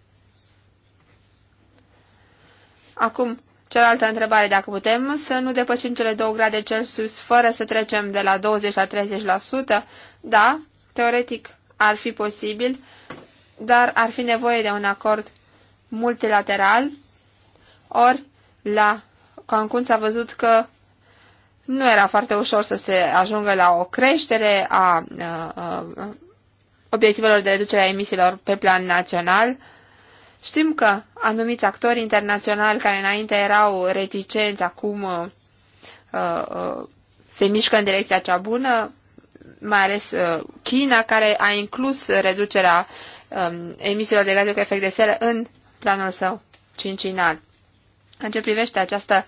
Acum, cealaltă întrebare, dacă putem să nu depășim cele 2 grade Celsius fără să trecem de la 20 la 30%, da, teoretic ar fi posibil, dar ar fi nevoie de un acord multilateral, ori la Cancun s-a văzut că nu era foarte ușor să se ajungă la o creștere a, a, a obiectivelor de reducere a emisiilor pe plan național. Știm că anumiți actori internaționali care înainte erau reticenți, acum uh, uh, se mișcă în direcția cea bună, mai ales uh, China, care a inclus reducerea um, emisiilor de gaze cu efect de seră în planul său cincinal. În ce privește această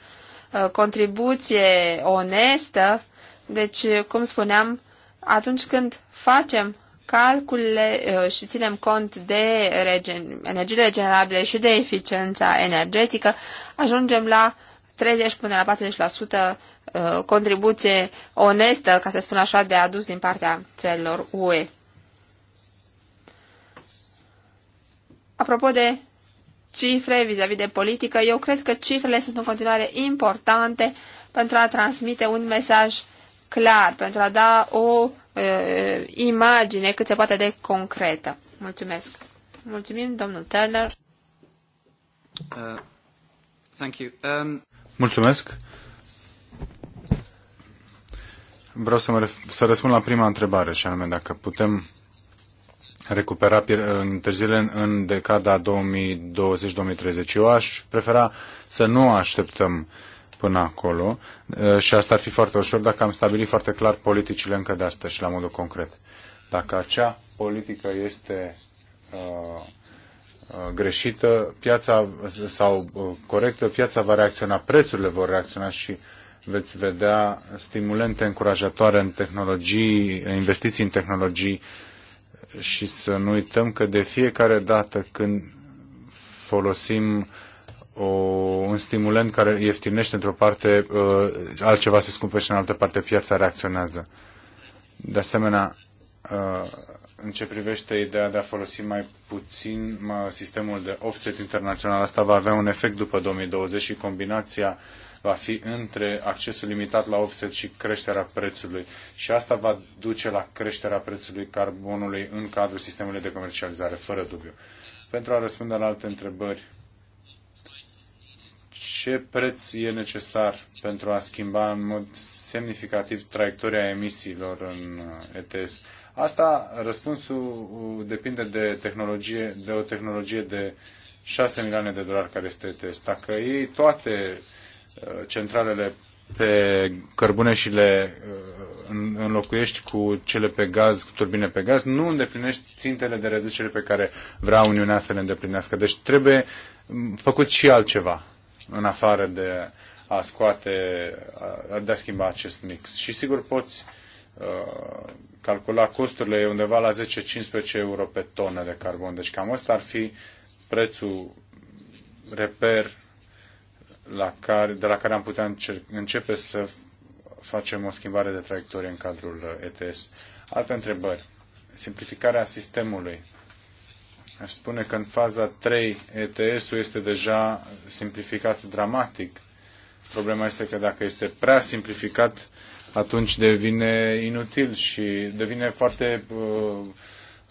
uh, contribuție onestă, deci, cum spuneam, atunci când facem calculele uh, și ținem cont de regen, regenerabile și de eficiența energetică, ajungem la 30 până la 40% uh, contribuție onestă, ca să spun așa, de adus din partea țărilor UE. Apropo de cifre vis-a-vis -vis de politică, eu cred că cifrele sunt în continuare importante pentru a transmite un mesaj clar, pentru a da o uh, imagine cât se poate de concretă. Mulțumesc. Mulțumim, domnul Turner. Uh, thank you. Um... Mulțumesc. Vreau să, mă să răspund la prima întrebare, și anume dacă putem recupera întârzile în, în decada 2020-2030. Eu aș prefera să nu așteptăm uh, până acolo uh, și asta ar fi foarte ușor dacă am stabilit foarte clar politicile încă de astăzi și la modul concret. Dacă acea politică este uh, uh, greșită, piața sau uh, corectă, piața va reacționa, prețurile vor reacționa și veți vedea stimulente încurajatoare în tehnologii, investiții în tehnologii și să nu uităm că de fiecare dată când folosim uh, o, un stimulant care ieftinește într-o parte, uh, altceva se scumpă și în altă parte piața reacționează. De asemenea, uh, în ce privește ideea de a folosi mai puțin mă, sistemul de offset internațional, asta va avea un efect după 2020 și combinația va fi între accesul limitat la offset și creșterea prețului. Și asta va duce la creșterea prețului carbonului în cadrul sistemului de comercializare, fără dubiu. Pentru a răspunde la alte întrebări, ce preț e necesar pentru a schimba în mod semnificativ traiectoria emisiilor în uh, ETS. Asta, răspunsul uh, depinde de, tehnologie, de o tehnologie de 6 milioane de dolari care este ETS. Dacă ei toate uh, centralele pe cărbune și le înlocuiești cu cele pe gaz, cu turbine pe gaz, nu îndeplinești țintele de reducere pe care vrea Uniunea să le îndeplinească. Deci trebuie mm, făcut și altceva în afară de a scoate, de a schimba acest mix. Și sigur poți uh, calcula costurile undeva la 10-15 euro pe tonă de carbon. Deci cam ăsta ar fi prețul reper la care, de la care am putea începe să facem o schimbare de traiectorie în cadrul uh, ETS. Alte întrebări. Simplificarea sistemului. Aș spune că în faza 3 ETS-ul este deja simplificat dramatic. Problema este că dacă este prea simplificat, atunci devine inutil și devine foarte... Uh,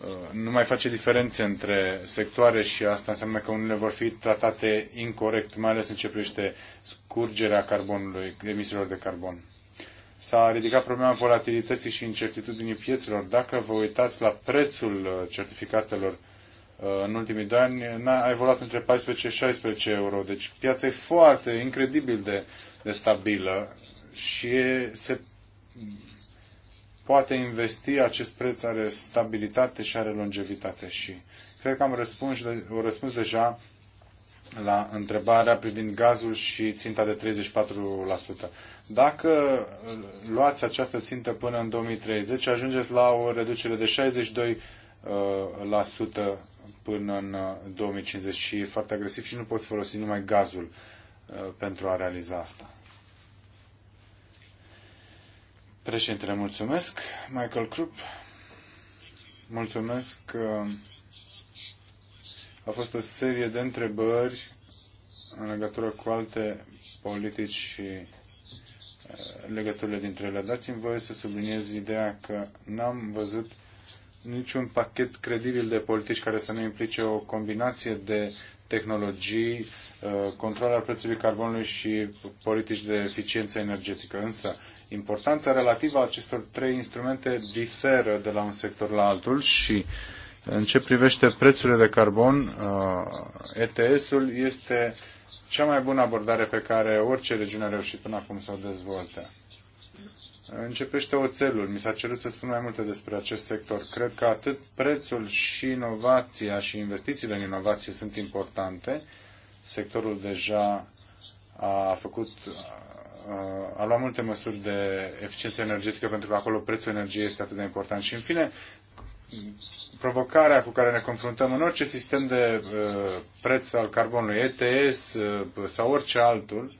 uh, nu mai face diferențe între sectoare și asta înseamnă că unele vor fi tratate incorrect, mai ales în ce privește scurgerea carbonului, emisiilor de carbon. S-a ridicat problema volatilității și incertitudinii piețelor. Dacă vă uitați la prețul uh, certificatelor Uh, în ultimii doi ani a evoluat între 14 și 16 euro. Deci piața e foarte incredibil de, de stabilă și e, se poate investi, acest preț are stabilitate și are longevitate. Și cred că am răspuns, o răspuns deja la întrebarea privind gazul și ținta de 34%. Dacă luați această țintă până în 2030, ajungeți la o reducere de 62 Uh, la sută până în 2050 uh, și e foarte agresiv și nu poți folosi numai gazul uh, pentru a realiza asta. Președintele, mulțumesc. Michael Krupp, mulțumesc. A fost o serie de întrebări în legătură cu alte politici și legăturile dintre ele. Dați-mi voie să subliniez ideea că n-am văzut niciun pachet credibil de politici care să nu implice o combinație de tehnologii, uh, control al prețului carbonului și politici de eficiență energetică. Însă, importanța relativă a acestor trei instrumente diferă de la un sector la altul și în ce privește prețurile de carbon, uh, ETS-ul este cea mai bună abordare pe care orice regiune a reușit până acum să o dezvolte. Începește oțelul. Mi s-a cerut să spun mai multe despre acest sector. Cred că atât prețul și inovația și investițiile în inovație sunt importante. Sectorul deja a făcut a luat multe măsuri de eficiență energetică pentru că acolo prețul energiei este atât de important. Și în fine, provocarea cu care ne confruntăm în orice sistem de uh, preț al carbonului, ETS uh, sau orice altul,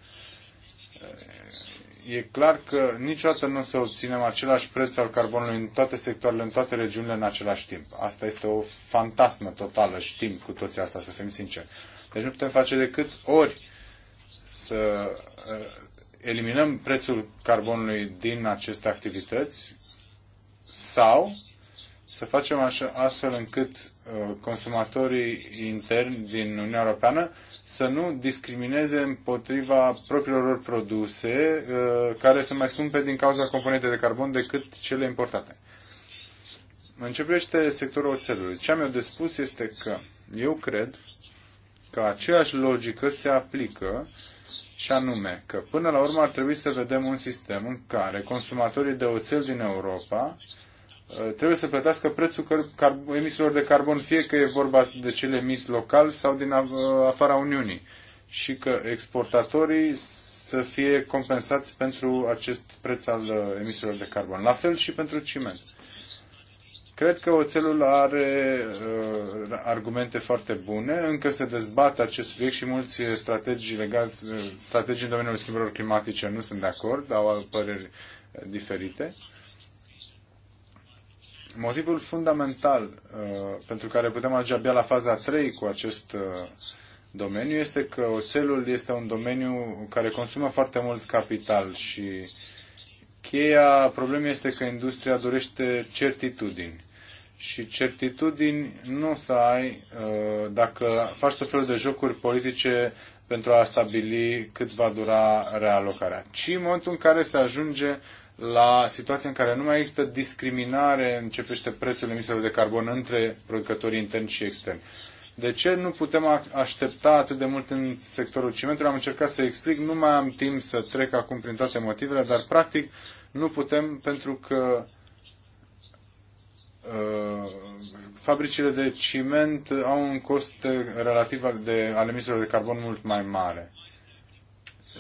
e clar că niciodată nu o să obținem același preț al carbonului în toate sectoarele, în toate regiunile în același timp. Asta este o fantasmă totală, știm cu toții asta, să fim sinceri. Deci nu putem face decât ori să eh, eliminăm prețul carbonului din aceste activități sau să facem așa, astfel încât Uh, consumatorii interni din Uniunea Europeană să nu discrimineze împotriva propriilor lor produse uh, care sunt mai scumpe din cauza componentei de carbon decât cele importate. În ce privește sectorul oțelului, ce am eu de spus este că eu cred că aceeași logică se aplică și anume că până la urmă ar trebui să vedem un sistem în care consumatorii de oțel din Europa Uh, trebuie să plătească prețul emisiilor de carbon, fie că e vorba de cele emis local sau din uh, afara Uniunii, și că exportatorii să fie compensați pentru acest preț al uh, emisiilor de carbon. La fel și pentru ciment. Cred că oțelul are uh, argumente foarte bune, încă se dezbat acest subiect și mulți strategii legați, strategii în domeniul schimbărilor climatice nu sunt de acord, au păreri diferite. Uh, Motivul fundamental uh, pentru care putem ajunge abia la faza 3 cu acest uh, domeniu este că oțelul este un domeniu care consumă foarte mult capital și cheia problemei este că industria dorește certitudini. Și certitudini nu o să ai uh, dacă faci tot felul de jocuri politice pentru a stabili cât va dura realocarea, ci în momentul în care se ajunge la situația în care nu mai există discriminare în ce privește prețul emisiilor de carbon între producătorii interni și externi. De ce nu putem aștepta atât de mult în sectorul cimentului? Am încercat să explic, nu mai am timp să trec acum prin toate motivele, dar practic nu putem pentru că uh, fabricile de ciment au un cost relativ de, al emisiilor de carbon mult mai mare.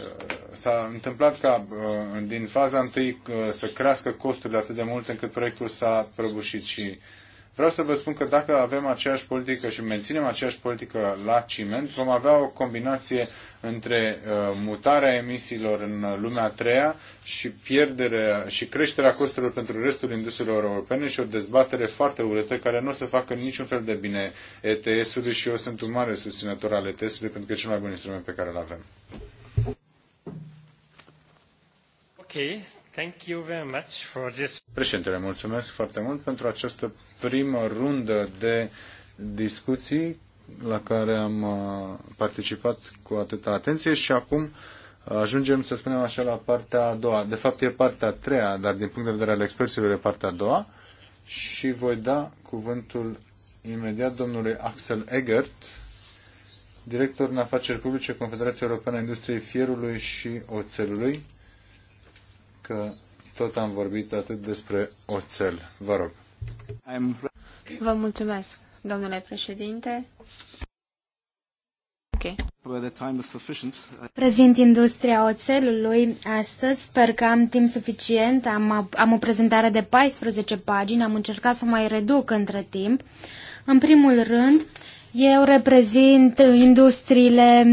Uh, s-a întâmplat ca uh, din faza întâi uh, să crească costurile atât de mult încât proiectul s-a prăbușit și vreau să vă spun că dacă avem aceeași politică și menținem aceeași politică la ciment, vom avea o combinație între mutarea emisiilor în lumea a treia și pierderea și creșterea costurilor pentru restul industriilor europene și o dezbatere foarte urâtă care nu o să facă niciun fel de bine ETS-ului și eu sunt un mare susținător al ETS-ului pentru că e cel mai bun instrument pe care îl avem. Okay, thank you very much for this. Președintele, mulțumesc foarte mult pentru această primă rundă de discuții la care am uh, participat cu atâta atenție și acum uh, ajungem, să spunem așa, la partea a doua. De fapt, e partea a treia, dar din punct de vedere al experților e partea a doua și voi da cuvântul imediat domnului Axel Egert, director în afaceri publice Confederația Europeană a Industriei Fierului și Oțelului că tot am vorbit atât despre oțel. Vă rog. Vă mulțumesc, domnule președinte. Okay. Prezint industria oțelului astăzi. Sper că am timp suficient. Am, am o prezentare de 14 pagini. Am încercat să mai reduc între timp. În primul rând, eu reprezint industriile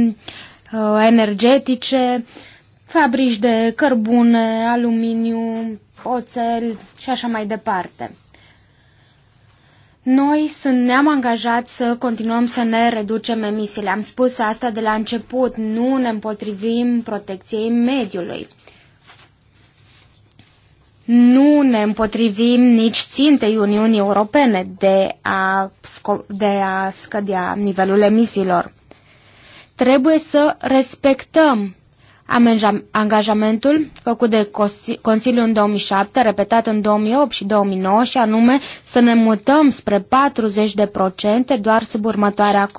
uh, energetice, uh, fabrici de cărbune, aluminiu, oțel și așa mai departe. Noi ne-am angajat să continuăm să ne reducem emisiile. Am spus asta de la început. Nu ne împotrivim protecției mediului. Nu ne împotrivim nici țintei Uniunii Europene de a, de a scădea nivelul emisiilor. Trebuie să respectăm angajamentul făcut de Consiliul în 2007, repetat în 2008 și 2009, și anume să ne mutăm spre 40% doar sub următoarea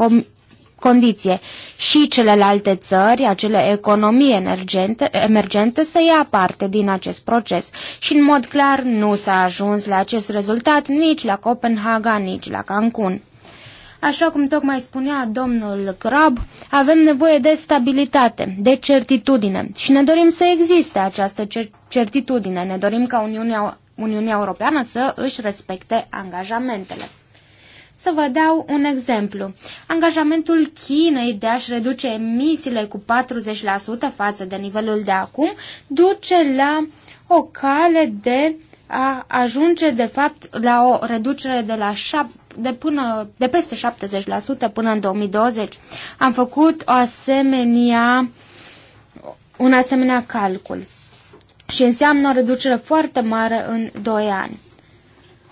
condiție. Și celelalte țări, acele economii emergente, emergente, să ia parte din acest proces. Și în mod clar nu s-a ajuns la acest rezultat nici la Copenhaga, nici la Cancun. Așa cum tocmai spunea domnul Crab, avem nevoie de stabilitate, de certitudine și ne dorim să existe această cer certitudine. Ne dorim ca Uniunea, Uniunea Europeană să își respecte angajamentele. Să vă dau un exemplu. Angajamentul Chinei de a-și reduce emisiile cu 40% față de nivelul de acum duce la o cale de a ajunge de fapt la o reducere de la 7 de, până, de peste 70% până în 2020. Am făcut o asemenea, un asemenea calcul și înseamnă o reducere foarte mare în 2 ani.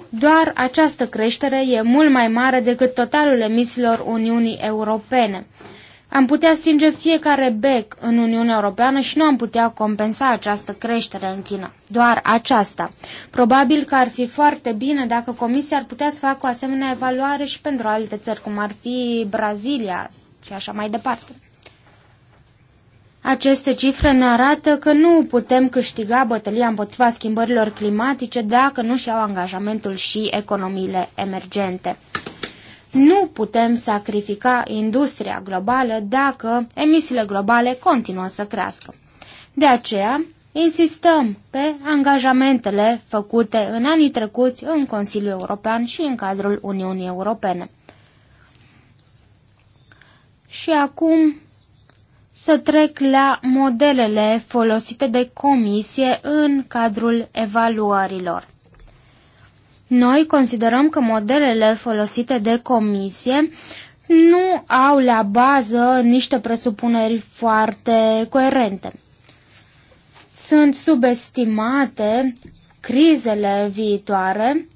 Doar această creștere e mult mai mare decât totalul emisiilor Uniunii Europene am putea stinge fiecare bec în Uniunea Europeană și nu am putea compensa această creștere în China. Doar aceasta. Probabil că ar fi foarte bine dacă Comisia ar putea să facă o asemenea evaluare și pentru alte țări, cum ar fi Brazilia și așa mai departe. Aceste cifre ne arată că nu putem câștiga bătălia împotriva schimbărilor climatice dacă nu și-au angajamentul și economiile emergente. Nu putem sacrifica industria globală dacă emisiile globale continuă să crească. De aceea, insistăm pe angajamentele făcute în anii trecuți în Consiliul European și în cadrul Uniunii Europene. Și acum să trec la modelele folosite de comisie în cadrul evaluărilor. Noi considerăm că modelele folosite de comisie nu au la bază niște presupuneri foarte coerente. Sunt subestimate crizele viitoare,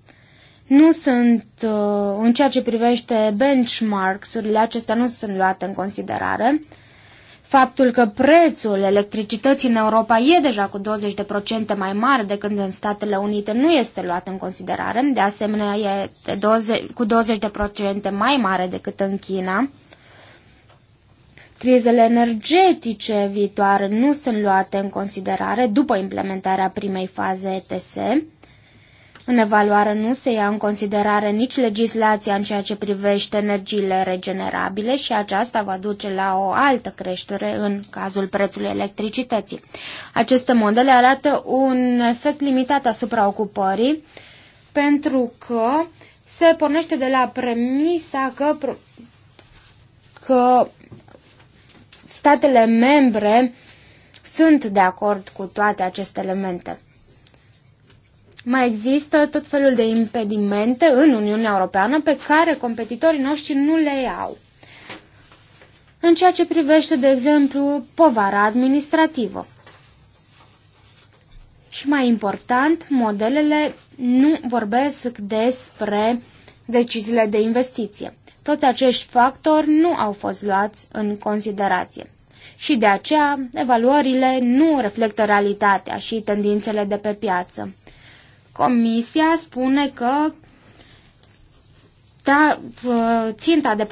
nu sunt, uh, în ceea ce privește benchmarks-urile acestea nu sunt luate în considerare, faptul că prețul electricității în Europa e deja cu 20% mai mare decât în Statele Unite nu este luat în considerare, de asemenea e de 20, cu 20% mai mare decât în China. Crizele energetice viitoare nu sunt luate în considerare după implementarea primei faze ETS. În evaluare nu se ia în considerare nici legislația în ceea ce privește energiile regenerabile și aceasta va duce la o altă creștere în cazul prețului electricității. Aceste modele arată un efect limitat asupra ocupării pentru că se pornește de la premisa că, că statele membre sunt de acord cu toate aceste elemente. Mai există tot felul de impedimente în Uniunea Europeană pe care competitorii noștri nu le au. În ceea ce privește, de exemplu, povara administrativă. Și mai important, modelele nu vorbesc despre deciziile de investiție. Toți acești factori nu au fost luați în considerație. Și de aceea, evaluările nu reflectă realitatea și tendințele de pe piață. Comisia spune că da, ținta de 40%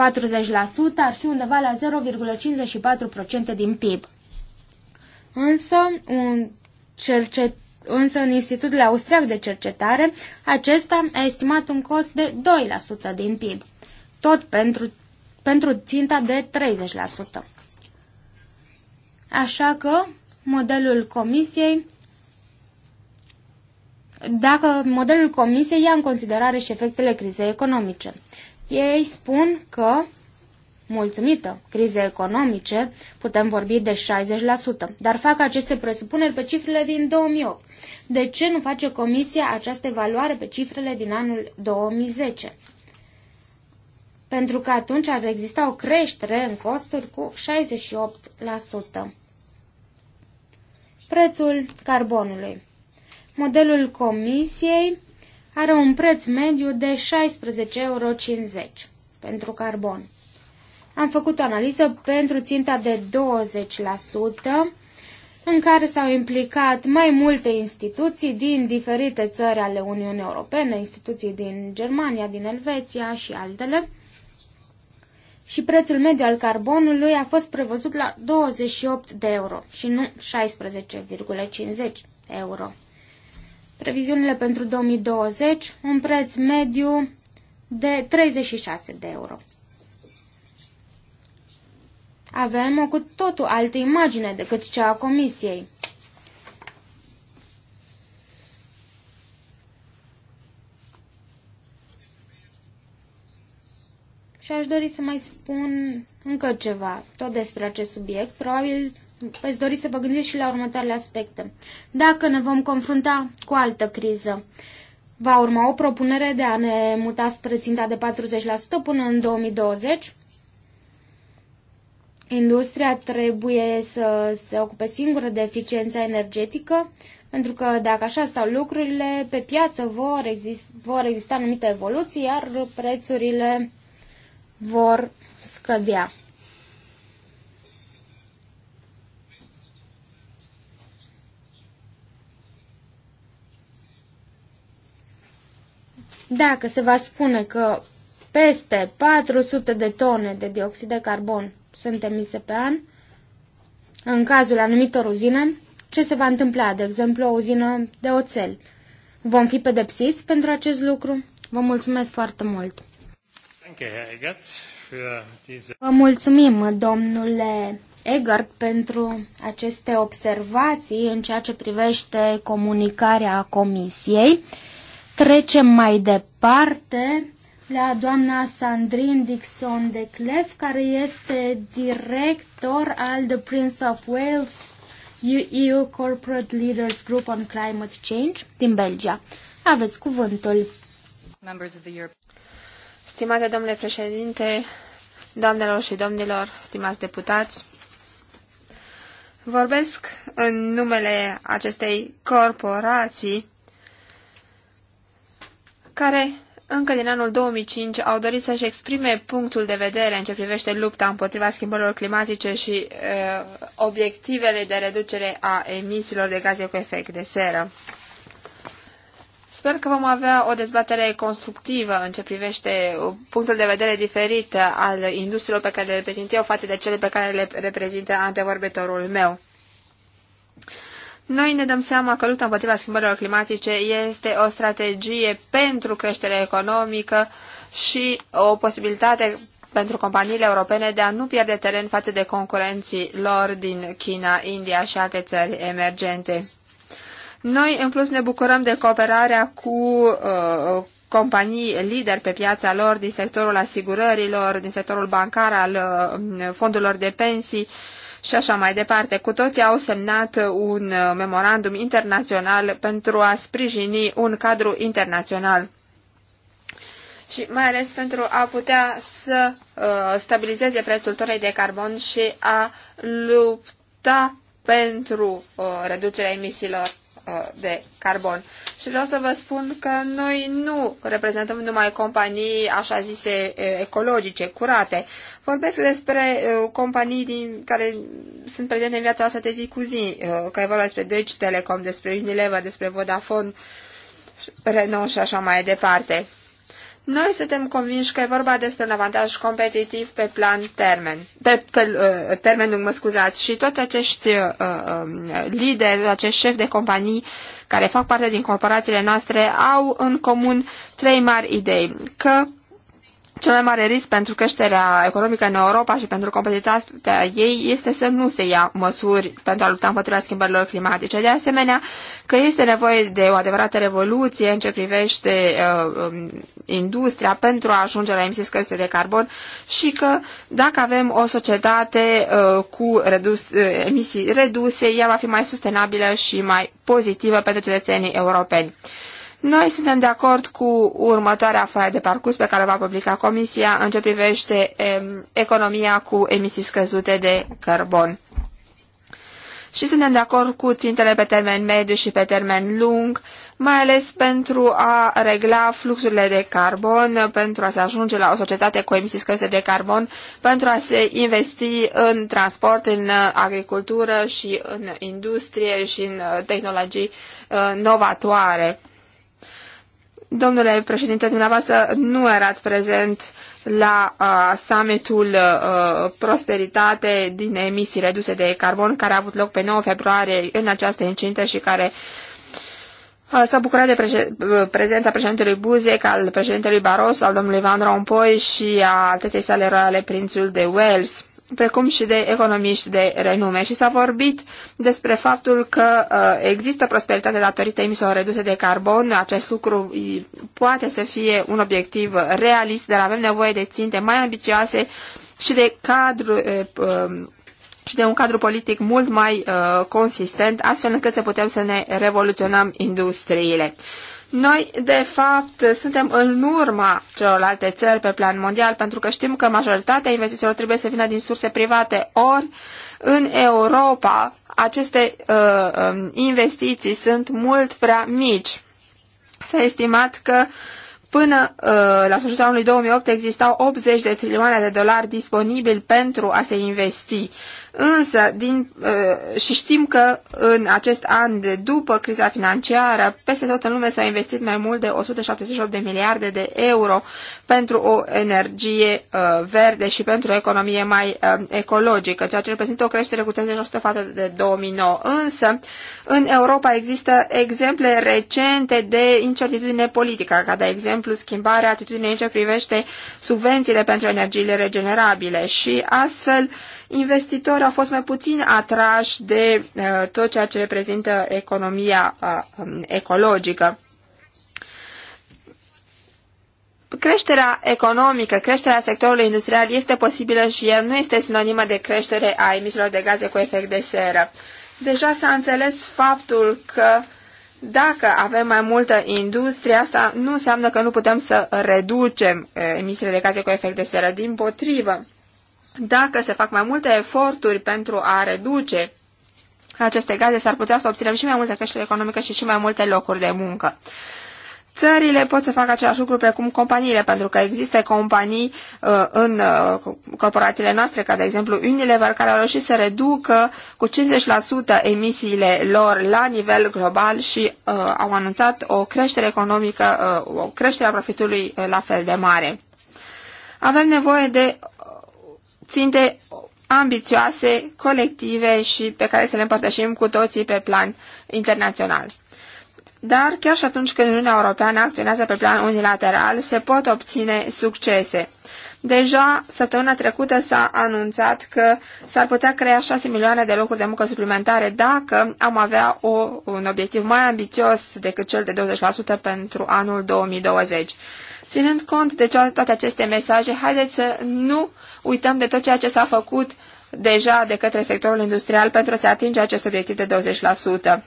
ar fi undeva la 0,54% din PIB. Însă, un cercet, însă în Institutul Austriac de Cercetare, acesta a estimat un cost de 2% din PIB, tot pentru, pentru ținta de 30%. Așa că modelul comisiei dacă modelul comisiei ia în considerare și efectele crizei economice. Ei spun că, mulțumită crizei economice, putem vorbi de 60%, dar fac aceste presupuneri pe cifrele din 2008. De ce nu face comisia această evaluare pe cifrele din anul 2010? Pentru că atunci ar exista o creștere în costuri cu 68%. Prețul carbonului Modelul comisiei are un preț mediu de 16,50 euro pentru carbon. Am făcut o analiză pentru ținta de 20%, în care s-au implicat mai multe instituții din diferite țări ale Uniunii Europene, instituții din Germania, din Elveția și altele. Și prețul mediu al carbonului a fost prevăzut la 28 de euro și nu 16,50 euro. Previziunile pentru 2020, un preț mediu de 36 de euro. Avem o cu totul altă imagine decât cea a Comisiei. Și aș dori să mai spun încă ceva, tot despre acest subiect. Probabil veți păi dori să vă gândiți și la următoarele aspecte. Dacă ne vom confrunta cu altă criză, va urma o propunere de a ne muta spre ținta de 40% până în 2020. Industria trebuie să se ocupe singură de eficiența energetică, pentru că dacă așa stau lucrurile, pe piață vor, exist, vor exista anumite evoluții, iar prețurile vor scădea. Dacă se va spune că peste 400 de tone de dioxid de carbon sunt emise pe an, în cazul anumitor uzine, ce se va întâmpla, de exemplu, o uzină de oțel? Vom fi pedepsiți pentru acest lucru? Vă mulțumesc foarte mult! Vă mulțumim, domnule Egert, pentru aceste observații în ceea ce privește comunicarea Comisiei. Trecem mai departe la doamna Sandrine Dixon de Clef, care este director al The Prince of Wales EU Corporate Leaders Group on Climate Change din Belgia. Aveți cuvântul. Stimate domnule președinte, doamnelor și domnilor, stimați deputați, vorbesc în numele acestei corporații care încă din anul 2005 au dorit să-și exprime punctul de vedere în ce privește lupta împotriva schimbărilor climatice și uh, obiectivele de reducere a emisiilor de gaze cu efect de seră. Sper că vom avea o dezbatere constructivă în ce privește punctul de vedere diferit al industriilor pe care le reprezint eu față de cele pe care le reprezintă antevorbitorul meu. Noi ne dăm seama că lupta împotriva schimbărilor climatice este o strategie pentru creștere economică și o posibilitate pentru companiile europene de a nu pierde teren față de concurenții lor din China, India și alte țări emergente. Noi, în plus, ne bucurăm de cooperarea cu uh, companii lideri pe piața lor din sectorul asigurărilor, din sectorul bancar al uh, fondurilor de pensii și așa mai departe. Cu toții au semnat un uh, memorandum internațional pentru a sprijini un cadru internațional și mai ales pentru a putea să uh, stabilizeze prețul tonei de carbon și a lupta pentru uh, reducerea emisiilor. Uh, de carbon. Și vreau să vă spun că noi nu reprezentăm numai companii așa zise uh, ecologice, curate. Vorbesc despre uh, companii din, care sunt prezente în viața asta de zi cu zi, că e vorba despre Deutsche Telecom, despre Unilever, despre Vodafone, Renault și așa mai departe. Noi suntem convinși că e vorba despre un avantaj competitiv pe plan termen, pe, pe uh, termen mă scuzați, și toți acești uh, uh, lideri, acești șefi de companii care fac parte din corporațiile noastre au în comun trei mari idei, că cel mai mare risc pentru creșterea economică în Europa și pentru competitivitatea ei este să nu se ia măsuri pentru a lupta împotriva schimbărilor climatice. De asemenea, că este nevoie de o adevărată revoluție în ce privește uh, um, industria pentru a ajunge la emisii scăzute de carbon și că dacă avem o societate uh, cu redus, uh, emisii reduse, ea va fi mai sustenabilă și mai pozitivă pentru cetățenii europeni. Noi suntem de acord cu următoarea foaie de parcurs pe care va publica Comisia în ce privește economia cu emisii scăzute de carbon. Și suntem de acord cu țintele pe termen mediu și pe termen lung, mai ales pentru a regla fluxurile de carbon, pentru a se ajunge la o societate cu emisii scăzute de carbon, pentru a se investi în transport, în agricultură și în industrie și în uh, tehnologii uh, novatoare. Domnule președinte, dumneavoastră nu erați prezent la uh, summitul uh, Prosperitate din emisii reduse de carbon care a avut loc pe 9 februarie în această incintă și care uh, S-a bucurat de uh, prezența președintelui Buzek, al președintelui Barroso, al domnului Van Rompuy și a alteței sale royale, prințul de Wales precum și de economiști de renume. Și s-a vorbit despre faptul că uh, există prosperitate datorită emisiilor reduse de carbon. Acest lucru uh, poate să fie un obiectiv realist, dar avem nevoie de ținte mai ambicioase și de cadru uh, um, și de un cadru politic mult mai uh, consistent, astfel încât să putem să ne revoluționăm industriile. Noi, de fapt, suntem în urma celorlalte țări pe plan mondial pentru că știm că majoritatea investițiilor trebuie să vină din surse private, ori în Europa aceste uh, um, investiții sunt mult prea mici. S-a estimat că până uh, la sfârșitul anului 2008 existau 80 de trilioane de dolari disponibili pentru a se investi Însă, din, uh, și știm că în acest an de după criza financiară, peste tot în lume s-au investit mai mult de 178 de miliarde de euro pentru o energie uh, verde și pentru o economie mai uh, ecologică, ceea ce reprezintă o creștere cu 30% față de 2009. Însă, în Europa există exemple recente de incertitudine politică, ca de exemplu schimbarea atitudinii în ce privește subvențiile pentru energiile regenerabile și astfel investitorii au fost mai puțin atrași de uh, tot ceea ce reprezintă economia uh, um, ecologică. Creșterea economică, creșterea sectorului industrial este posibilă și el nu este sinonimă de creștere a emisiilor de gaze cu efect de seră. Deja s-a înțeles faptul că dacă avem mai multă industrie, asta nu înseamnă că nu putem să reducem uh, emisiile de gaze cu efect de seră. Din potrivă, dacă se fac mai multe eforturi pentru a reduce aceste gaze, s-ar putea să obținem și mai multe creștere economică și și mai multe locuri de muncă. Țările pot să facă același lucru precum companiile, pentru că există companii uh, în uh, corporațiile noastre, ca de exemplu Unilever, care au reușit să reducă cu 50% emisiile lor la nivel global și uh, au anunțat o creștere economică, uh, o creștere a profitului uh, la fel de mare. Avem nevoie de ținte ambițioase, colective și pe care să le împărtășim cu toții pe plan internațional. Dar chiar și atunci când Uniunea Europeană acționează pe plan unilateral, se pot obține succese. Deja săptămâna trecută s-a anunțat că s-ar putea crea 6 milioane de locuri de muncă suplimentare dacă am avea o, un obiectiv mai ambițios decât cel de 20% pentru anul 2020. Ținând cont de toate aceste mesaje, haideți să nu uităm de tot ceea ce s-a făcut deja de către sectorul industrial pentru a se atinge acest obiectiv de 20%.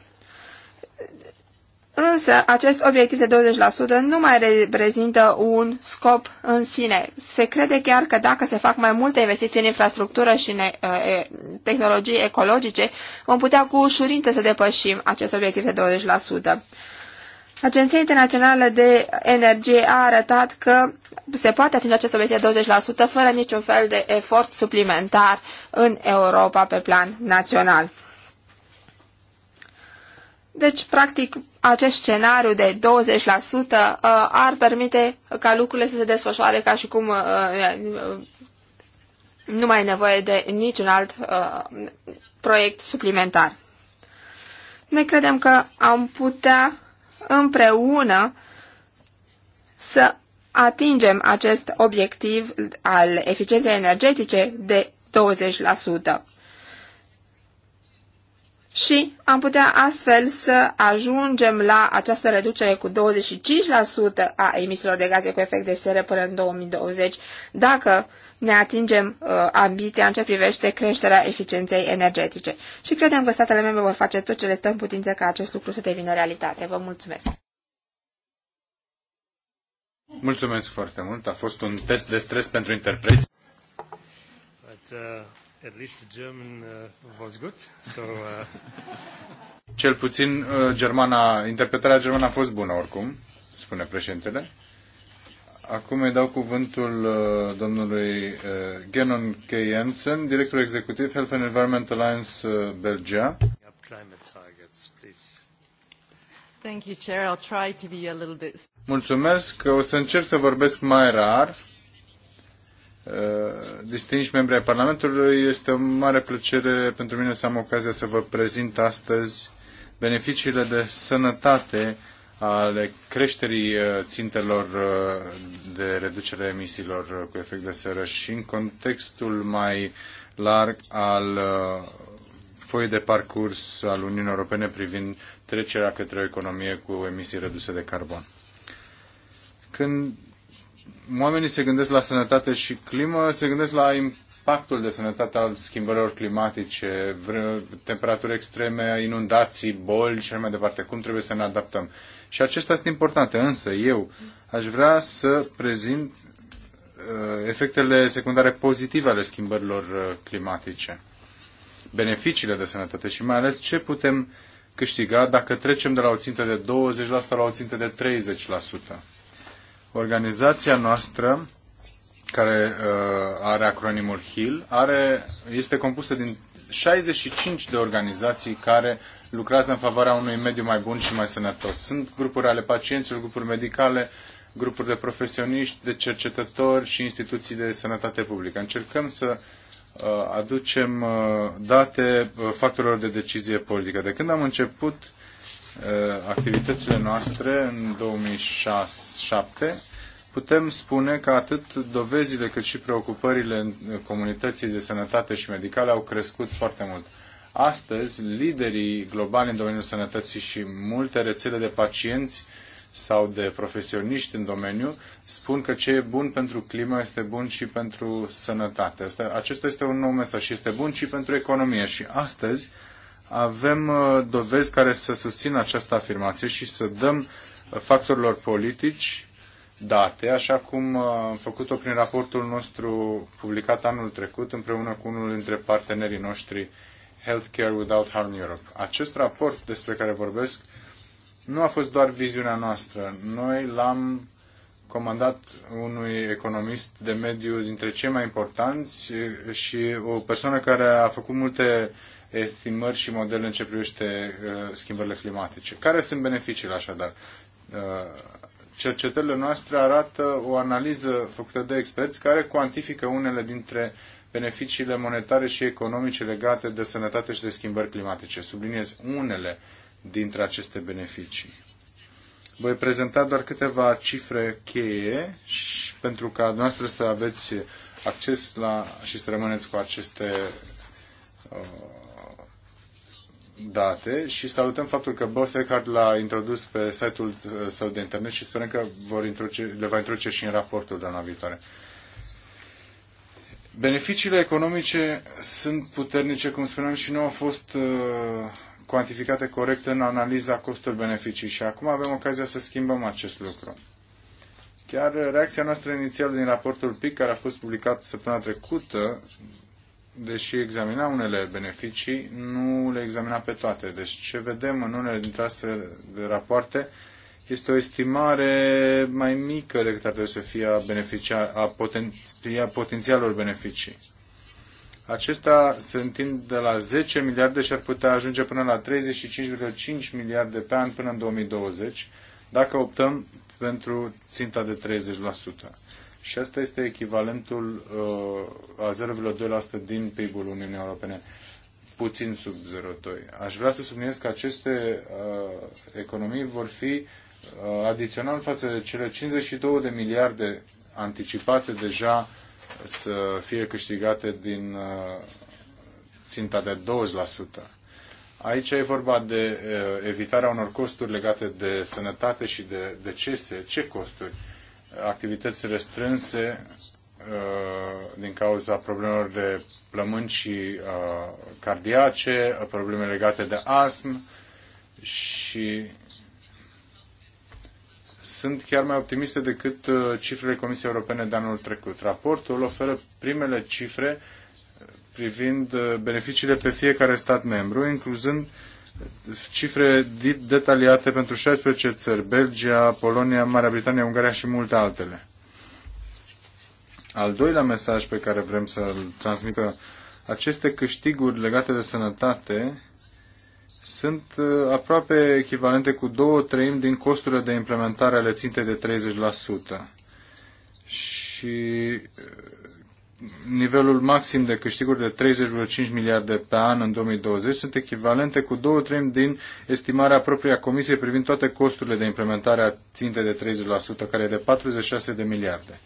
Însă, acest obiectiv de 20% nu mai reprezintă un scop în sine. Se crede chiar că dacă se fac mai multe investiții în infrastructură și în tehnologii ecologice, vom putea cu ușurință să depășim acest obiectiv de 20%. Agenția Internațională de Energie a arătat că se poate atinge acest obiectiv 20% fără niciun fel de efort suplimentar în Europa pe plan național. Deci, practic, acest scenariu de 20% uh, ar permite ca lucrurile să se desfășoare ca și cum uh, uh, nu mai e nevoie de niciun alt proiect suplimentar. Noi credem că am putea împreună să atingem acest obiectiv al eficienței energetice de 20%. Și am putea astfel să ajungem la această reducere cu 25% a emisiilor de gaze cu efect de seră până în 2020, dacă ne atingem uh, ambiția în ce privește creșterea eficienței energetice. Și credem că statele membre vor face tot ce le stă în putință ca acest lucru să devină realitate. Vă mulțumesc! Mulțumesc foarte mult. A fost un test de stres pentru interpreți. But, uh, at least the German uh, was good, so... Uh... Cel puțin uh, germana, interpretarea germană a fost bună oricum, spune președintele. Acum îi dau cuvântul uh, domnului uh, Genon K. Jensen, director executiv Health and Environment Alliance uh, Belgia. Thank you, Chair. I'll try to be a little bit... Mulțumesc. O să încerc să vorbesc mai rar. Uh, distinși membri ai Parlamentului, este o mare plăcere pentru mine să am ocazia să vă prezint astăzi beneficiile de sănătate ale creșterii uh, țintelor uh, de reducere a emisiilor uh, cu efect de seră și în contextul mai larg al foii de parcurs al Uniunii Europene privind trecerea către o economie cu emisii reduse de carbon. Când oamenii se gândesc la sănătate și climă, se gândesc la impactul de sănătate al schimbărilor climatice, temperaturi extreme, inundații, boli și mai departe. Cum trebuie să ne adaptăm? Și acestea sunt importante, însă eu aș vrea să prezint uh, efectele secundare pozitive ale schimbărilor uh, climatice, beneficiile de sănătate și mai ales ce putem câștiga dacă trecem de la o țintă de 20% la o țintă de 30%. Organizația noastră care uh, are acronimul HIL, are, este compusă din 65 de organizații care lucrează în favoarea unui mediu mai bun și mai sănătos. Sunt grupuri ale pacienților, grupuri medicale, grupuri de profesioniști, de cercetători și instituții de sănătate publică. Încercăm să uh, aducem uh, date uh, factorilor de decizie politică. De când am început activitățile noastre în 2006-2007, putem spune că atât dovezile cât și preocupările comunității de sănătate și medicale au crescut foarte mult. Astăzi, liderii globali în domeniul sănătății și multe rețele de pacienți sau de profesioniști în domeniu spun că ce e bun pentru climă este bun și pentru sănătate. Asta, acesta este un nou mesaj și este bun și pentru economie. Și astăzi avem uh, dovezi care să susțină această afirmație și să dăm uh, factorilor politici date, așa cum am făcut-o prin raportul nostru publicat anul trecut împreună cu unul dintre partenerii noștri, Healthcare Without Harm Europe. Acest raport despre care vorbesc nu a fost doar viziunea noastră. Noi l-am comandat unui economist de mediu dintre cei mai importanți și o persoană care a făcut multe estimări și modele în ce privește uh, schimbările climatice. Care sunt beneficiile așadar? Uh, cercetările noastre arată o analiză făcută de experți care cuantifică unele dintre beneficiile monetare și economice legate de sănătate și de schimbări climatice. Subliniez unele dintre aceste beneficii. Voi prezenta doar câteva cifre cheie și pentru ca noastră să aveți acces la și să rămâneți cu aceste uh, date și salutăm faptul că Boss Eckhart l-a introdus pe site-ul uh, său de internet și sperăm că vor introduce, le va introduce și în raportul de anul viitoare. Beneficiile economice sunt puternice, cum spuneam, și nu au fost uh, cuantificate corect în analiza costuri-beneficii și acum avem ocazia să schimbăm acest lucru. Chiar reacția noastră inițială din raportul PIC, care a fost publicat săptămâna trecută, deși examina unele beneficii, nu le examina pe toate. Deci ce vedem în unele dintre astfel de rapoarte este o estimare mai mică decât ar trebui să fie a, beneficia, a, poten, a potențialor beneficii. Acestea se întind de la 10 miliarde și ar putea ajunge până la 35,5 miliarde pe an până în 2020, dacă optăm pentru ținta de 30% și asta este echivalentul uh, a 0,2% din PIB-ul Uniunii Europene, puțin sub 0,2%. Aș vrea să subliniez că aceste uh, economii vor fi uh, adițional față de cele 52 de miliarde anticipate deja să fie câștigate din uh, ținta de 20%. Aici e vorba de uh, evitarea unor costuri legate de sănătate și de decese. Ce costuri? activități restrânse uh, din cauza problemelor de plămâni și uh, cardiace, probleme legate de astm și sunt chiar mai optimiste decât uh, cifrele Comisiei Europene de anul trecut. Raportul oferă primele cifre privind beneficiile pe fiecare stat membru, incluzând cifre detaliate pentru 16 țări, Belgia, Polonia, Marea Britanie, Ungaria și multe altele. Al doilea mesaj pe care vrem să-l transmită, aceste câștiguri legate de sănătate sunt uh, aproape echivalente cu două treimi din costurile de implementare ale țintei de 30%. Și uh, nivelul maxim de câștiguri de 30,5 miliarde pe an în 2020 sunt echivalente cu două treimi din estimarea proprie a Comisiei privind toate costurile de implementare a țintei de 30%, care e de 46 de miliarde.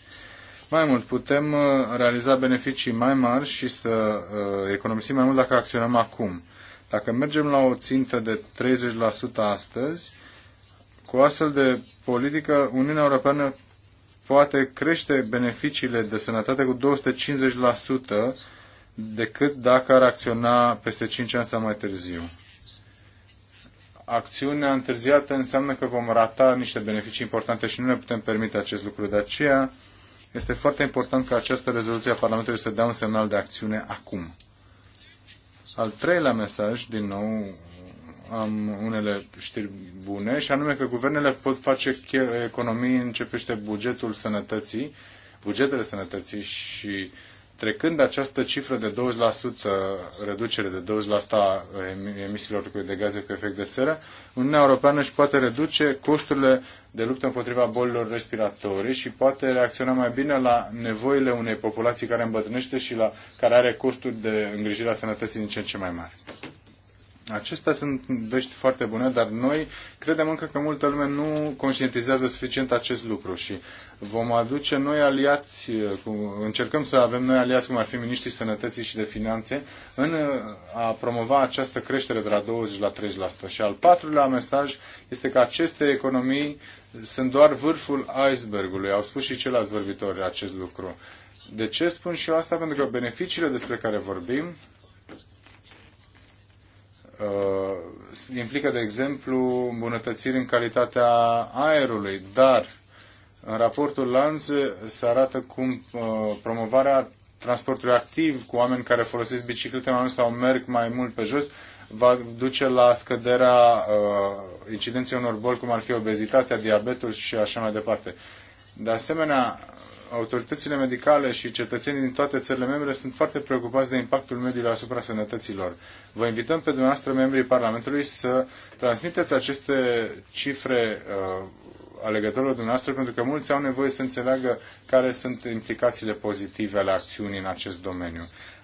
Mai mult, putem uh, realiza beneficii mai mari și să uh, economisim mai mult dacă acționăm acum. Dacă mergem la o țintă de 30% astăzi, cu astfel de politică, Uniunea Europeană poate crește beneficiile de sănătate cu 250% decât dacă ar acționa peste 5 ani sau mai târziu. Acțiunea întârziată înseamnă că vom rata niște beneficii importante și nu ne putem permite acest lucru. De aceea este foarte important ca această rezoluție a Parlamentului să dea un semnal de acțiune acum. Al treilea mesaj, din nou, am unele știri bune, și anume că guvernele pot face economii în ce privește bugetul sănătății, bugetele sănătății și trecând această cifră de 20%, reducere de 20% a emisiilor de gaze cu efect de seră, Uniunea Europeană își poate reduce costurile de luptă împotriva bolilor respiratorii și poate reacționa mai bine la nevoile unei populații care îmbătrânește și la care are costuri de îngrijire a sănătății din ce în ce mai mari. Acestea sunt vești foarte bune, dar noi credem încă că multă lume nu conștientizează suficient acest lucru și vom aduce noi aliați, uh, încercăm să avem noi aliați, cum ar fi Ministrii Sănătății și de Finanțe, în uh, a promova această creștere de la 20 la 30%. Și al patrulea mesaj este că aceste economii sunt doar vârful icebergului. Au spus și ceilalți vorbitori acest lucru. De ce spun și eu asta? Pentru că beneficiile despre care vorbim Uh, implică, de exemplu, îmbunătățiri în calitatea aerului, dar în raportul Lanz se arată cum uh, promovarea transportului activ cu oameni care folosesc biciclete mai mult sau merg mai mult pe jos va duce la scăderea uh, incidenței unor boli cum ar fi obezitatea, diabetul și așa mai departe. De asemenea, autoritățile medicale și cetățenii din toate țările membre sunt foarte preocupați de impactul mediului asupra sănătății lor. Vă invităm pe dumneavoastră, membrii Parlamentului, să transmiteți aceste cifre uh, alegătorilor dumneavoastră, pentru că mulți au nevoie să înțeleagă care sunt implicațiile pozitive ale acțiunii în acest domeniu.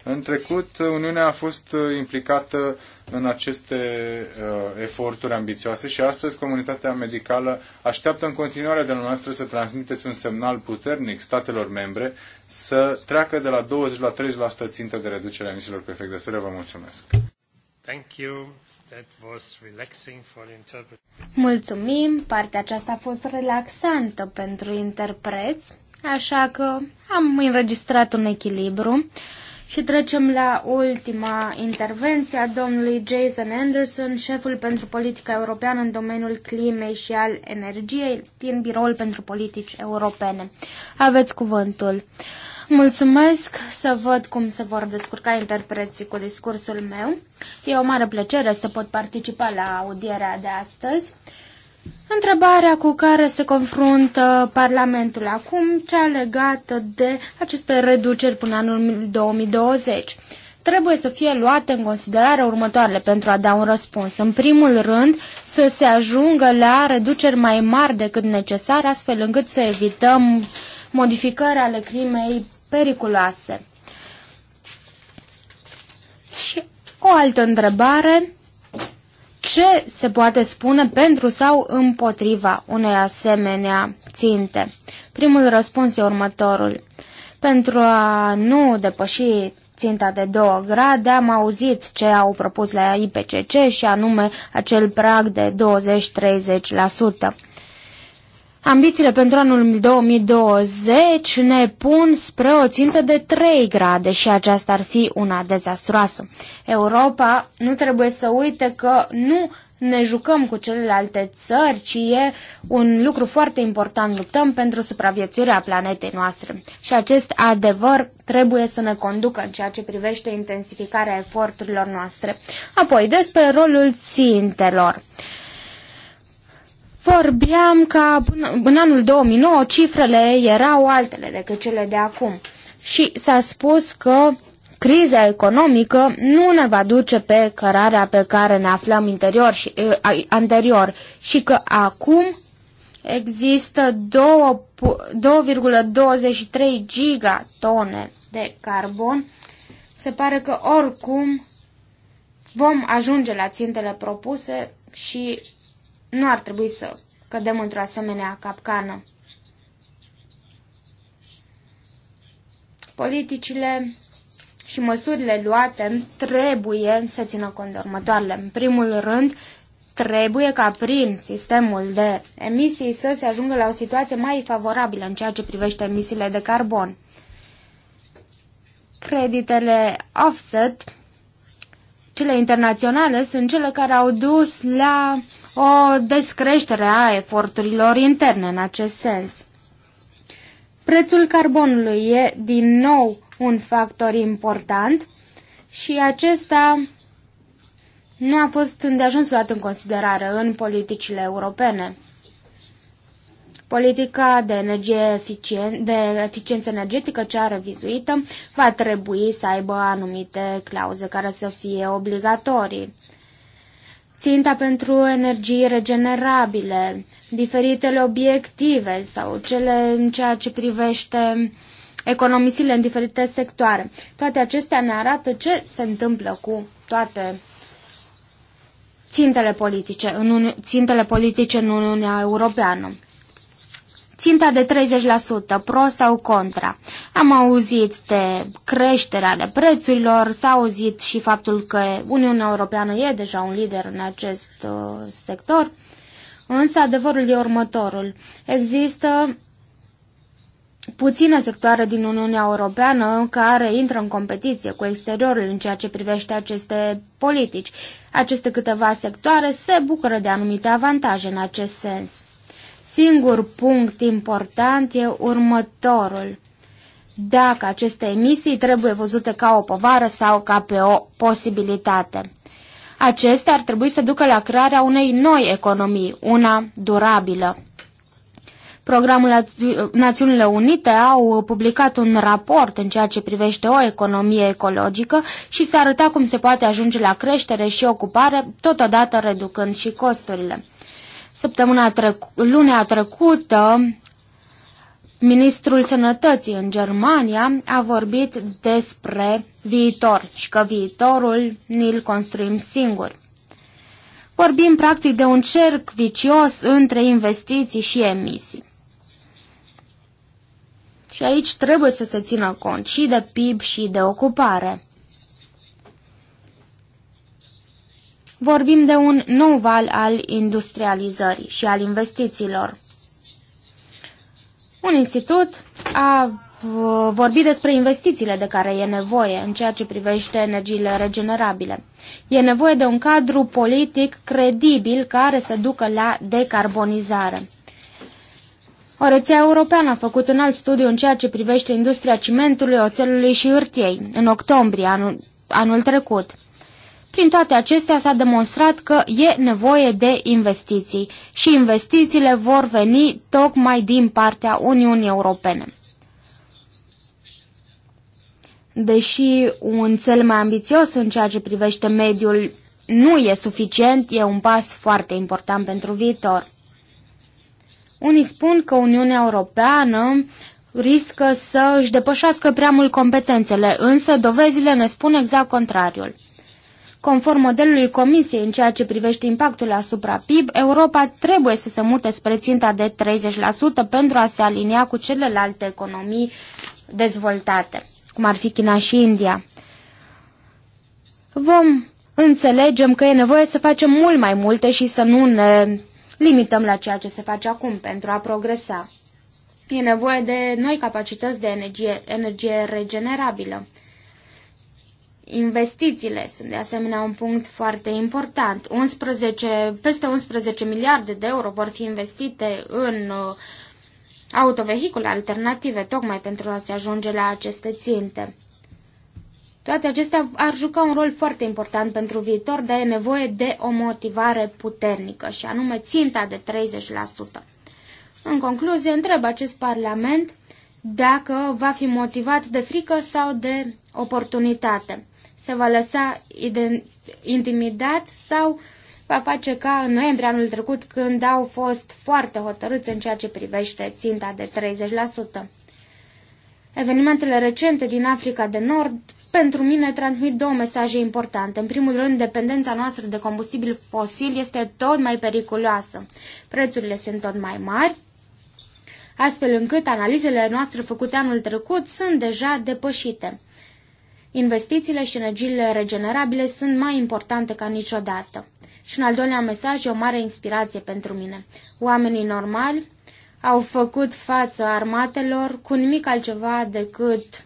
În trecut, Uniunea a fost uh, implicată în aceste uh, eforturi ambițioase și astăzi comunitatea medicală așteaptă în continuare de la noastră să transmiteți un semnal puternic statelor membre să treacă de la 20 la 30% țintă de reducere a emisiilor pe efect de seră. Vă mulțumesc! Thank you. That was relaxing for interpret. Mulțumim! Partea aceasta a fost relaxantă pentru interpreți, așa că am înregistrat un echilibru. Și trecem la ultima intervenție a domnului Jason Anderson, șeful pentru politica europeană în domeniul climei și al energiei din Biroul pentru Politici Europene. Aveți cuvântul. Mulțumesc să văd cum se vor descurca interpreții cu discursul meu. E o mare plăcere să pot participa la audierea de astăzi. Întrebarea cu care se confruntă Parlamentul acum, cea legată de aceste reduceri până anul 2020 trebuie să fie luate în considerare următoarele pentru a da un răspuns. În primul rând, să se ajungă la reduceri mai mari decât necesar, astfel încât să evităm modificări ale crimei periculoase. Și o altă întrebare ce se poate spune pentru sau împotriva unei asemenea ținte. Primul răspuns e următorul. Pentru a nu depăși ținta de 2 grade, am auzit ce au propus la IPCC și anume acel prag de 20-30%. Ambițiile pentru anul 2020 ne pun spre o țintă de 3 grade și aceasta ar fi una dezastruoasă. Europa nu trebuie să uite că nu ne jucăm cu celelalte țări, ci e un lucru foarte important. Luptăm pentru supraviețuirea planetei noastre și acest adevăr trebuie să ne conducă în ceea ce privește intensificarea eforturilor noastre. Apoi, despre rolul țintelor. Uh, vorbeam că în anul 2009 cifrele erau altele decât cele de acum și s-a spus că criza economică nu ne va duce pe cărarea pe care ne aflam interior și, eh, anterior și că acum există 2,23 gigatone de carbon. Se pare că oricum vom ajunge la țintele propuse și nu ar trebui să cădem într-o asemenea capcană. Politicile și măsurile luate trebuie să țină cont de următoarele. În primul rând, trebuie ca prin sistemul de emisii să se ajungă la o situație mai favorabilă în ceea ce privește emisiile de carbon. Creditele offset, cele internaționale, sunt cele care au dus la o descreștere a eforturilor interne în acest sens. Prețul carbonului e din nou un factor important și acesta nu a fost îndeajuns luat în considerare în politicile europene. Politica de, energie eficien, de eficiență energetică, cea revizuită, va trebui să aibă anumite clauze care să fie obligatorii ținta pentru energii regenerabile, diferitele obiective sau cele în ceea ce privește economisile în diferite sectoare. Toate acestea ne arată ce se întâmplă cu toate țintele politice în, Uni- țintele politice în Uniunea Europeană. Ținta de 30%, pro sau contra. Am auzit de creșterea de prețurilor, s-a auzit și faptul că Uniunea Europeană e deja un lider în acest uh, sector, însă adevărul e următorul. Există puține sectoare din Uniunea Europeană care intră în competiție cu exteriorul în ceea ce privește aceste politici. Aceste câteva sectoare se bucură de anumite avantaje în acest sens. Singur punct important e următorul. Dacă aceste emisii trebuie văzute ca o povară sau ca pe o posibilitate. Acestea ar trebui să ducă la crearea unei noi economii, una durabilă. Programul Națiunile Unite au publicat un raport în ceea ce privește o economie ecologică și s-a arătat cum se poate ajunge la creștere și ocupare, totodată reducând și costurile. Săptămâna trecu- lunea trecută, ministrul sănătății în Germania a vorbit despre viitor și că viitorul ni-l construim singuri. Vorbim practic de un cerc vicios între investiții și emisii. Și aici trebuie să se țină cont și de PIB și de ocupare. Vorbim de un nou val al industrializării și al investițiilor. Un institut a uh, vorbit despre investițiile de care e nevoie în ceea ce privește energiile regenerabile. E nevoie de un cadru politic credibil care să ducă la decarbonizare. O rețea europeană a făcut un alt studiu în ceea ce privește industria cimentului, oțelului și hârtiei în octombrie anul, anul trecut. Prin toate acestea s-a demonstrat că e nevoie de investiții și investițiile vor veni tocmai din partea Uniunii Europene. Deși un cel mai ambițios în ceea ce privește mediul nu e suficient, e un pas foarte important pentru viitor. Unii spun că Uniunea Europeană riscă să își depășească prea mult competențele, însă dovezile ne spun exact contrariul. Conform modelului Comisiei în ceea ce privește impactul asupra PIB, Europa trebuie să se mute spre ținta de 30% pentru a se alinia cu celelalte economii dezvoltate, cum ar fi China și India. Vom înțelegem că e nevoie să facem mult mai multe și să nu ne limităm la ceea ce se face acum pentru a progresa. E nevoie de noi capacități de energie, energie regenerabilă. Investițiile sunt de asemenea un punct foarte important. 11, peste 11 miliarde de euro vor fi investite în uh, autovehicule alternative, tocmai pentru a se ajunge la aceste ținte. Toate acestea ar juca un rol foarte important pentru viitor, dar e nevoie de o motivare puternică, și anume ținta de 30%. În concluzie, întreb acest Parlament dacă va fi motivat de frică sau de oportunitate se va lăsa intimidat sau va face ca în noiembrie anul trecut, când au fost foarte hotărâți în ceea ce privește ținta de 30%. Evenimentele recente din Africa de Nord pentru mine transmit două mesaje importante. În primul rând, dependența noastră de combustibil fosil este tot mai periculoasă. Prețurile sunt tot mai mari, astfel încât analizele noastre făcute anul trecut sunt deja depășite. Investițiile și energiile regenerabile sunt mai importante ca niciodată. Și un al doilea mesaj e o mare inspirație pentru mine. Oamenii normali au făcut față armatelor cu nimic altceva decât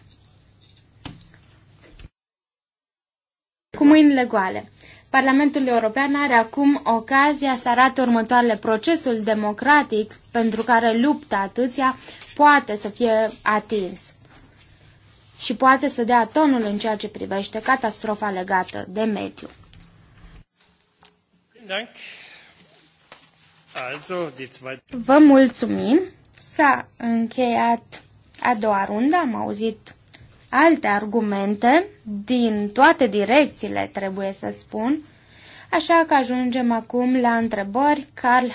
cu mâinile goale. Parlamentul European are acum ocazia să arate următoarele procesul democratic pentru care lupta atâția poate să fie atins și poate să dea tonul în ceea ce privește catastrofa legată de mediu. Vă mulțumim! S-a încheiat a doua rundă, am auzit alte argumente din toate direcțiile, trebuie să spun, așa că ajungem acum la întrebări. Karl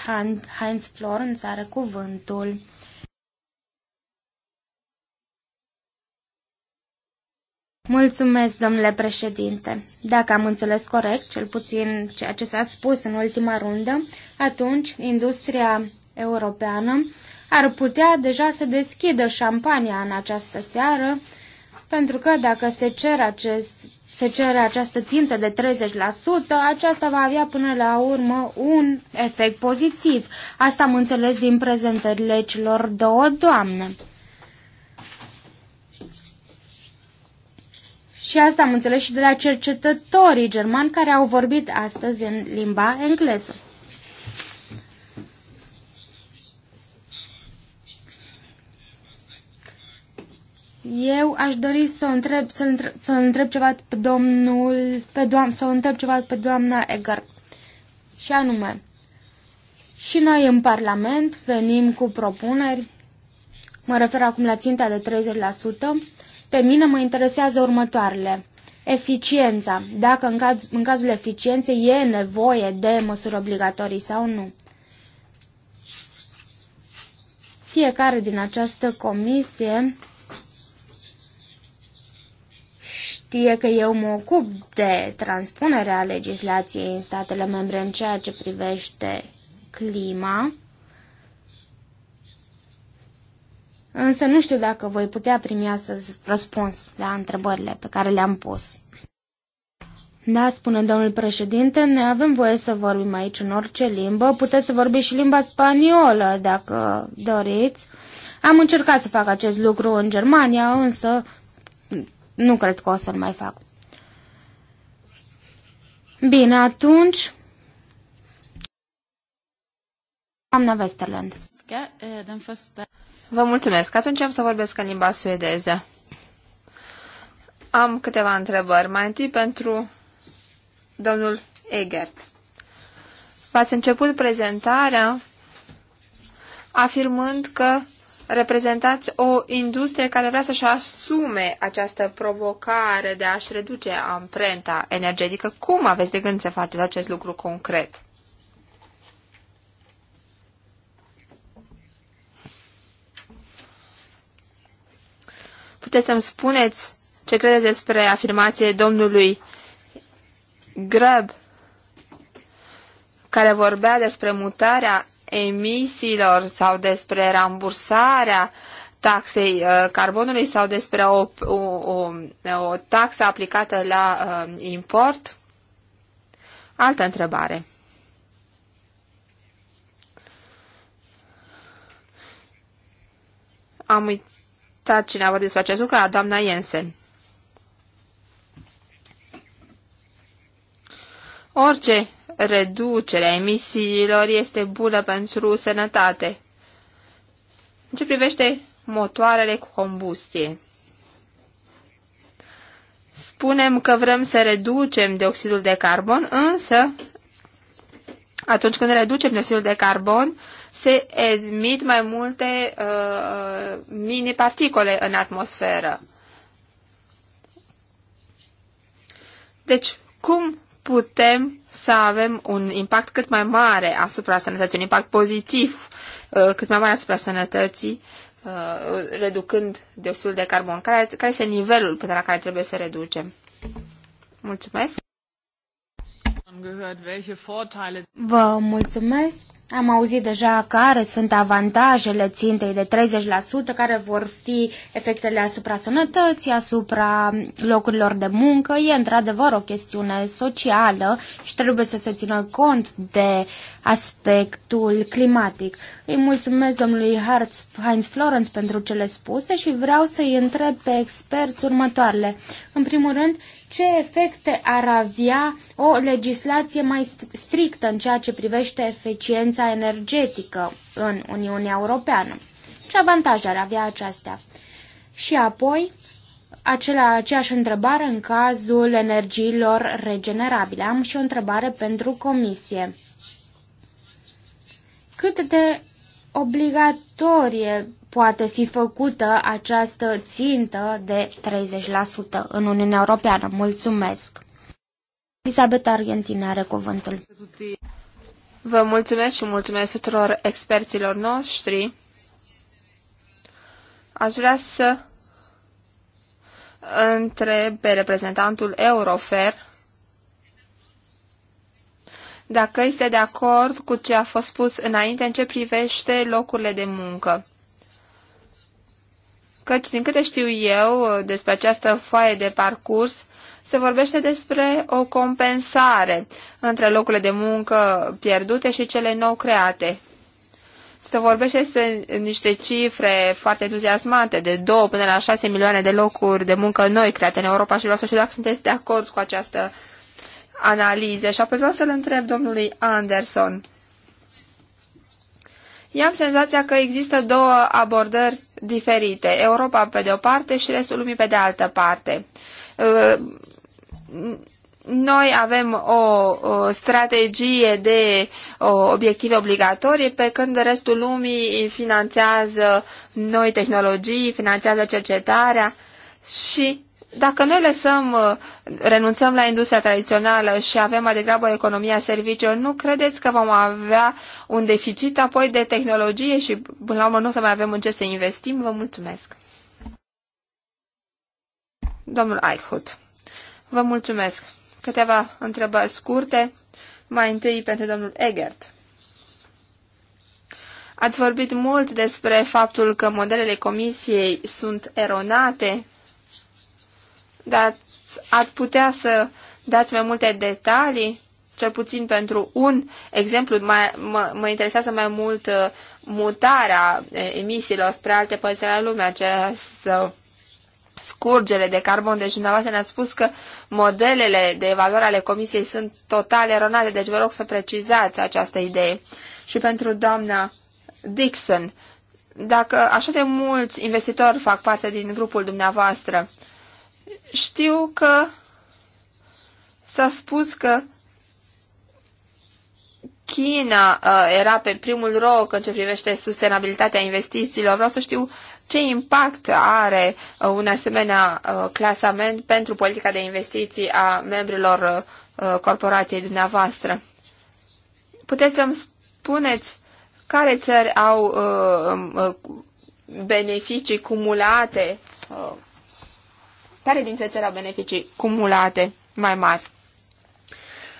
Heinz Florence are cuvântul. Mulțumesc, domnule președinte. Dacă am înțeles corect, cel puțin ceea ce s-a spus în ultima rundă, atunci industria europeană ar putea deja să deschidă șampania în această seară, pentru că dacă se cere, acest, se cere această țintă de 30%, aceasta va avea până la urmă un efect pozitiv. Asta am înțeles din prezentările celor două doamne. Și asta am înțeles și de la cercetătorii germani care au vorbit astăzi în limba engleză. Eu aș dori să întreb, să întreb, să întreb ceva pe domnul, pe doam, să întreb ceva pe doamna Egar. Și anume, și noi în Parlament venim cu propuneri, mă refer acum la ținta de pe mine mă interesează următoarele. Eficiența. Dacă în, caz, în cazul eficienței e nevoie de măsuri obligatorii sau nu. Fiecare din această comisie știe că eu mă ocup de transpunerea legislației în statele membre în ceea ce privește clima. însă nu știu dacă voi putea primi astăzi răspuns la întrebările pe care le-am pus. Da, spune domnul președinte, ne avem voie să vorbim aici în orice limbă. Puteți să vorbiți și limba spaniolă, dacă doriți. Am încercat să fac acest lucru în Germania, însă nu cred că o să-l mai fac. Bine, atunci... Doamna Westerland. Eh, Vă mulțumesc. Atunci am să vorbesc în limba suedeză. Am câteva întrebări. Mai întâi pentru domnul Egert. V-ați început prezentarea afirmând că reprezentați o industrie care vrea să-și asume această provocare de a-și reduce amprenta energetică. Cum aveți de gând să faceți acest lucru concret? Puteți să-mi spuneți ce credeți despre afirmație domnului Grab, care vorbea despre mutarea emisiilor sau despre rambursarea taxei uh, carbonului sau despre o, o, o, o taxă aplicată la uh, import? Altă întrebare. Am uit uitat cine a vorbit despre acest lucru, la doamna Jensen. Orice reducere a emisiilor este bună pentru sănătate. În ce privește motoarele cu combustie. Spunem că vrem să reducem dioxidul de carbon, însă atunci când reducem dioxidul de carbon, se emit mai multe uh, mini-particole în atmosferă. Deci, cum putem să avem un impact cât mai mare asupra sănătății, un impact pozitiv uh, cât mai mare asupra sănătății, uh, reducând dioxidul de carbon? Care, care este nivelul până la care trebuie să reducem? Mulțumesc! Vă mulțumesc! Am auzit deja care sunt avantajele țintei de 30%, care vor fi efectele asupra sănătății, asupra locurilor de muncă. E într-adevăr o chestiune socială și trebuie să se țină cont de aspectul climatic. Îi mulțumesc domnului Hartz, Heinz Florence pentru cele spuse și vreau să-i întreb pe experți următoarele. În primul rând, ce efecte ar avea o legislație mai strictă în ceea ce privește eficiența energetică în Uniunea Europeană. Ce avantaje ar avea aceasta? Și apoi, acelea, aceeași întrebare în cazul energiilor regenerabile. Am și o întrebare pentru comisie. Cât de obligatorie poate fi făcută această țintă de 30% în Uniunea Europeană. Mulțumesc! Elisabeta Argentina are cuvântul. Vă mulțumesc și mulțumesc tuturor experților noștri. Aș vrea să întreb pe reprezentantul Eurofer dacă este de acord cu ce a fost spus înainte în ce privește locurile de muncă. Căci, din câte știu eu despre această foaie de parcurs, se vorbește despre o compensare între locurile de muncă pierdute și cele nou create. Se vorbește despre niște cifre foarte entuziasmante, de 2 până la 6 milioane de locuri de muncă noi create în Europa și vreau să știu dacă sunteți de acord cu această analize și apoi vreau să-l întreb domnului Anderson. Eu am senzația că există două abordări diferite, Europa pe de o parte și restul lumii pe de altă parte. Uh, noi avem o, strategie de obiective obligatorii, pe când restul lumii finanțează noi tehnologii, finanțează cercetarea și dacă noi lăsăm, uh, renunțăm la industria tradițională și avem mai degrabă economia serviciilor, nu credeți că vom avea un deficit apoi de tehnologie și până la urmă nu o să mai avem în ce să investim? Vă mulțumesc! Domnul Eichhut, vă mulțumesc! Câteva întrebări scurte, mai întâi pentru domnul Egert. Ați vorbit mult despre faptul că modelele comisiei sunt eronate dați, ați putea să dați mai multe detalii, cel puțin pentru un exemplu, mai, mă, mă interesează mai mult uh, mutarea uh, emisiilor spre alte părți ale lumii, această scurgere de carbon. Deci dumneavoastră ne-ați spus că modelele de evaluare ale comisiei sunt total eronate, deci vă rog să precizați această idee. Și pentru doamna Dixon, dacă așa de mulți investitori fac parte din grupul dumneavoastră, știu că s-a spus că China uh, era pe primul loc în ce privește sustenabilitatea investițiilor. Vreau să știu ce impact are uh, un asemenea uh, clasament pentru politica de investiții a membrilor uh, corporației dumneavoastră. Puteți să-mi spuneți care țări au uh, uh, beneficii cumulate uh, care dintre țări au beneficii cumulate mai mari?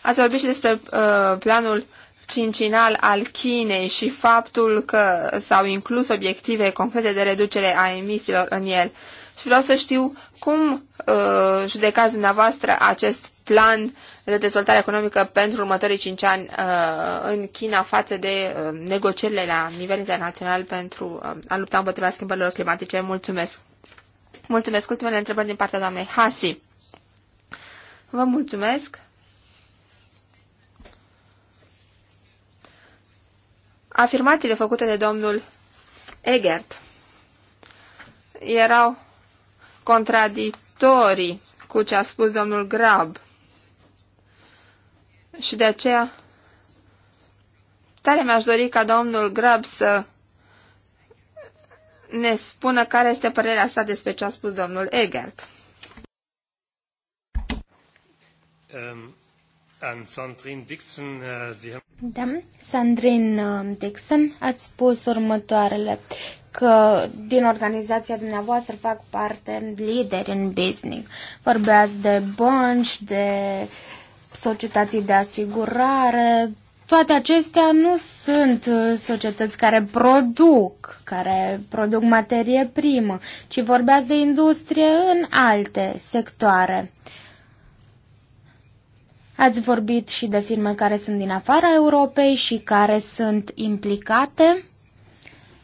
Ați vorbit și despre uh, planul cincinal al Chinei și faptul că s-au inclus obiective concrete de reducere a emisiilor în el. Și vreau să știu cum uh, judecați dumneavoastră acest plan de dezvoltare economică pentru următorii cinci ani uh, în China față de uh, negocierile la nivel internațional pentru uh, a lupta împotriva schimbărilor climatice. Mulțumesc! Mulțumesc. Ultimele întrebări din partea doamnei Hasi. Vă mulțumesc. Afirmațiile făcute de domnul Egert erau contradictorii cu ce a spus domnul Grab. Și de aceea tare mi-aș dori ca domnul Grab să ne spună care este părerea sa despre ce a spus domnul Egert. Um, Dixon, uh, da, Sandrine uh, Dixon, ați spus următoarele, că din organizația dumneavoastră fac parte lideri în business. Vorbeați de bănci, de societății de asigurare, toate acestea nu sunt uh, societăți care produc, care produc materie primă, ci vorbeați de industrie în alte sectoare. Ați vorbit și de firme care sunt din afara Europei și care sunt implicate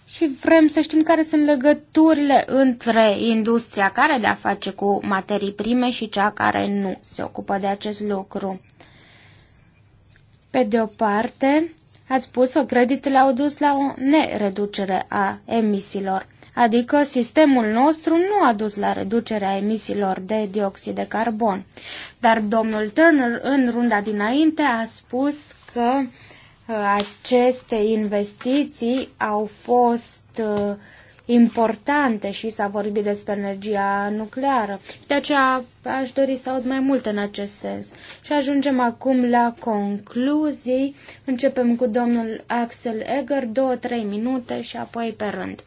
și vrem să știm care sunt legăturile între industria care de a face cu materii prime și cea care nu se ocupă de acest lucru. Pe de o parte, ați spus că creditele au dus la o nereducere a emisiilor, adică sistemul nostru nu a dus la reducerea emisiilor de dioxid de carbon. Dar domnul Turner, în runda dinainte, a spus că uh, aceste investiții au fost uh, importante și s-a vorbit despre energia nucleară. De aceea aș dori să aud mai mult în acest sens. Și ajungem acum la concluzii. Începem cu domnul Axel Eger, două-trei minute și apoi pe rând.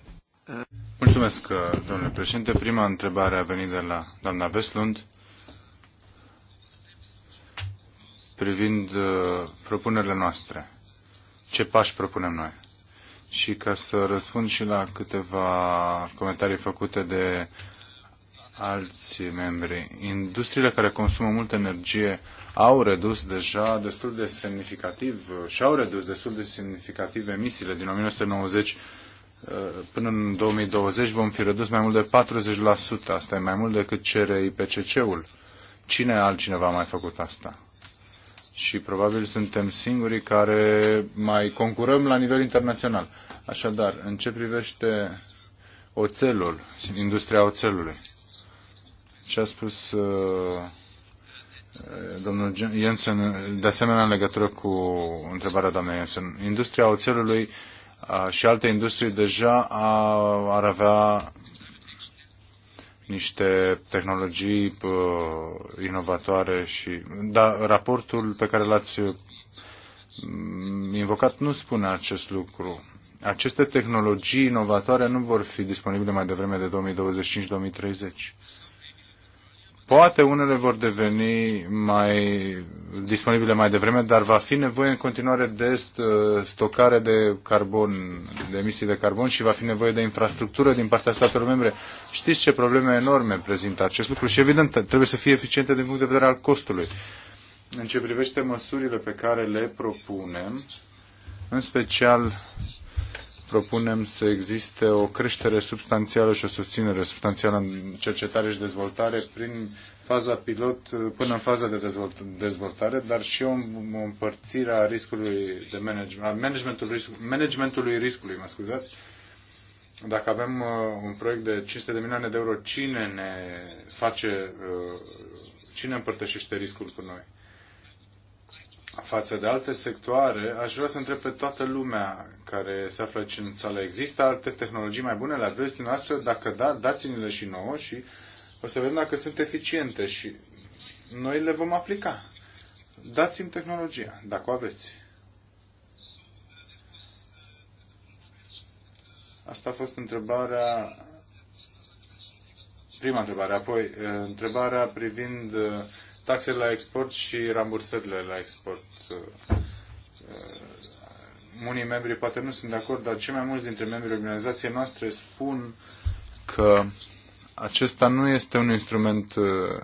Mulțumesc, uh, domnule președinte. Prima întrebare a venit de la doamna Vestlund privind uh, propunerile noastre. Ce pași propunem noi? și ca să răspund și la câteva comentarii făcute de alți membri. Industriile care consumă multă energie au redus deja destul de semnificativ și au redus destul de semnificativ emisiile din 1990 uh, până în 2020 vom fi redus mai mult de 40%. Asta e mai mult decât cere IPCC-ul. Cine altcineva a mai făcut asta? și probabil suntem singurii care mai concurăm la nivel internațional. Așadar, în ce privește oțelul, industria oțelului, ce a spus uh, domnul Jensen, de asemenea în legătură cu întrebarea doamnei Jensen, industria oțelului uh, și alte industrie deja a, ar avea niște tehnologii uh, inovatoare și... Dar raportul pe care l-ați uh, invocat nu spune acest lucru. Aceste tehnologii inovatoare nu vor fi disponibile mai devreme de 2025-2030. Poate unele vor deveni mai disponibile mai devreme, dar va fi nevoie în continuare de stocare de carbon, de emisii de carbon și va fi nevoie de infrastructură din partea statelor membre. Știți ce probleme enorme prezintă acest lucru și evident trebuie să fie eficiente din punct de vedere al costului. În ce privește măsurile pe care le propunem, în special propunem să existe o creștere substanțială și o susținere substanțială în cercetare și dezvoltare prin faza pilot până în faza de dezvoltare, dar și o împărțire a riscului de management, a managementului, risc, managementului riscului, mă scuzați. Dacă avem uh, un proiect de 500 de milioane de euro, cine ne face, uh, cine împărtășește riscul cu noi? față de alte sectoare, aș vrea să întreb pe toată lumea care se află aici în sală. Există alte tehnologii mai bune? Le vestul noastră? Dacă da, dați-ne-le și nouă și o să vedem dacă sunt eficiente și noi le vom aplica. Dați-mi tehnologia, dacă o aveți. Asta a fost întrebarea, prima întrebare. Apoi, eh, întrebarea privind eh, taxele la export și rambursările la export. Eh, unii membri poate nu sunt de acord, dar cei mai mulți dintre membrii organizației noastre spun că acesta nu este un instrument eh,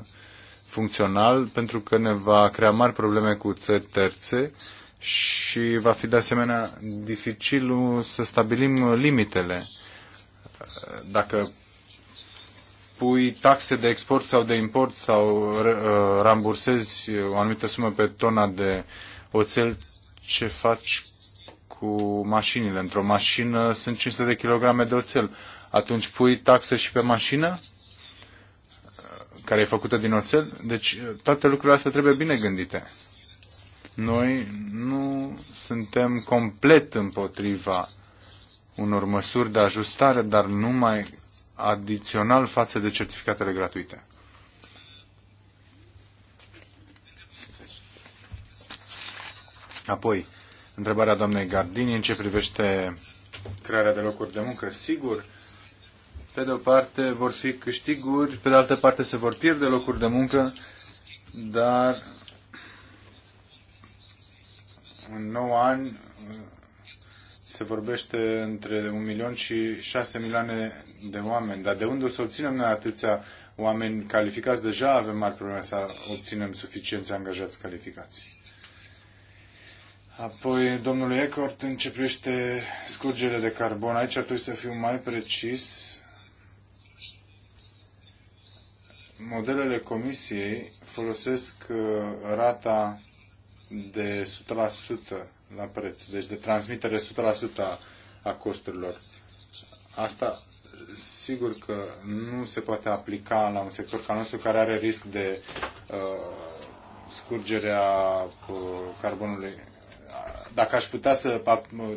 funcțional pentru că ne va crea mari probleme cu țări terțe și va fi de asemenea dificil să stabilim limitele. Eh, dacă impui taxe de export sau de import sau uh, rambursezi o anumită sumă pe tona de oțel, ce faci cu mașinile? Într-o mașină sunt 500 de kilograme de oțel. Atunci pui taxe și pe mașină uh, care e făcută din oțel? Deci uh, toate lucrurile astea trebuie bine gândite. Noi nu suntem complet împotriva unor măsuri de ajustare, dar numai adițional față de certificatele gratuite. Apoi, întrebarea doamnei Gardini în ce privește crearea de locuri de muncă. Sigur, pe de o parte vor fi câștiguri, pe de altă parte se vor pierde locuri de muncă, dar în 9 ani se vorbește între un milion și șase milioane de oameni. Dar de unde o să obținem noi atâția oameni calificați? Deja avem mari probleme să obținem suficienți angajați calificați. Apoi, domnul Ecort începește scurgere de carbon. Aici ar trebui să fiu mai precis. Modelele comisiei folosesc uh, rata de 100% la preț, deci de transmitere 100% a costurilor. Asta sigur că nu se poate aplica la un sector ca nostru care are risc de uh, scurgerea uh, carbonului. Dacă aș putea să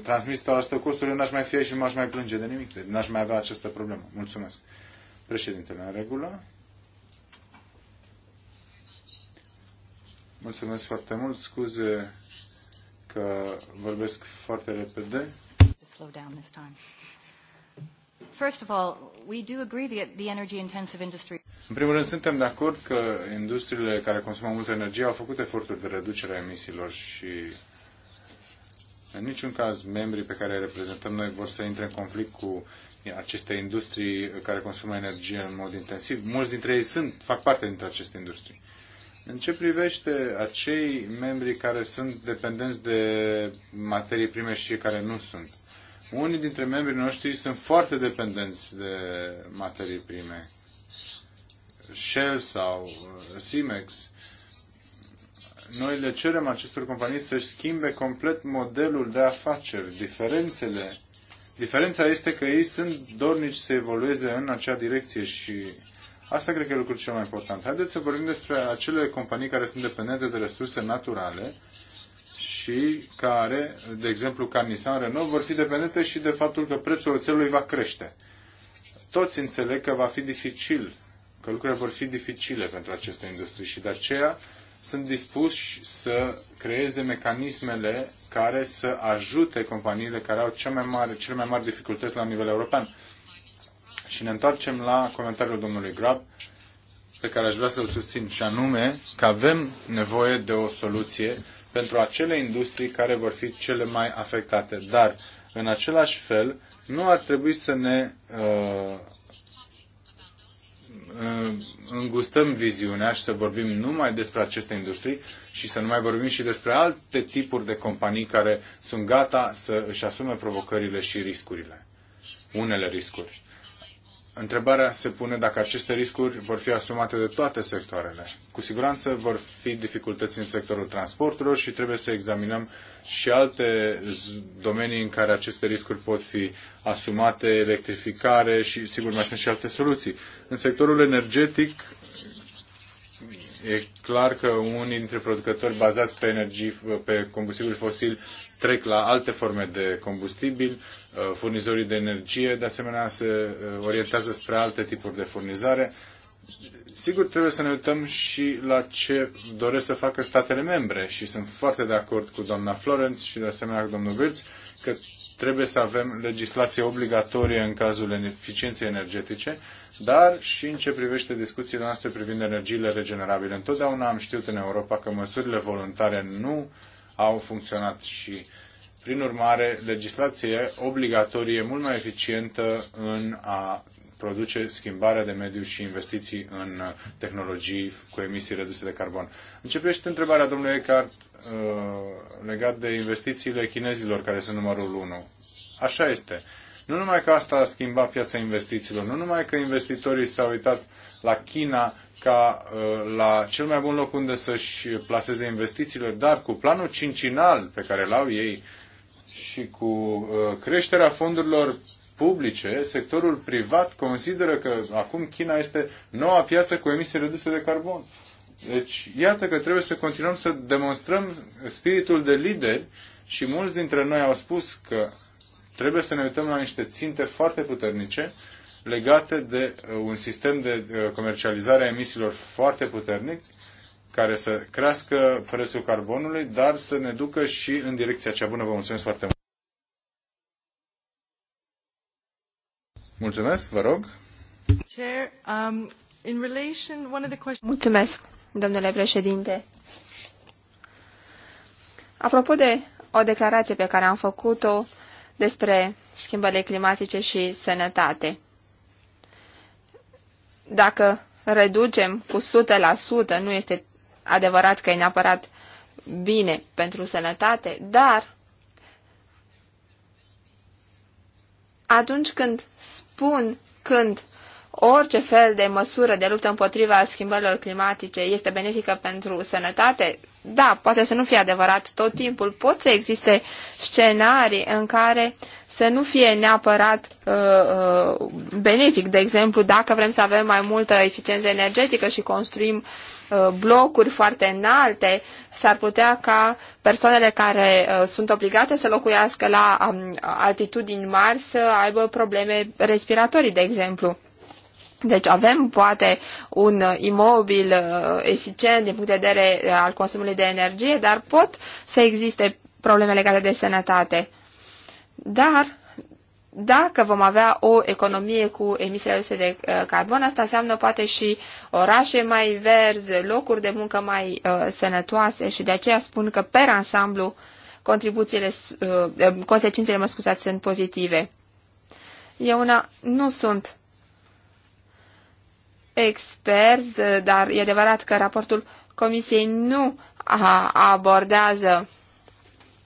transmit 100% costuri n-aș mai fi și nu m-aș mai plânge de nimic. Deci n-aș mai avea această problemă. Mulțumesc. Președintele, în regulă? Mulțumesc foarte mult. Scuze că vorbesc foarte repede. Slow down this time. First of all, we do agree that the energy intensive industry. În primul rând, suntem de acord că industriile care consumă multă energie au făcut eforturi de reducere a emisiilor și în niciun caz membrii pe care îi reprezentăm noi vor să intre în conflict cu aceste industrii care consumă energie în mod intensiv. Mulți dintre ei sunt, fac parte dintre aceste industrii. În ce privește acei membri care sunt dependenți de materii prime și care nu sunt? Unii dintre membrii noștri sunt foarte dependenți de materii prime. Shell sau uh, Simex. Noi le cerem acestor companii să-și schimbe complet modelul de afaceri, diferențele. Diferența este că ei sunt dornici să evolueze în acea direcție și Asta cred că e lucrul cel mai important. Haideți să vorbim despre acele companii care sunt dependente de resurse naturale și care, de exemplu, ca Nissan Renault, vor fi dependente și de faptul că prețul oțelului va crește. Toți înțeleg că va fi dificil, că lucrurile vor fi dificile pentru aceste industrie și de aceea sunt dispuși să creeze mecanismele care să ajute companiile care au cele mai mari, cele mai mari dificultăți la nivel european. Și ne întoarcem la comentariul domnului Grab, pe care aș vrea să-l susțin, și anume că avem nevoie de o soluție pentru acele industrii care vor fi cele mai afectate. Dar, în același fel, nu ar trebui să ne uh, uh, îngustăm viziunea și să vorbim numai despre aceste industrii și să nu mai vorbim și despre alte tipuri de companii care sunt gata să își asume provocările și riscurile. Unele riscuri întrebarea se pune dacă aceste riscuri vor fi asumate de toate sectoarele. Cu siguranță vor fi dificultăți în sectorul transporturilor și trebuie să examinăm și alte domenii în care aceste riscuri pot fi asumate, electrificare și sigur mai sunt și alte soluții. În sectorul energetic E clar că unii dintre producători bazați pe energii, pe combustibil fosil, trec la alte forme de combustibil. Uh, furnizorii de energie, de asemenea, se uh, orientează spre alte tipuri de furnizare. Sigur, trebuie să ne uităm și la ce doresc să facă statele membre și sunt foarte de acord cu doamna Florence și de asemenea cu domnul Gâț că trebuie să avem legislație obligatorie în cazul eficienței energetice, dar și în ce privește discuțiile noastre privind energiile regenerabile. Întotdeauna am știut în Europa că măsurile voluntare nu au funcționat și, prin urmare, legislație obligatorie mult mai eficientă în a produce schimbarea de mediu și investiții în tehnologii cu emisii reduse de carbon. Începește întrebarea domnului Eckhart uh, legat de investițiile chinezilor, care sunt numărul 1. Așa este. Nu numai că asta a schimbat piața investițiilor, nu numai că investitorii s-au uitat la China ca uh, la cel mai bun loc unde să-și placeze investițiile, dar cu planul cincinal pe care l-au ei și cu uh, creșterea fondurilor publice, sectorul privat consideră că acum China este noua piață cu emisii reduse de carbon. Deci, iată că trebuie să continuăm să demonstrăm spiritul de lideri și mulți dintre noi au spus că Trebuie să ne uităm la niște ținte foarte puternice legate de uh, un sistem de uh, comercializare a emisiilor foarte puternic, care să crească prețul carbonului, dar să ne ducă și în direcția cea bună. Vă mulțumesc foarte mult! Mulțumesc, vă rog! Um, mulțumesc, domnule președinte! Apropo de o declarație pe care am făcut-o despre schimbările climatice și sănătate. Dacă reducem cu 100%, nu este adevărat că e neapărat bine pentru sănătate, dar atunci când spun când orice fel de măsură de luptă împotriva schimbărilor climatice este benefică pentru sănătate, da, poate să nu fie adevărat tot timpul, pot să existe scenarii în care să nu fie neapărat uh, uh, benefic. De exemplu, dacă vrem să avem mai multă eficiență energetică și construim uh, blocuri foarte înalte, s-ar putea ca persoanele care uh, sunt obligate să locuiască la um, altitudini mari să aibă probleme respiratorii, de exemplu. Deci avem poate un uh, imobil uh, eficient din punct de vedere uh, al consumului de energie, dar pot să existe probleme legate de sănătate. Dar dacă vom avea o economie cu emisii reduse de carbon, asta înseamnă poate și orașe mai verzi, locuri de muncă mai uh, sănătoase și de aceea spun că per ansamblu contribuțiile, uh, consecințele mă scuzați, sunt pozitive. Eu una nu sunt expert, dar e adevărat că raportul Comisiei nu a, abordează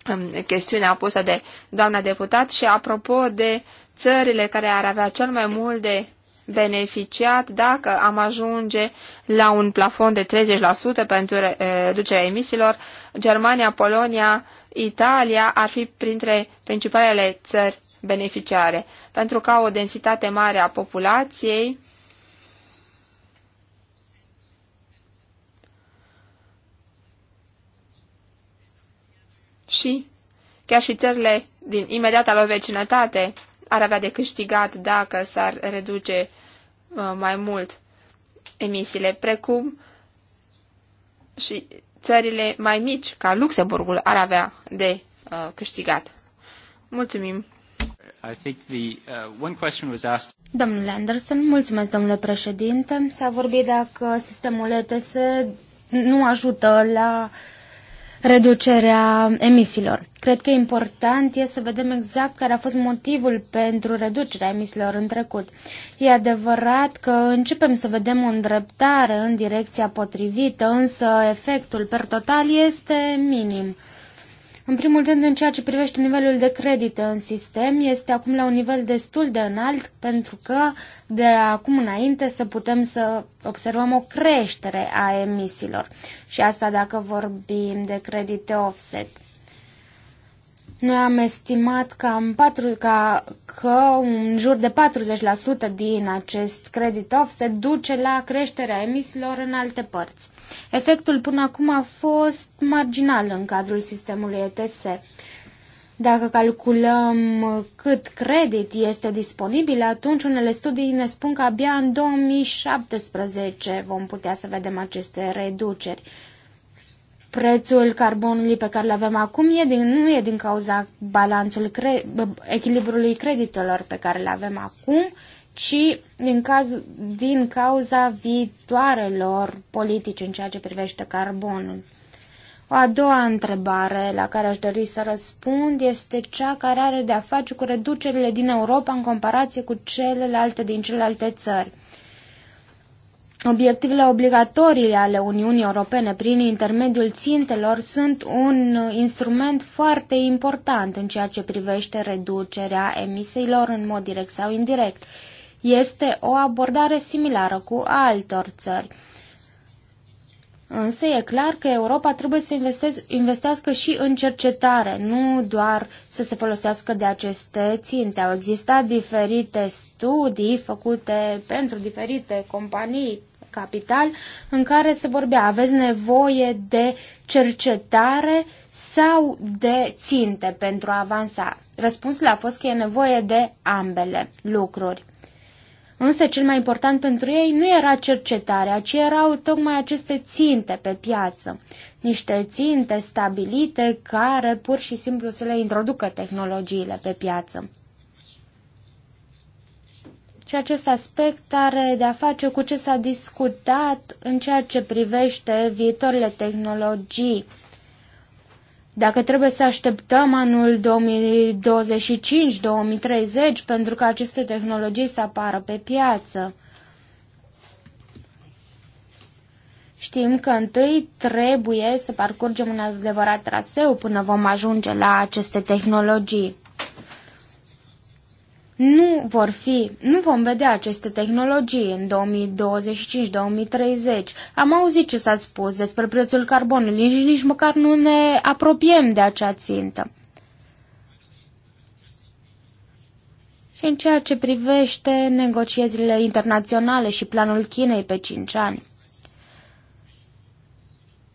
um, chestiunea pusă de doamna deputat și apropo de țările care ar avea cel mai mult de beneficiat dacă am ajunge la un plafon de 30% pentru reducerea emisiilor, Germania, Polonia, Italia ar fi printre principalele țări beneficiare, pentru că au o densitate mare a populației și chiar și țările din imediata lor vecinătate ar avea de câștigat dacă s-ar reduce uh, mai mult emisiile, precum și țările mai mici, ca Luxemburgul, ar avea de uh, câștigat. Mulțumim! I think the, uh, one question was asked... Domnule Anderson, mulțumesc, domnule președinte. S-a vorbit dacă sistemul ETS nu ajută la uh, reducerea emisiilor. Cred că important e să vedem exact care a fost motivul pentru reducerea emisiilor în trecut. E adevărat că începem să vedem o îndreptare în direcția potrivită, însă efectul per total este minim. În primul rând, în ceea ce privește nivelul de credit în sistem, este acum la un nivel destul de înalt, pentru că de acum înainte să putem să observăm o creștere a emisiilor. Și asta dacă vorbim de credite offset. Noi am estimat cam 4, ca, că în jur de 40% din acest credit off se duce la creșterea emisiilor în alte părți. Efectul până acum a fost marginal în cadrul sistemului ETS. Dacă calculăm cât credit este disponibil, atunci unele studii ne spun că abia în 2017 vom putea să vedem aceste reduceri. Prețul carbonului pe care îl avem acum e din, nu e din cauza balanțului cre, echilibrului creditelor pe care le avem acum, ci din, caz, din cauza viitoarelor politici în ceea ce privește carbonul. O a doua întrebare la care aș dori să răspund este cea care are de a face cu reducerile din Europa în comparație cu celelalte din celelalte țări. Obiectivele obligatorii ale Uniunii Europene prin intermediul țintelor sunt un instrument foarte important în ceea ce privește reducerea emisiilor în mod direct sau indirect. Este o abordare similară cu altor țări. Însă e clar că Europa trebuie să investească și în cercetare, nu doar să se folosească de aceste ținte. Au existat diferite studii făcute pentru diferite companii capital, în care se vorbea, aveți nevoie de cercetare sau de ținte pentru a avansa. Răspunsul a fost că e nevoie de ambele lucruri. Însă cel mai important pentru ei nu era cercetarea, ci erau tocmai aceste ținte pe piață. Niște ținte stabilite care pur și simplu să le introducă tehnologiile pe piață și acest aspect are de-a face cu ce s-a discutat în ceea ce privește viitorile tehnologii. Dacă trebuie să așteptăm anul 2025-2030 pentru că aceste tehnologii să apară pe piață. Știm că întâi trebuie să parcurgem un adevărat traseu până vom ajunge la aceste tehnologii nu vor fi, nu vom vedea aceste tehnologii în 2025-2030. Am auzit ce s-a spus despre prețul carbonului și nici măcar nu ne apropiem de acea țintă. Și în ceea ce privește negocierile internaționale și planul Chinei pe 5 ani.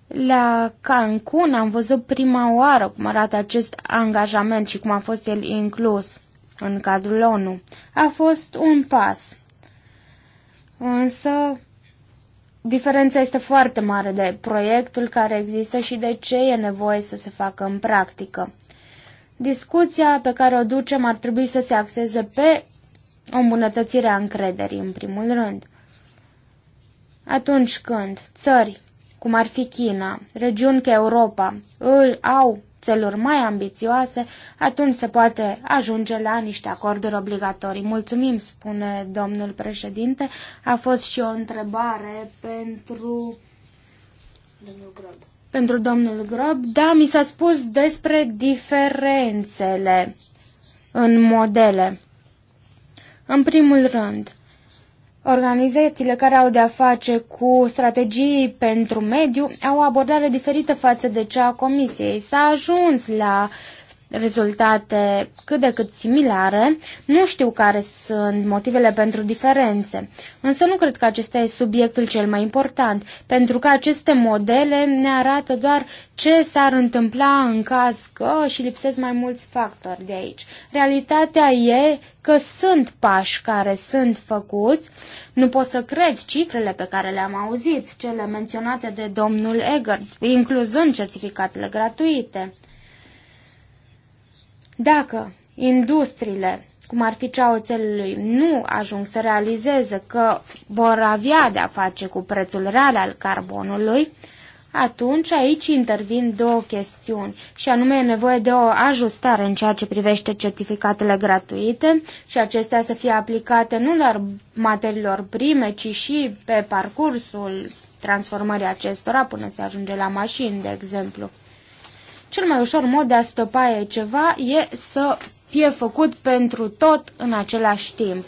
La Cancun am văzut prima oară cum arată acest angajament și cum a fost el inclus în cadrul ONU. A fost un pas. Însă, diferența este foarte mare de proiectul care există și de ce e nevoie să se facă în practică. Discuția pe care o ducem ar trebui să se axeze pe o îmbunătățire a încrederii, în primul rând. Atunci când țări, cum ar fi China, regiuni ca Europa, îl au țeluri mai ambițioase, atunci se poate ajunge la niște acorduri obligatorii. Mulțumim, spune domnul președinte. A fost și o întrebare pentru... Domnul Grob. Pentru domnul Grob, da, mi s-a spus despre diferențele în modele. În primul rând, Organizațiile care au de-a face cu strategii pentru mediu au o abordare diferită față de cea a Comisiei. S-a ajuns la rezultate cât de cât similare. Nu știu care sunt motivele pentru diferențe, însă nu cred că acesta e subiectul cel mai important, pentru că aceste modele ne arată doar ce s-ar întâmpla în caz că și lipsesc mai mulți factori de aici. Realitatea e că sunt pași care sunt făcuți. Nu pot să cred cifrele pe care le-am auzit, cele menționate de domnul Egert, incluzând certificatele gratuite. Dacă industriile, cum ar fi cea oțelului, nu ajung să realizeze că vor avea de-a face cu prețul real al carbonului, atunci aici intervin două chestiuni și anume e nevoie de o ajustare în ceea ce privește certificatele gratuite și acestea să fie aplicate nu doar materiilor prime, ci și pe parcursul transformării acestora până se ajunge la mașini, de exemplu. Cel mai ușor mod de a stopa e ceva e să fie făcut pentru tot în același timp.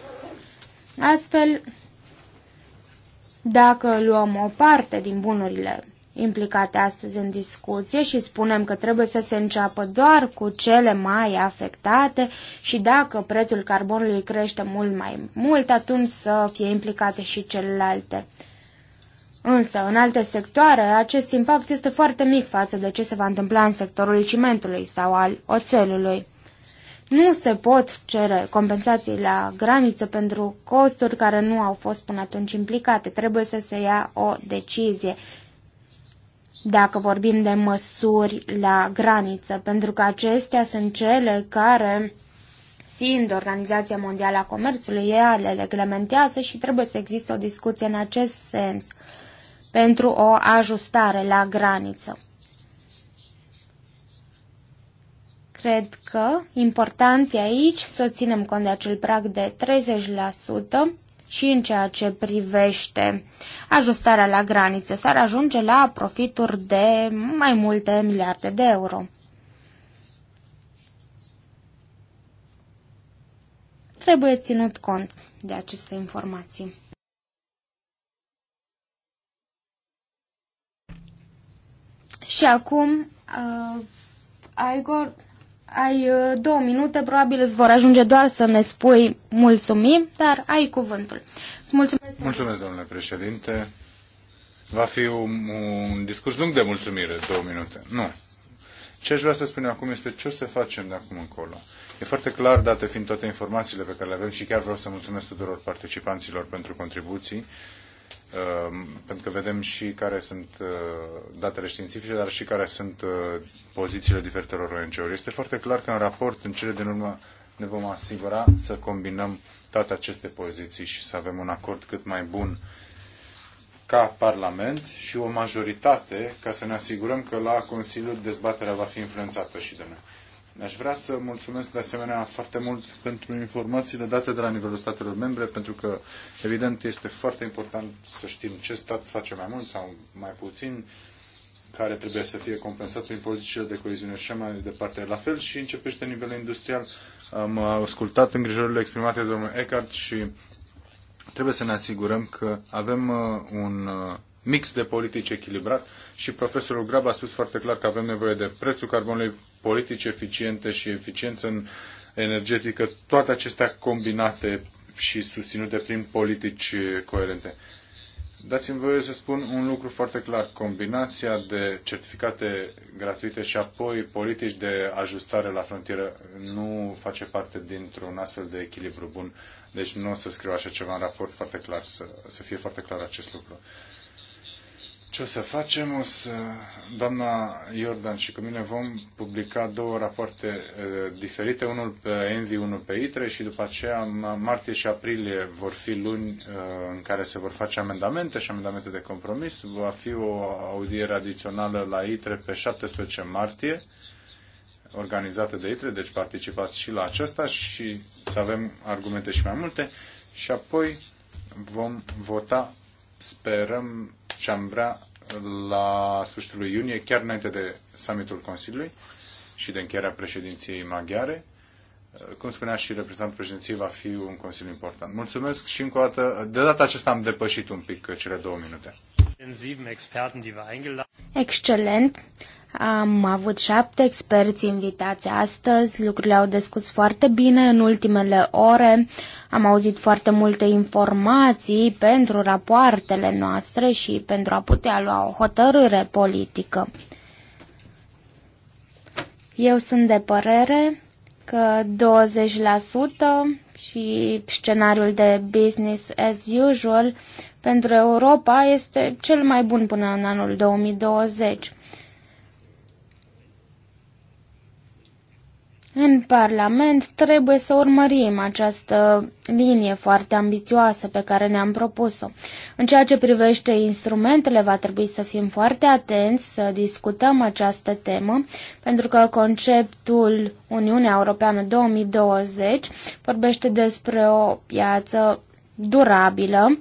Astfel, dacă luăm o parte din bunurile implicate astăzi în discuție și spunem că trebuie să se înceapă doar cu cele mai afectate și dacă prețul carbonului crește mult mai mult, atunci să fie implicate și celelalte. Însă, în alte sectoare, acest impact este foarte mic față de ce se va întâmpla în sectorul cimentului sau al oțelului. Nu se pot cere compensații la graniță pentru costuri care nu au fost până atunci implicate. Trebuie să se ia o decizie dacă vorbim de măsuri la graniță, pentru că acestea sunt cele care țin de Organizația Mondială a Comerțului, ea le reglementează și trebuie să existe o discuție în acest sens pentru o ajustare la graniță. Cred că important e aici să ținem cont de acel prag de 30% și în ceea ce privește ajustarea la graniță s-ar ajunge la profituri de mai multe miliarde de euro. Trebuie ținut cont de aceste informații. Și acum, uh, Igor, ai uh, două minute, probabil îți vor ajunge doar să ne spui mulțumim, dar ai cuvântul. Îți mulțumesc. Mulțumesc, domnule președinte. Va fi un, un discurs lung de mulțumire, două minute. Nu. Ce aș vrea să spun acum este ce o să facem de acum încolo. E foarte clar, date fiind toate informațiile pe care le avem și chiar vreau să mulțumesc tuturor participanților pentru contribuții Ehm, pentru că vedem și care sunt eh, datele științifice, dar și care sunt eh, pozițiile diferitelor ONG-uri. Este foarte clar că în raport, în cele din urmă, ne vom asigura să combinăm toate aceste poziții și să avem un acord cât mai bun ca Parlament și o majoritate ca să ne asigurăm că la Consiliu dezbaterea va fi influențată și de noi. Aș vrea să mulțumesc de asemenea foarte mult pentru informațiile date de la nivelul statelor membre, pentru că, evident, este foarte important să știm ce stat face mai mult sau mai puțin, care trebuie să fie compensat prin politicile de coeziune și mai departe. La fel și începește nivelul industrial. Am ascultat îngrijorările exprimate de domnul Eckhart și trebuie să ne asigurăm că avem uh, un uh, mix de politici echilibrat și profesorul Grab a spus foarte clar că avem nevoie de prețul carbonului politici eficiente și eficiență în energetică, toate acestea combinate și susținute prin politici coerente. Dați-mi voie să spun un lucru foarte clar. Combinația de certificate gratuite și apoi politici de ajustare la frontieră nu face parte dintr-un astfel de echilibru bun. Deci nu o să scriu așa ceva în raport foarte clar, să, să fie foarte clar acest lucru. Ce o să facem? O să, doamna Iordan și cu mine vom publica două rapoarte diferite, unul pe Envi, unul pe ITRE și după aceea martie și aprilie vor fi luni în care se vor face amendamente și amendamente de compromis. Va fi o audiere adițională la ITRE pe 17 martie organizată de ITRE, deci participați și la aceasta și să avem argumente și mai multe și apoi vom vota, sperăm, ce am vrea la sfârșitul lui iunie, chiar înainte de summitul Consiliului și de încheierea președinției maghiare. Cum spunea și reprezentantul președinției, va fi un consiliu important. Mulțumesc și încă o dată. De data aceasta am depășit un pic cele două minute. Excelent! Am avut șapte experți invitați astăzi, lucrurile au descurs foarte bine în ultimele ore. Am auzit foarte multe informații pentru rapoartele noastre și pentru a putea lua o hotărâre politică. Eu sunt de părere că 20% și scenariul de business as usual pentru Europa este cel mai bun până în anul 2020. În Parlament trebuie să urmărim această linie foarte ambițioasă pe care ne-am propus-o. În ceea ce privește instrumentele, va trebui să fim foarte atenți să discutăm această temă, pentru că conceptul Uniunea Europeană 2020 vorbește despre o piață durabilă.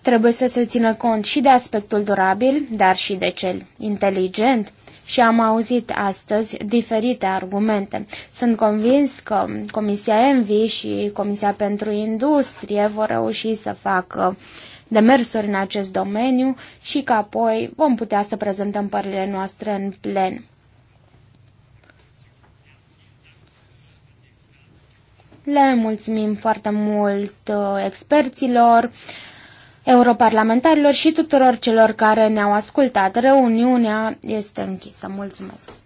Trebuie să se țină cont și de aspectul durabil, dar și de cel inteligent și am auzit astăzi diferite argumente. Sunt convins că Comisia Envi și Comisia pentru Industrie vor reuși să facă demersuri în acest domeniu și că apoi vom putea să prezentăm părerile noastre în plen. Le mulțumim foarte mult uh, experților, europarlamentarilor și tuturor celor care ne-au ascultat. Reuniunea este închisă. Mulțumesc!